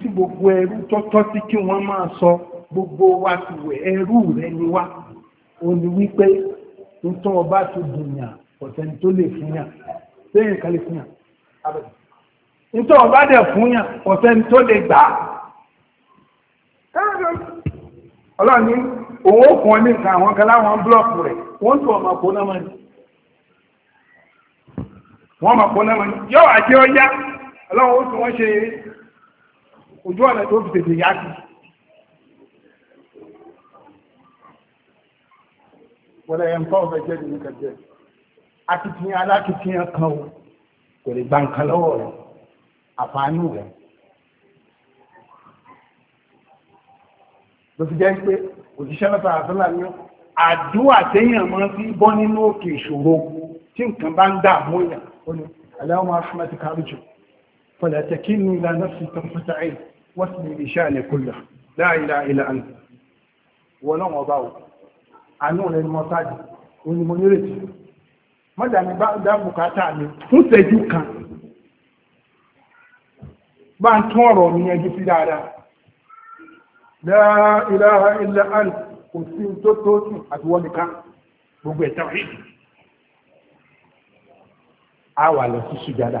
tí gbogbo ẹrú tọ́tọ́ sí kí wọ́n máa sọ gbogbo wa ti wẹ̀ ẹrú rẹ̀ ni wá ó ní wípé nítorí ọba ti dùnyàn ọ̀tẹ́ni tó lè fúnyàn lẹ́yìn kan lè fúnyàn nítorí ọba dẹ̀ fúnyàn ọ̀tẹ́ni tó lè gbà á ọlọ́run òun ó fún ọ ní nǹkan àwọn kan láwọn blọ́ọ̀kù rẹ̀ wọ́n tún ọmọ kó náà mọ́ ni wọ́n mọ̀ kó náà mọ́ ni yóò àti ọjá ọlọ́run ó tún wọ́n ṣe ojú ọ̀nà tó fi tètè yá sí. wọ́n lẹ́yìn nǹkan ọ̀fẹ́ jẹ́ nínú kẹjẹ akitiyan alákitiyan kan o kò lè gba nǹkan lọ́wọ́ rẹ̀ àfààní rẹ̀ ló pé òjíṣẹ́ lọ́ta àtọ́là ní àdúwà tẹ́yìn àmọ́ sí bọ́ nínú òkè ìṣòro tí nǹkan bá ń dà mọ́yà olú aláwọ̀ afúnmọ́tí kárùjù fọ̀lẹ̀tẹ̀kí ní ìlànà sí tọ́pọ̀tà ẹ̀ wọ́n sì ní iṣẹ́ àlẹ́ kúlọ̀ láìlà ilẹ̀ àná wọ́lọ́wọ́ bá wò àánú dá bùkátà mi bá ń tún ọ̀rọ̀ mi yẹn sí dáadáa la ilaha illa ant kò sí tó tó sùn àti wọ́n nìkan gbogbo ẹ̀ tawhid a wà lọ sí sùjádà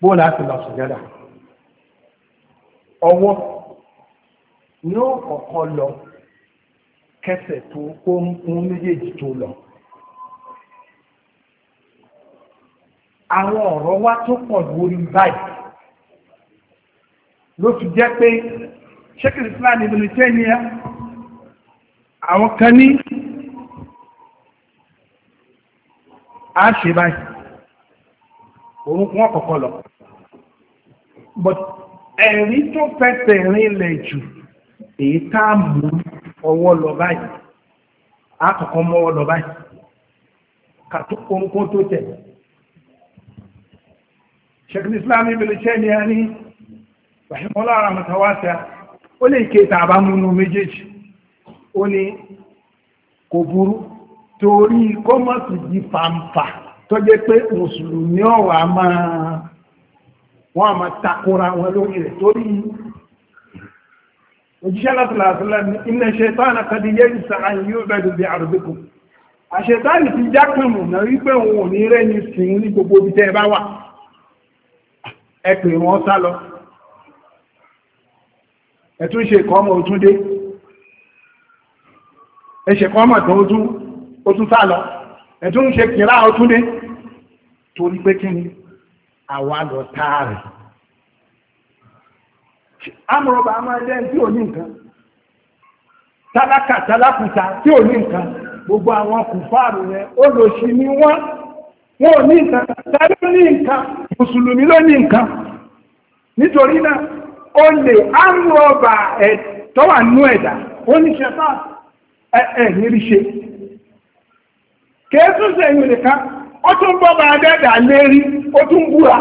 bóòlù àti lọ sùjádà ọwọ́ ni ó kọ́kọ́ lọ kẹsẹ̀ tó kó ń méjèèjì tó lọ. àwọn ọ̀rọ̀ wá tó pọ̀ lórí báyìí ló fi jẹ́ pé Sheikh Islam Ibn Taymiyyah àwọn kan ní a ṣe báyìí orúkún ọ̀kọ̀kọ̀ lọ but ẹ̀rí tó fẹsẹ̀ rinlẹ̀ jù èyí tá a mú ọwọ́ lọ báyìí a kọ̀kọ́ mọ́wọ́ lọ báyìí kàtó orúkún tó tẹ̀ Sheikh Islam Ibn Taymiyyah ní rahimahullah rahmatawasa ó lè ké tàbá múnú méjèèjì ó ní kò burú torí kọ́mọ̀sì di fàǹfà tó jẹ́ pé mùsùlùmí ọ̀wà máa wọ́n àmà takora wọn lórí rẹ̀ torí òjíṣẹ́ látàlátàlá ní ilẹ̀ ṣetán àkàdé yẹ́ ìsàáyí yóò bẹ̀rẹ̀ bí àrùbíkù àṣetáàlì ti jákùnmù náà ẹ̀tún ṣe ìkọ́mọ̀ òtún dé ẹ̀ṣẹ̀ kọ́mọ̀ tó òtún sá lọ ẹ̀tún ṣe kìírà òtún dé torí pé kí ni àwa lọ táàrẹ̀ amúrọ̀bà máa jẹ́ tí ò ní nǹkan tálákà tálákùta tí ò ní nǹkan gbogbo àwọn kùfáàrù rẹ̀ ó lò sí ní wọ́n wọn ò ní nǹkan tàbí ní nǹkan mùsùlùmí ló ní nǹkan nítorí náà olè arúgbà ẹ̀tọ́wà nú ẹ̀dà oníṣẹ́fà ẹ̀ nírí ṣe kẹ́ẹ̀tún sẹ́yìn nìkan ó tún bọ́ bá dẹ́dà lérí ó tún búra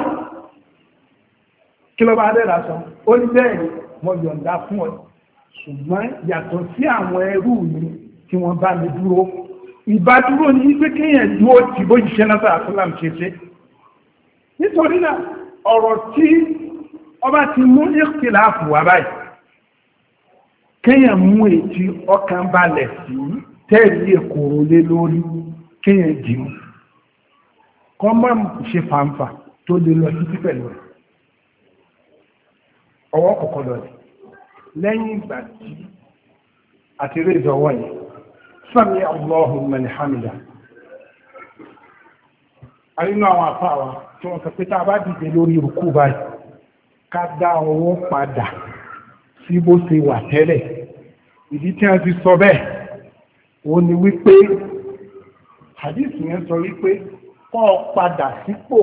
kí ló bá dẹ́dà sọ ó ní bẹ́ẹ̀ mo yọ̀ǹda fún ọ ṣùgbọ́n yàtọ̀ sí àwọn ẹrú mi tí wọ́n bá mi dúró ìbádúró ní pé kéèyàn dúró tì bó ṣiṣẹ́ náà sàásùlám ṣe ṣe nítorí náà ọ̀rọ̀ tí ọba ti mú ìkìláàfù wá báyìí kéèyàn mú ètí ọkàn balẹ̀ sí tẹ́ẹ̀lì èkòrò lé lórí kéèyàn dìmú kọ́ má ṣe fàǹfà tó lè lọ títí pẹ̀lú rẹ̀ ọwọ́ kọ̀kọ́ lọ rẹ̀ lẹ́yìn ìgbà tí àti rí ìdọ̀wọ́ yìí sami Allahu man hamida àwọn àfáà wa tí wọ́n sọ pé tá a bá dìde lórí rùkú báyìí ká dá owó padà sí bó ṣe wà tẹ́lẹ̀ ìdí tí a ti sọ bẹ́ẹ̀ òun ni wípé hadith yẹn sọ wípé kọ́ ọ padà sípò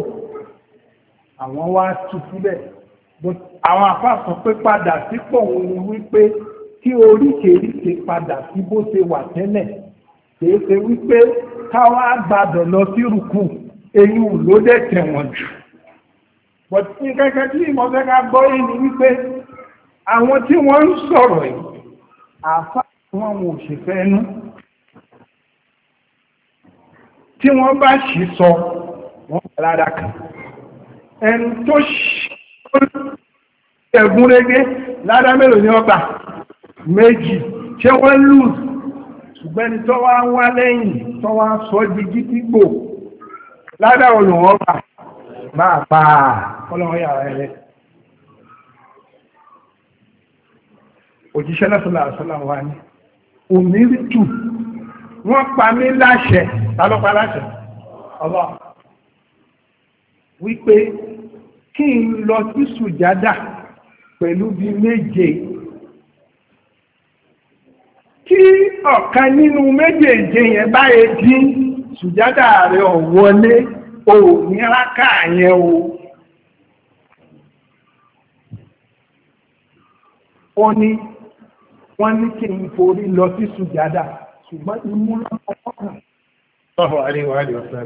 àwọn wá tú sílẹ̀ àwọn apá sọ pé padà sípò òun ni wípé kí oríkèéríkèé padà sí bó ṣe wà tẹ́lẹ̀ kìí wípé káwá gbàdọ̀ lọ sí rùkù eyín ló dẹ̀ tẹ̀wọ̀n jù but nkẹ́kẹ́ tí mo fẹ́ ká gbọ́ yìí ni wípé àwọn tí wọ́n ń sọ̀rọ̀ yìí àfá wọn ò sì fẹ́ nú tí wọ́n bá sì sọ wọ́n lára kan ẹni tó ẹ̀gún rege lára mélòó ni ọgbà méjì ṣé wọ́n lùz ṣùgbọ́n ni tọ́wọ́ wá lẹ́yìn tọ́wọ́ sọ di gídígbò lára olùwọ́gbà bá a pa ọlọ́run yàrá ẹ̀rẹ́ òjíṣẹ́ lọ́sọ̀lá àṣọlá wa ni òmírí tù wọ́n pa mí láṣẹ ta ló pa láṣẹ ọlọ́ wípé kí n lọ sí sùjádà pẹ̀lú bí méje kí ọ̀kan nínú méjèèjì yẹn báyé dín sùjádà rẹ̀ ọ̀wọ́lé. o ní rákà yẹn o ó ní wọ́n ní kí n forí lọ sí sùjádà ṣùgbọ́n imú lọ́pọ̀lọpọ̀ Allahu alaihi wa alihi wa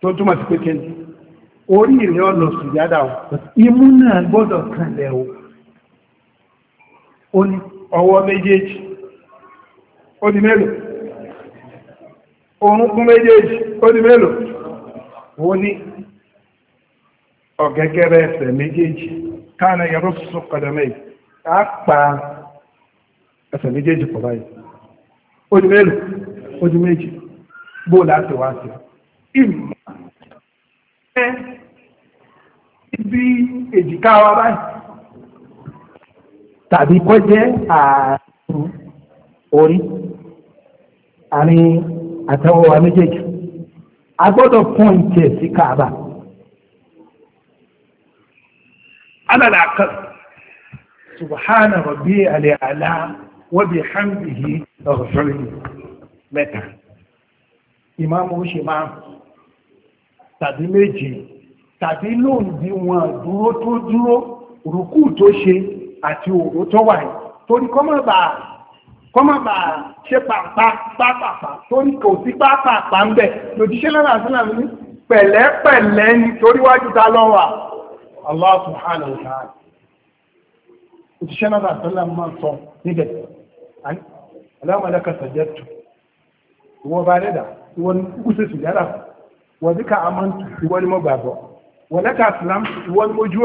tó túnmọ̀ sí pé kéjì orí ìrìn ọ̀nà o imú náà gbọ́dọ̀ kanlẹ̀ ó ní ọwọ́ méjèèjì ó ní orúnkún méjèèjì ó di mélòó ó ní ọ̀gẹ́gẹ́rẹ́ ẹsẹ̀ méjèèjì káàna yẹ̀rọ sọ kọ̀dọ̀mẹ́ yìí á pa ẹsẹ̀ méjèèjì pọ̀ báyìí ó di mélòó ó di méjì bó láti wá sí ìmọ̀ ẹ́ ibi èjìká wa báyìí tàbí kọjẹ́ ààrùn orí àárín àtẹwọ́ wa méjèèjì a gbọ́dọ̀ pọ́ǹtì ẹ̀ sí káàbà alàlà kan subhana rabbi alẹ́àlá wa bihamdihi ọ̀rọ̀sọ́rọ̀ mẹ́ta ìmáàmù ó ṣe máa tàbí méjì tàbí wọn dúró tó dúró rùkú tó ṣe àti òró tó wà torí kọ́mọ̀ bá kọ́mà bà ṣe pàpà pápàpà torí kò sí pápàpà ń bẹ̀ lòjíṣẹ́ lọ́nà àṣìlá mi pẹ̀lẹ́pẹ̀lẹ́ ni torí wájú ta lọ wà Allah subhanahu wa ta'ala òjíṣẹ́ lọ́nà àṣìlá máa sọ níbẹ̀ aláwọ̀lẹ́kà sàjẹ́tù ìwọ bá rẹ̀dà ìwọ ní gúúsù sùjára wọ́n díkà àmọ́ntù ìwọ ní mọ́ gbàgbọ́ wọ́n lẹ́kà islam ìwọ ní ojú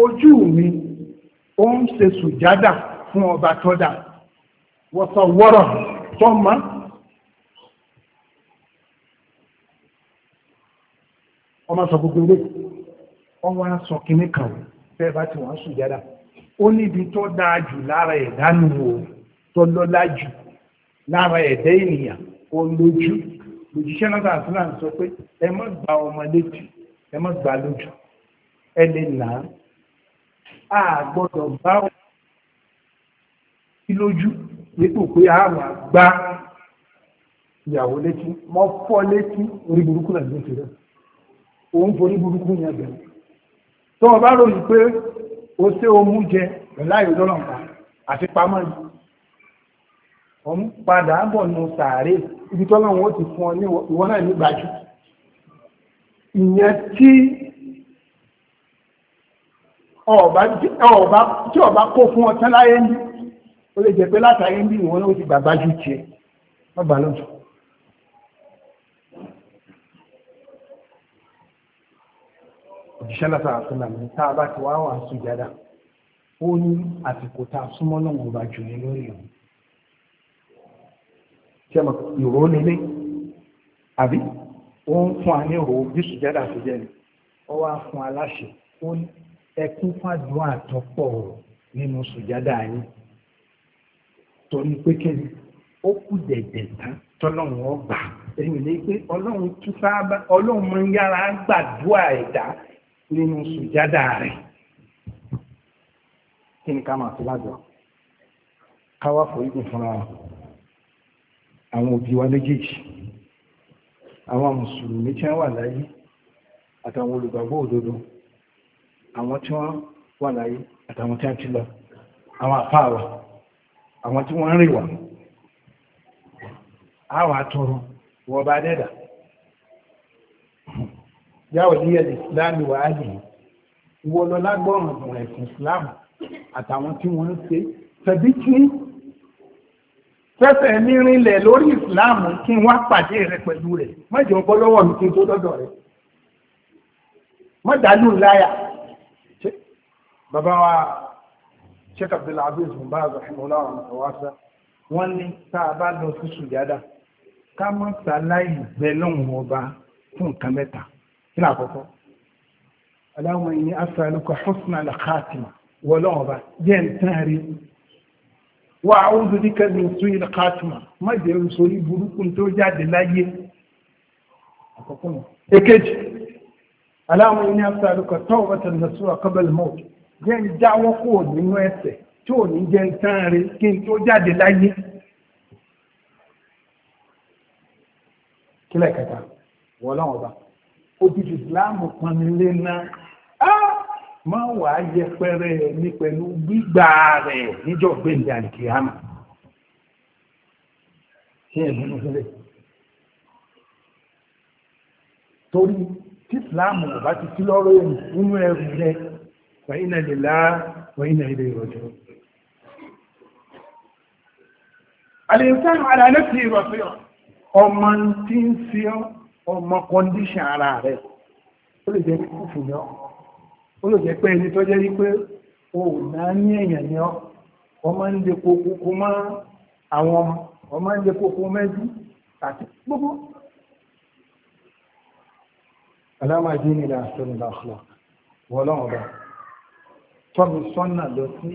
ojú mi ó ń ṣe sùjádà fún ọba tọ́dà wọ́sọ̀ wọ́rọ̀ tọ́mọ́ ọmọ sọ gbogbo ilé ọwọ́ sọ kìíní kan fẹ́ bá ti wọ́n sùjádà ó níbi tó dáa jù lára ẹ̀dánù o tó lọ́lá jù lára ẹ̀dẹ́ ènìyàn ó lójú lójúṣẹ́ náà sọ pé ẹ má gba ọmọ létí ẹ má gba lójú ẹ lè nà a gbọ́dọ̀ bá wọn sí lójú nípò pé a wà gbá ìyàwó létí mọ́ fọ́ létí orí burúkú náà lóṣù rẹ̀ òun forí burúkú yẹn bẹ̀rẹ̀ tó o bá ròyìn pé o ṣé o mú jẹ pẹ̀lú àyè lọ́lọ́ǹkà àti pamọ́ yìí ọmú padà bọ̀ nù sàárè ibi tọ́lọ́wọ́n ó ti fún ọ ní ìwọ náà ìyẹn tí tí ọba kó fún ọtán láyé ní ó lè jẹ́ pé látàrí ní ìwọ̀n ó ti bàbá jù tiẹ̀ ọba lọ́jọ́ òjíṣẹ́ látara àtúnlá mi tá a bá ti wá wà sùjádà ó ní àsìkò tá a súnmọ́ lọ́wọ́ ọba jù ní lórí òun tí a mọ̀ ìró lélé àbí ó ń fún a ní ìró bí sùjádà ti jẹ́ ni ó wá fún aláṣẹ ó ní ẹkún fàdúrà àtọ́pọ̀ nínú sùjádà yín torí pé kẹ́ni ó kù dẹ̀dẹ̀ tán tọ́lọ́run ọgbà èyí ni pé ọlọ́run tún sábà ọlọ́run máa ń yára gbàdúrà ẹ̀dá nínú sùjádà rẹ̀ kí ni ká máa fi lájọ ká wá foríkùn fúnra àwọn òbí wa méjèèjì àwọn mùsùlùmí tí wọ́n wà láyé àtàwọn olùgbàgbọ́ òdodo àwọn tí wọ́n wà láyé àtàwọn tí a ti lọ àwọn àfáà wa àwọn tí wọ́n ń rìn wá àwọn àtọrọ wọ́n bá dẹ́dà yáwò ní ẹ̀dẹ̀ ìsìláàmù wà áàdì ìwọ lọ lágbọ́ràn ọ̀rọ̀ ẹ̀sìn ìsìláàmù àtàwọn tí wọ́n ń ṣe tẹ̀bí kí fẹ́fẹ́ nírinlẹ̀ lórí ìsìláàmù kí wọ́n pàdé rẹ pẹ̀lú rẹ̀ mọ́jọ́ bọ́ lọ́wọ́ mi kí n tó dọ́dọ̀ rẹ̀ mọ́dàlú láyà bàbá wa sheikh abdulaziz mubarak rahimahullah ọ̀rọ̀ wọn ní tá a bá lọ sí sùjádà ká mọ́ sáláì bẹ́ lọ́hùn ọba fún nǹkan mẹ́ta kí náà kọ́kọ́ aláwọ̀ yìí asàlùkọ̀ husna al-khatima wọlọ́wọ́ bá jẹ́ ń tán rí wà áwùdó díkà ní oṣù al-khatima má jẹ́ sórí burúkú tó jáde láyé àkọ́kọ́ mọ́ èkejì aláwọ̀ yìí asàlùkọ̀ tawbatan nasuha qabla al-mawt jẹ́ ń jáwọ́ kò nínú ẹ̀ṣẹ̀ tí ò ní jẹ́ ń tán rí kí n tó jáde láyé kílẹ̀ kẹta wọ́n lọ́wọ́ bá odidi ìsìláàmù panilé náà á máa wà á yẹpẹrẹ ní pẹ̀lú gbígbà rẹ̀ níjọ́ gbẹ̀ndẹ̀ àlìkìyàmà ṣe é bínú sílẹ̀ torí tí ìsìláàmù ò ti sí lọ́rọ̀ nínú ẹrù rẹ̀ fa inna lillahi wa inna ilayhi raji'un al-insanu ala nafsihi basira ọmọ tí ń fi ọmọ kọndíṣàn ara rẹ̀ ó lè jẹ́ kó fún yọ ó lè jẹ́ pé ẹni tó jẹ́ wípé o ò náà ní èèyàn ni ọ ọmọ ń de kókó kó mọ́ àwọn ọmọ ọmọ ń de kókó mẹ́jú àti gbogbo alámàdínilà àṣọ ìlàṣọ wọlọ́ọ̀dà tọ́mi sọ́nà lọ sí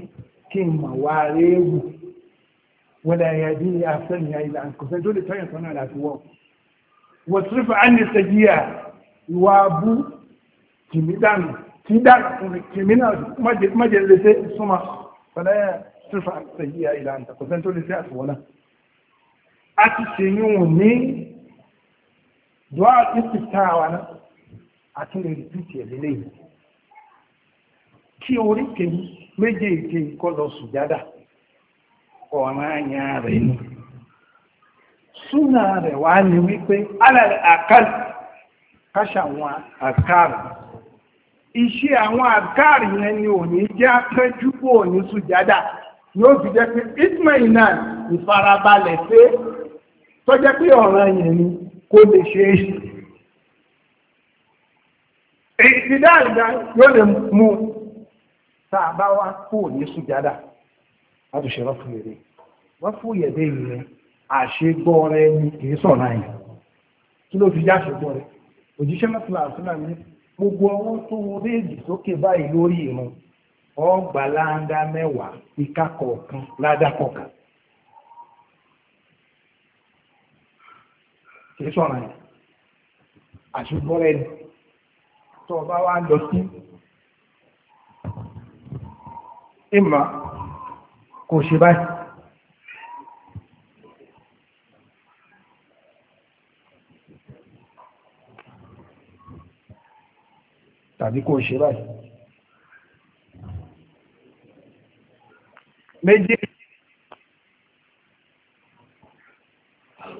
kí n mọ̀ wá réèwù wọ́dà ẹ̀yà bí i afẹ́nìyà ilẹ̀ àkọsẹ́ tó lè tọ́yìn sọ́nà láti wọ́ wọ́n tún fà á ní sẹ́yìíyà ìwà abú tìmídànù tìmídànù tìmínà mọ́jẹ̀ lè ṣe súnmọ́ wọ́dà tún fà á ní sẹ́yìíyà ilẹ̀ àkọsẹ́ tó lè ṣe àtìwọ́ náà a ti ṣèyún ní dùá ìsìta àwọn àtúnlẹ̀ rìpítì ẹ̀ lélẹ́yìn kí oríkè méjèèjì kó lọ sùjádà ọ̀ràn àyà rẹ̀ nù súnà rẹ̀ wá ní wípé alẹ́ àkàrí káṣà àwọn àkàrí iṣẹ́ àwọn àkàrí yẹn ni ò ní jẹ́ apẹ́jú kó ò ní sùjádà yóò fi jẹ́ pé ismail náà ìfarabalẹ̀ pé tó pé ọ̀ràn yẹn ni kó tá a bá wá kó ní sùjádà láti ṣe rọ́pù yẹ̀dé wọ́n fún yẹ̀dé yẹn àṣegbọ́ rẹ ni kì í sọ̀rọ̀ yẹn kí ló fi yá àṣegbọ́ rẹ òjíṣẹ́ mẹ́tìlá àṣìlá ní gbogbo ọwọ́ tó wọ déèjì sókè báyìí lórí ìrun ọgbà láńdá mẹ́wàá ìka kọ̀ọ̀kan ládà kọ̀ọ̀kan kì sọ̀rọ̀ yẹn àṣegbọ́ rẹ ni tó o ìmọ̀ kò ṣe báyìí tàbí kò ṣe báyìí méjì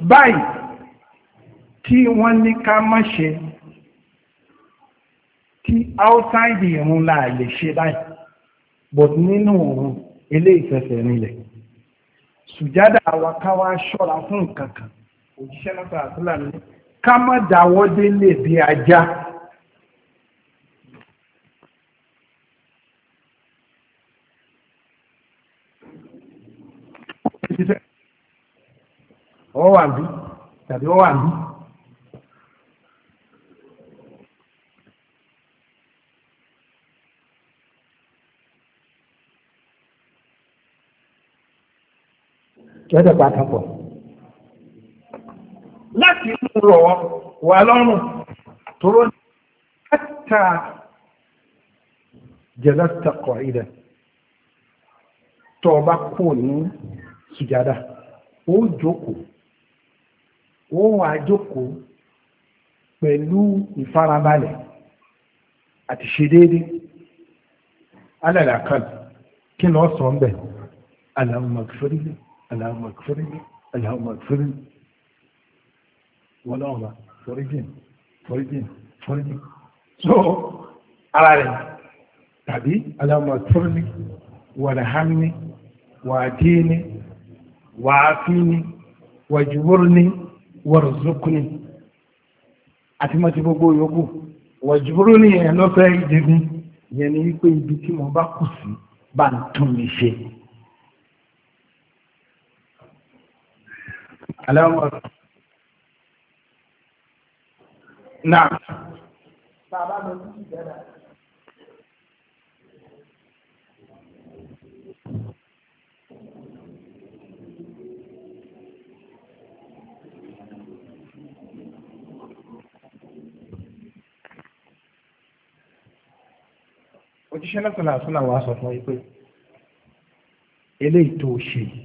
báyìí tí wọ́n ní ká má ṣe kí outside ìrún láà lè ṣe báyìí but nínú òun ilé ìfẹsẹ̀ nílẹ̀ sùjádà wa ká wá ṣọ́ra fún nǹkan kan òjíṣẹ́ náà àtúlà ní ká má dáwọ́ délé bí ajá. ọwọ́ wà tàbí ọwọ́ wà yóò dẹ̀ pa àkànpọ̀. láti inú rọ̀ wà lọ́rùn tóró ní kátà jẹ́lẹ́tà kọ̀ ilẹ̀ tó o bá kú ní sùjádà ó jókòó ó wà jókòó pẹ̀lú ìfarabalẹ̀ àti ṣe déédéé alẹ́ sọ ń bẹ̀ àlàmọ̀ Allahumma ighfirli Allahumma ighfirli wọ́n lọ́wọ́ bá foríjìn foríjìn foríjìn so ara rẹ̀ tàbí Allahumma ighfirli warhamni wa'dini wa'afini wajburni warzuqni àti mọ́tí gbogbo yòókù wajburni ní ẹ̀ lọ́fẹ́ ìdẹ́gùn yẹn ni wípé ibi tí mo bá kù sí bá ń tún mi ṣe. aláwọ̀ náà bàbá mi ní ìjẹ́dà òjíṣẹ́ lọ́sọ̀lá àtúnlàwọ̀ aṣọ fún ipé eléyìí tó ṣe yìí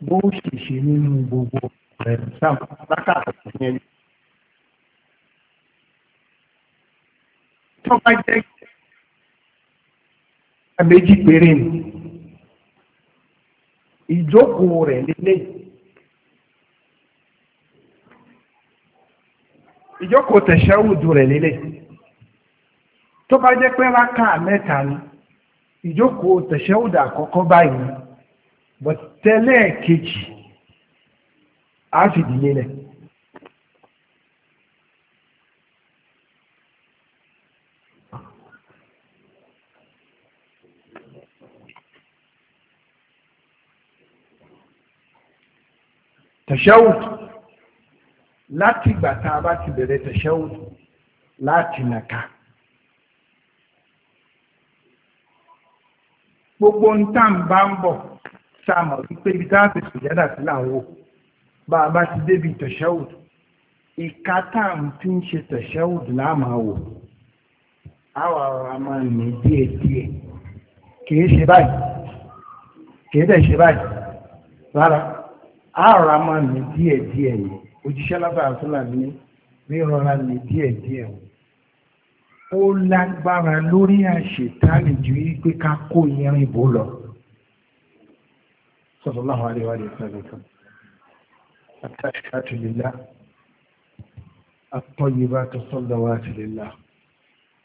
bó ṣe ṣe nínú gbogbo rẹ̀ sáà látàkùn yẹn. tó bá jẹ́ àbẹ́jì péré nù ìjókòó rẹ̀ lélẹ̀ ìjókòó tẹ̀ṣẹ́wùdù rẹ̀ lélẹ̀ tó bá jẹ́ pé rákà mẹ́ta ni ìjókòó tẹ̀ṣẹ́wùdù àkọ́kọ́ báyìí but tẹ́lẹ̀ kejì á fìdí lélẹ̀. tẹ̀ṣẹ́wùd láti ìgbà tá a bá ti bẹ̀rẹ̀ tẹ̀ṣẹ́wùd láti nàka. gbogbo ń tà bá ń bọ̀ tá a mọ̀ wípé ibi tá a fi sùjádà sí làwọn bá a bá ti débi tẹ̀ṣẹ́wùd ìka tá à ń fi ń ṣe tẹ̀ṣẹ́wùd láàmà wò àwọn ọ̀rọ̀ a máa nì díẹ̀ díẹ̀ kìí ṣe báyìí kìí dẹ̀ ṣe báyìí rárá àrọ̀ a máa nì díẹ̀ díẹ̀ yìí òjíṣẹ́ lábàá fúlàní rírọra nì díẹ̀ díẹ̀ wò ó lágbára lórí àṣetáni ju wípé ká kó irin bò lọ. صلى الله عليه وآله وسلم التحيات لله الطيبات الصلوات لله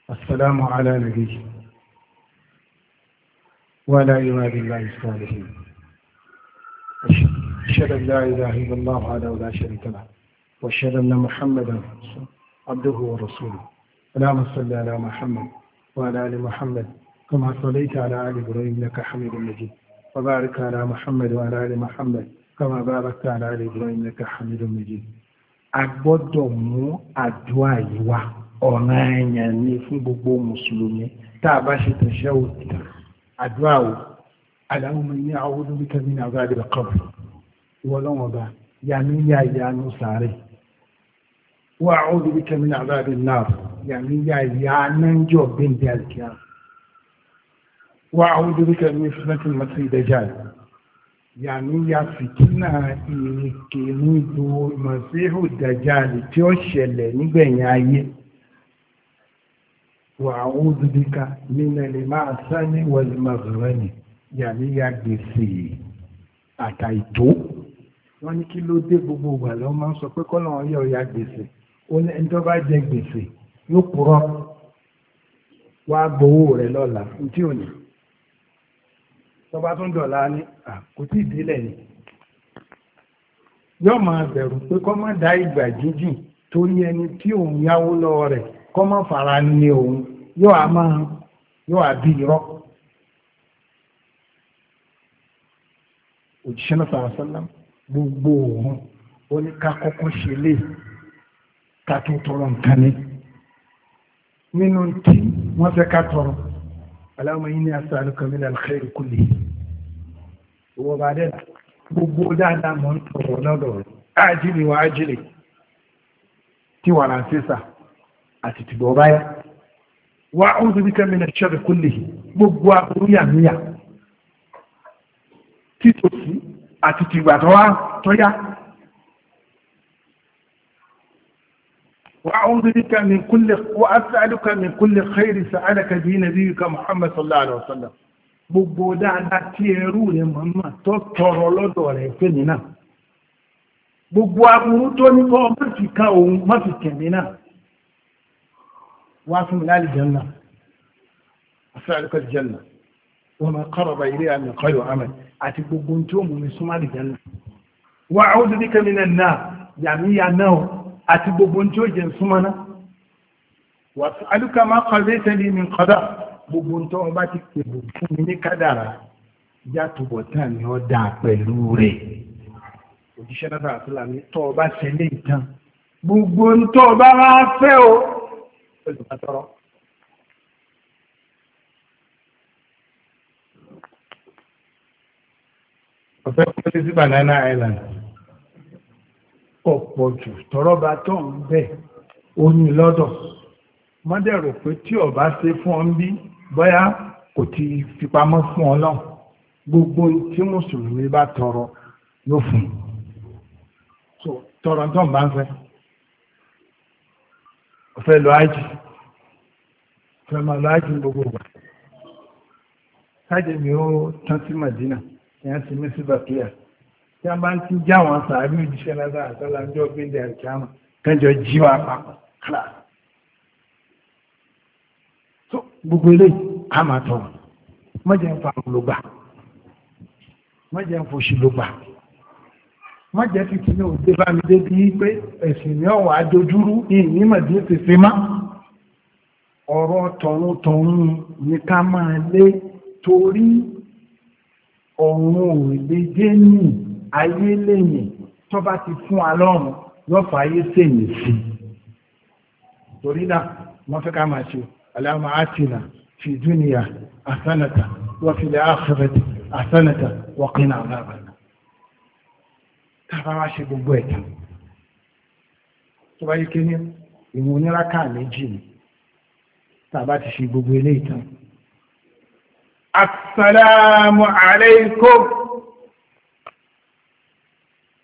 السلام على نبيه ولا يوالي الله الصالحين أشهد أن لا إله إلا الله وحده لا شريك له وأشهد أن محمدا عبده ورسوله اللهم صل على محمد وعلى آل محمد كما صليت على آل إبراهيم إنك حميد مجيد وبارك على محمد وعلى آل محمد كما باركت على آل إبراهيم إنك حميد مجيد a gbọ́dọ̀ mú àdúrà yìí wá ọ̀ràn ẹ̀yàn ni fún gbogbo mùsùlùmí tá a bá ṣe tẹ̀sẹ̀ ò tàn àdúrà o aláwọ̀mọ̀ ní àwọn olóbìkẹ́ mi náà gbáàdì bá kọ́ọ̀fù bá yàmi yá ìyanu sáré wọ́n àwọn olóbìkẹ́ mi náà gbáàdì náà yàmi yá ìyanu jọ̀ bẹ́ẹ̀ bí alìkíyàmù. وأعوذ بك من فتنة المسيح الدجال yàní ya fìtínà ìrìnkè níbo mọ̀síhù dàjáàlì tí ó ṣẹlẹ̀ nígbẹ̀yìn ayé wà ó dúdíka nínú lè máa sáni wọlé mọ̀sọ̀rọ̀nì yàní ya gbèsè àtàìtó wọ́n ní kí ló dé gbogbo ìgbà ló máa ń sọ pé kọ́ lọ́wọ́ yẹ̀ gbèsè ó ní ẹni tó bá jẹ gbèsè yóò purọ́ wá gbowó rẹ̀ lọ́la ní ò ní tọba tó ń dọ̀la ní kò tí ì délẹ̀ ni yóò máa bẹ̀rù pé kọ́ má dá ìgbà jíjìn torí ẹni tí òun yáwó lọ́wọ́ rẹ̀ kọ́ má fara ní òun yóò á máa yóò á bí irọ́. òjíṣẹ́ náà sọ̀rọ̀ sọ́lá gbogbo òun ó ní ká kọ́kọ́ ṣe lé ká tó tọrọ nǹkan ní nínú tí wọ́n fẹ́ ká tọrọ aláwọ̀ yìí ní asàlùkọ̀ mi lẹ́nu kẹ́rì kúlì owó bá dẹ́nà gbogbo dáadáa mọ̀ ń tọ̀rọ̀ lọ́dọ̀ ájílì wa ájílì tí wà láń sísà àti tìbọ̀ báyà wà ó dúbí kẹ́mi lẹ́nu kẹ́rì kúlì gbogbo àkúrúyàmíyà títòsí àti tìgbà tó wá tó yá. وأعوذ بك من كل وأسألك من كل خير سألك به نبيك محمد صلى الله عليه وسلم gbogbo dáadáa tí ẹrú rẹ màmá tó tọrọ lọ́dọ̀ rẹ̀ fèmí náà gbogbo aburú tó ní kọ́ má fi ká òun má fi kẹ̀mí náà wá fún mi láàrín jẹ́nà as'aluka al-janna wa ma qaraba ilayha min qawlin wa amal àti gbogbo tí ó mú mi súnmọ́ àlìjẹ́nà wa'udhu bika minan nar yàmíyà náà àti gbogbo tí ó jẹ súnmọ́ná wàtí alúkàmá kọ̀wé tẹ́lẹ̀ mi kọ́dà gbogbo tó wọn bá ti pèbò fún mi ní kádàrà já tán ni ó dáa pẹ̀lú rẹ̀ òjíṣẹ́ náà tàbí lámì tó o bá ṣẹlẹ̀ ìtàn gbogbo tó o bá máa fẹ́ o olùbátọ́rọ́. ọ̀fẹ́ kọ́lé sí Banana Island ọ̀pọ̀ jù tọ́rọ́ba tó ń bẹ̀ ó ní lọ́dọ̀ wọ́n dẹ̀ rò pé tí ọba ṣe fún ọ ń bí bóyá kò ti fipamọ́ fún ọ náà gbogbo tí mùsùlùmí bá tọrọ ló fún tọrọ tó ń bá ń fẹ́ ọ̀fẹ́ lọ ájì ọ̀fẹ́ máa lọ ájì gbogbo ìgbà sáàjẹ̀ mi ó tán sí Madina ìyẹn ti mí sí bàkíyà tí a bá ń ti já wọn sàárì òjíṣẹ́ lásán àtàlà ń jọ gbé dẹ̀rẹ̀ kí á mọ̀ kẹjọ jí wa papọ̀ kílà. tó gbogbo eléyìí a máa tọ̀ wọ́n mọ̀jẹ̀ ń fa ló gbà mọ̀jẹ̀ ń foṣù ló gbà mọ̀jẹ̀ fìtì ní òde bá mi dé bíi pé ẹ̀sìn mi ọ̀wà adójúrú ìní mọ̀dé tètè má ọ̀rọ̀ tọ̀run tọ̀run ni ká máa lé torí ọ̀run ò lè dé nìyí ayé lẹ́yìn tó bá ti fún wa lọ́rùn yóò fà ayé sẹ́yìn sí torí náà wọ́n fẹ́ ká máa ṣe aláàmà àtìnà fi dúnìyà àsánàtà wọ́n fi lẹ́ àkẹrẹtì àsánàtà wọ́n kí náà lára tàbá ṣe gbogbo ẹ̀ta tó bá yí kí ní ìwọ̀n oníraka méjì ni tàbá ti ṣe gbogbo eléyìí tán assalamu alaikum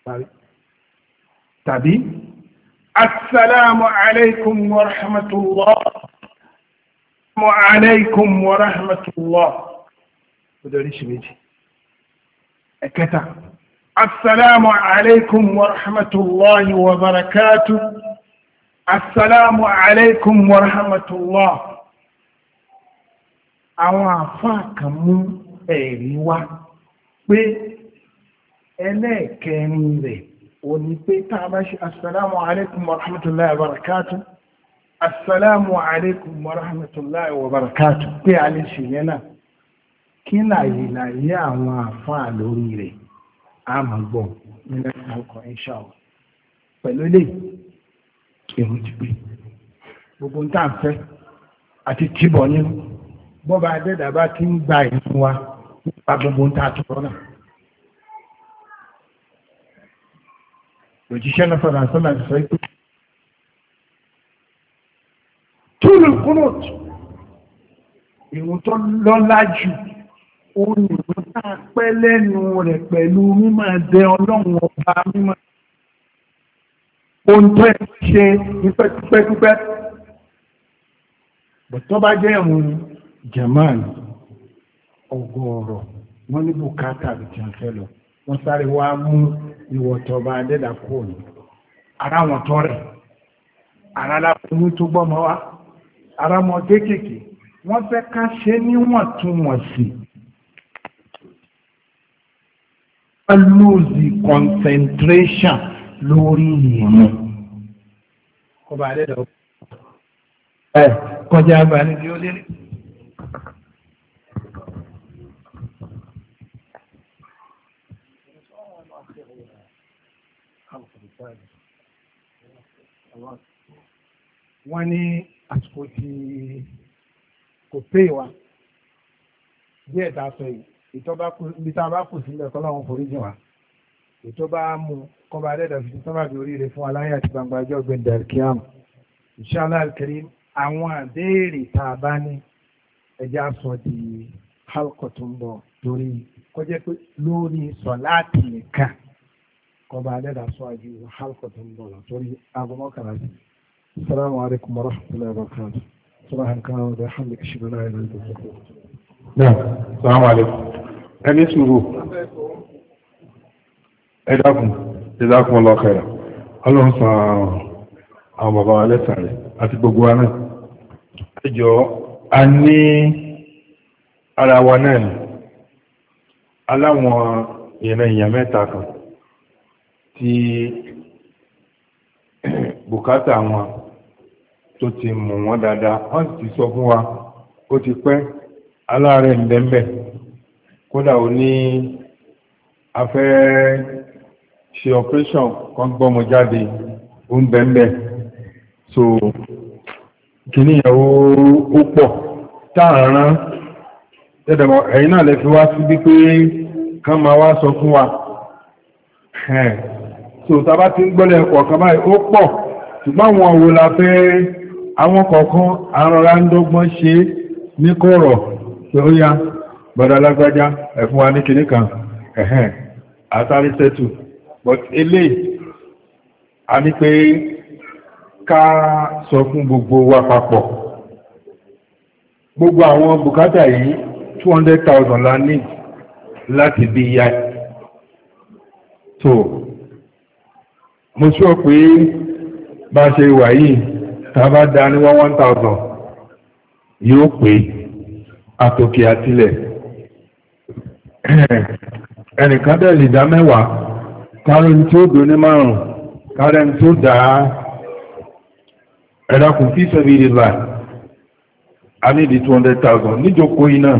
parí tàbí assalamu alaikum wa rahmatullah assalamu alaikum wa rahmatullah ó dẹ̀rí ṣe méjì ẹ̀kẹta assalamu alaikum wa rahmatullahi wa barakatuh assalamu alaikum wa rahmatullah àwọn àfáà kan mú ẹ̀rí wá pé elekere rẹ̀ ò pé tá bá ṣe assalamu alaikum wa rahmatullahi assalamu alaikum wa rahmatullahi pé a lè ṣe yẹn kí láyé láyé àwọn àfáà lórí rẹ̀ a máa gbọ́ nílẹ̀ ọkọ̀ inshallah pẹ̀lú lè ti pé gbogbo taa ń fẹ́ àti tìbọ̀ nínú bọ́ba adẹ́dàbá ti ń gba ìfún wa nípa gbogbo ń òjíṣẹ́ náà sọ̀rọ̀ àṣọ́nà ti sọ pé túlù kúrò ìwò tó lọ́lá jù ó ní ìwò tá a pẹ́ lẹ́nu rẹ̀ pẹ̀lú mímọ̀ ẹ̀dẹ́ ọlọ́run ọba mímọ̀ ohun tó ẹ̀ ṣe ní pẹ́kúpẹ́kúpẹ́ bọ̀tọ́ bá jẹ́ ìrun jẹ̀máà ọgọ́ọ̀rọ̀ wọ́n ní bùkátà àti jàǹfẹ́ lọ wọ́n sáré wá mú ìwọ̀tọ̀ba adẹ́dà kú òní ara wọn tọ́ rẹ̀ ara lápẹ́lú tó gbọ́mọ wá ara mọ kéékèèké wọ́n fẹ́ ká ṣe níwọ̀ntúnwọ̀nsì wọ́n lóòzì concentration lórí ìrìn kọba adẹ́dà ẹ kọjá agbani ni ó lérí. wọ́n ní àsìkò tí kò pé wa díẹ̀ tá a sọ yìí ìtọ́ba bí tá a bá kù sílẹ̀ kọ́lọ́run forí jìn wá ìtọ́ba mú kọ́ba dẹ́dà fi tọ́ba bí oríire fún aláyà àti gbangba ọjọ́ ọgbẹ́ni dàríkíám inshallah alkarim àwọn àbéèrè tá a bá ní ẹja sọ di halkọ̀ tó ń bọ̀ lórí kọjá pé lórí sọ láti nìkan kọba adẹ́dà sọ àjù halkọ̀tún bọ̀lá torí agbọ́n kàrà sí salamu alaikum wa rahmatullahi wa barakatuh sọ́rọ̀ hankan wa da hamdi ashiru na ilẹ̀ ìlú ìlú náà salamu alaikum ẹni sùúrù ẹ dákun ẹ dákun ọlọ́kẹ̀rẹ̀ ọlọ́run sọ àwọn bàbá wa lẹ́sàrẹ̀ àti gbogbo wa náà ẹjọ́ a ní ara wa náà ni aláwọn ìrìn èèyàn mẹ́ta kan tí bùkátà wọn tó ti mú wọn dáadáa wọ́n ti sọ fún wa ó ti pẹ́ aláàárẹ̀ kódà ó ní ṣe operation kan gbọ́mọ jáde ó ń so kìíní ìyàwó ó pọ̀ táàrán tẹ́tẹ̀mọ̀ ẹ̀yìn náà lè fi wá sí bí pé kán máa wá sọ fún wa so tàbá ti ń gbọ́lẹ̀ kọ̀ọ̀kan báyìí ó pọ̀ ṣùgbọ́n àwọn òwò la fẹ́ àwọn kọ̀ọ̀kan arọra ń dọ́gbọ́n ṣe ní kọ̀rọ̀ tí ó yá bọ́dá lágbájá ẹ̀fún wa ní kìnnì kan ẹ̀hẹ́n àtàrí sẹ́tù but elé a ní pé ká sọ fún gbogbo wa papọ̀ gbogbo àwọn bùkátà yìí 200,000 la ní láti bí yá so mo sọ pé bá ṣe wà yìí tá bá dá ní wọ́n one thousand yóò pé àtòkè àtilẹ̀ ẹnìkan dẹ̀ lè dá mẹ́wàá kárẹ́ni tí ó dùn ní márùn-ún kárẹ́ni tó dá ẹ̀dàkùn fi sẹ́bi ìlà a ní di two hundred thousand níjókòó iná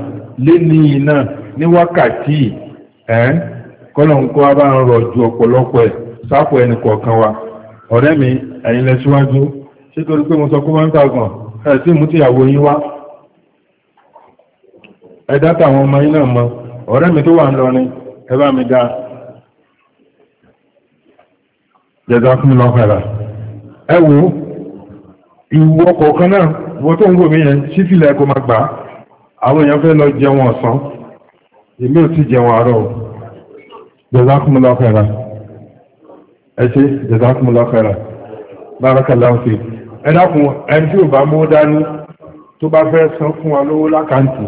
lé ní iná ní wákàtí ẹ̀ kọ́lọ̀ ń kọ́ abá rọ̀ ju ọ̀pọ̀lọpọ̀ ẹ̀ sápò ẹni kọ̀ọ̀kan wa ọ̀rẹ́ mi ẹ̀yin lẹ síwájú ṣé torí pé mo sọ kó one thousand ẹ̀ tí mú tìyàwó yín wá ẹ tàwọn ọmọ yín náà ọ̀rẹ́ mi tó wà ń lọ ni ẹ bá mi dá jẹta fún lọ́kàrà ẹ wo ìwọ kọ̀ọ̀kan náà wọ́n tó ń wò mí yẹn sífìlẹ̀ ẹ̀kọ́ máa gbà àwọn èèyàn fẹ́ lọ jẹun ọ̀sán èmi ò ti jẹun àárọ̀ jẹta fún lọ́kàrà ẹ̀ṣẹ́ jazakumullah khairan barakallahu fi ẹ̀dàkùn ẹni tí ò bá mú dání tó bá fẹ́ san fún wa lówó lákàntì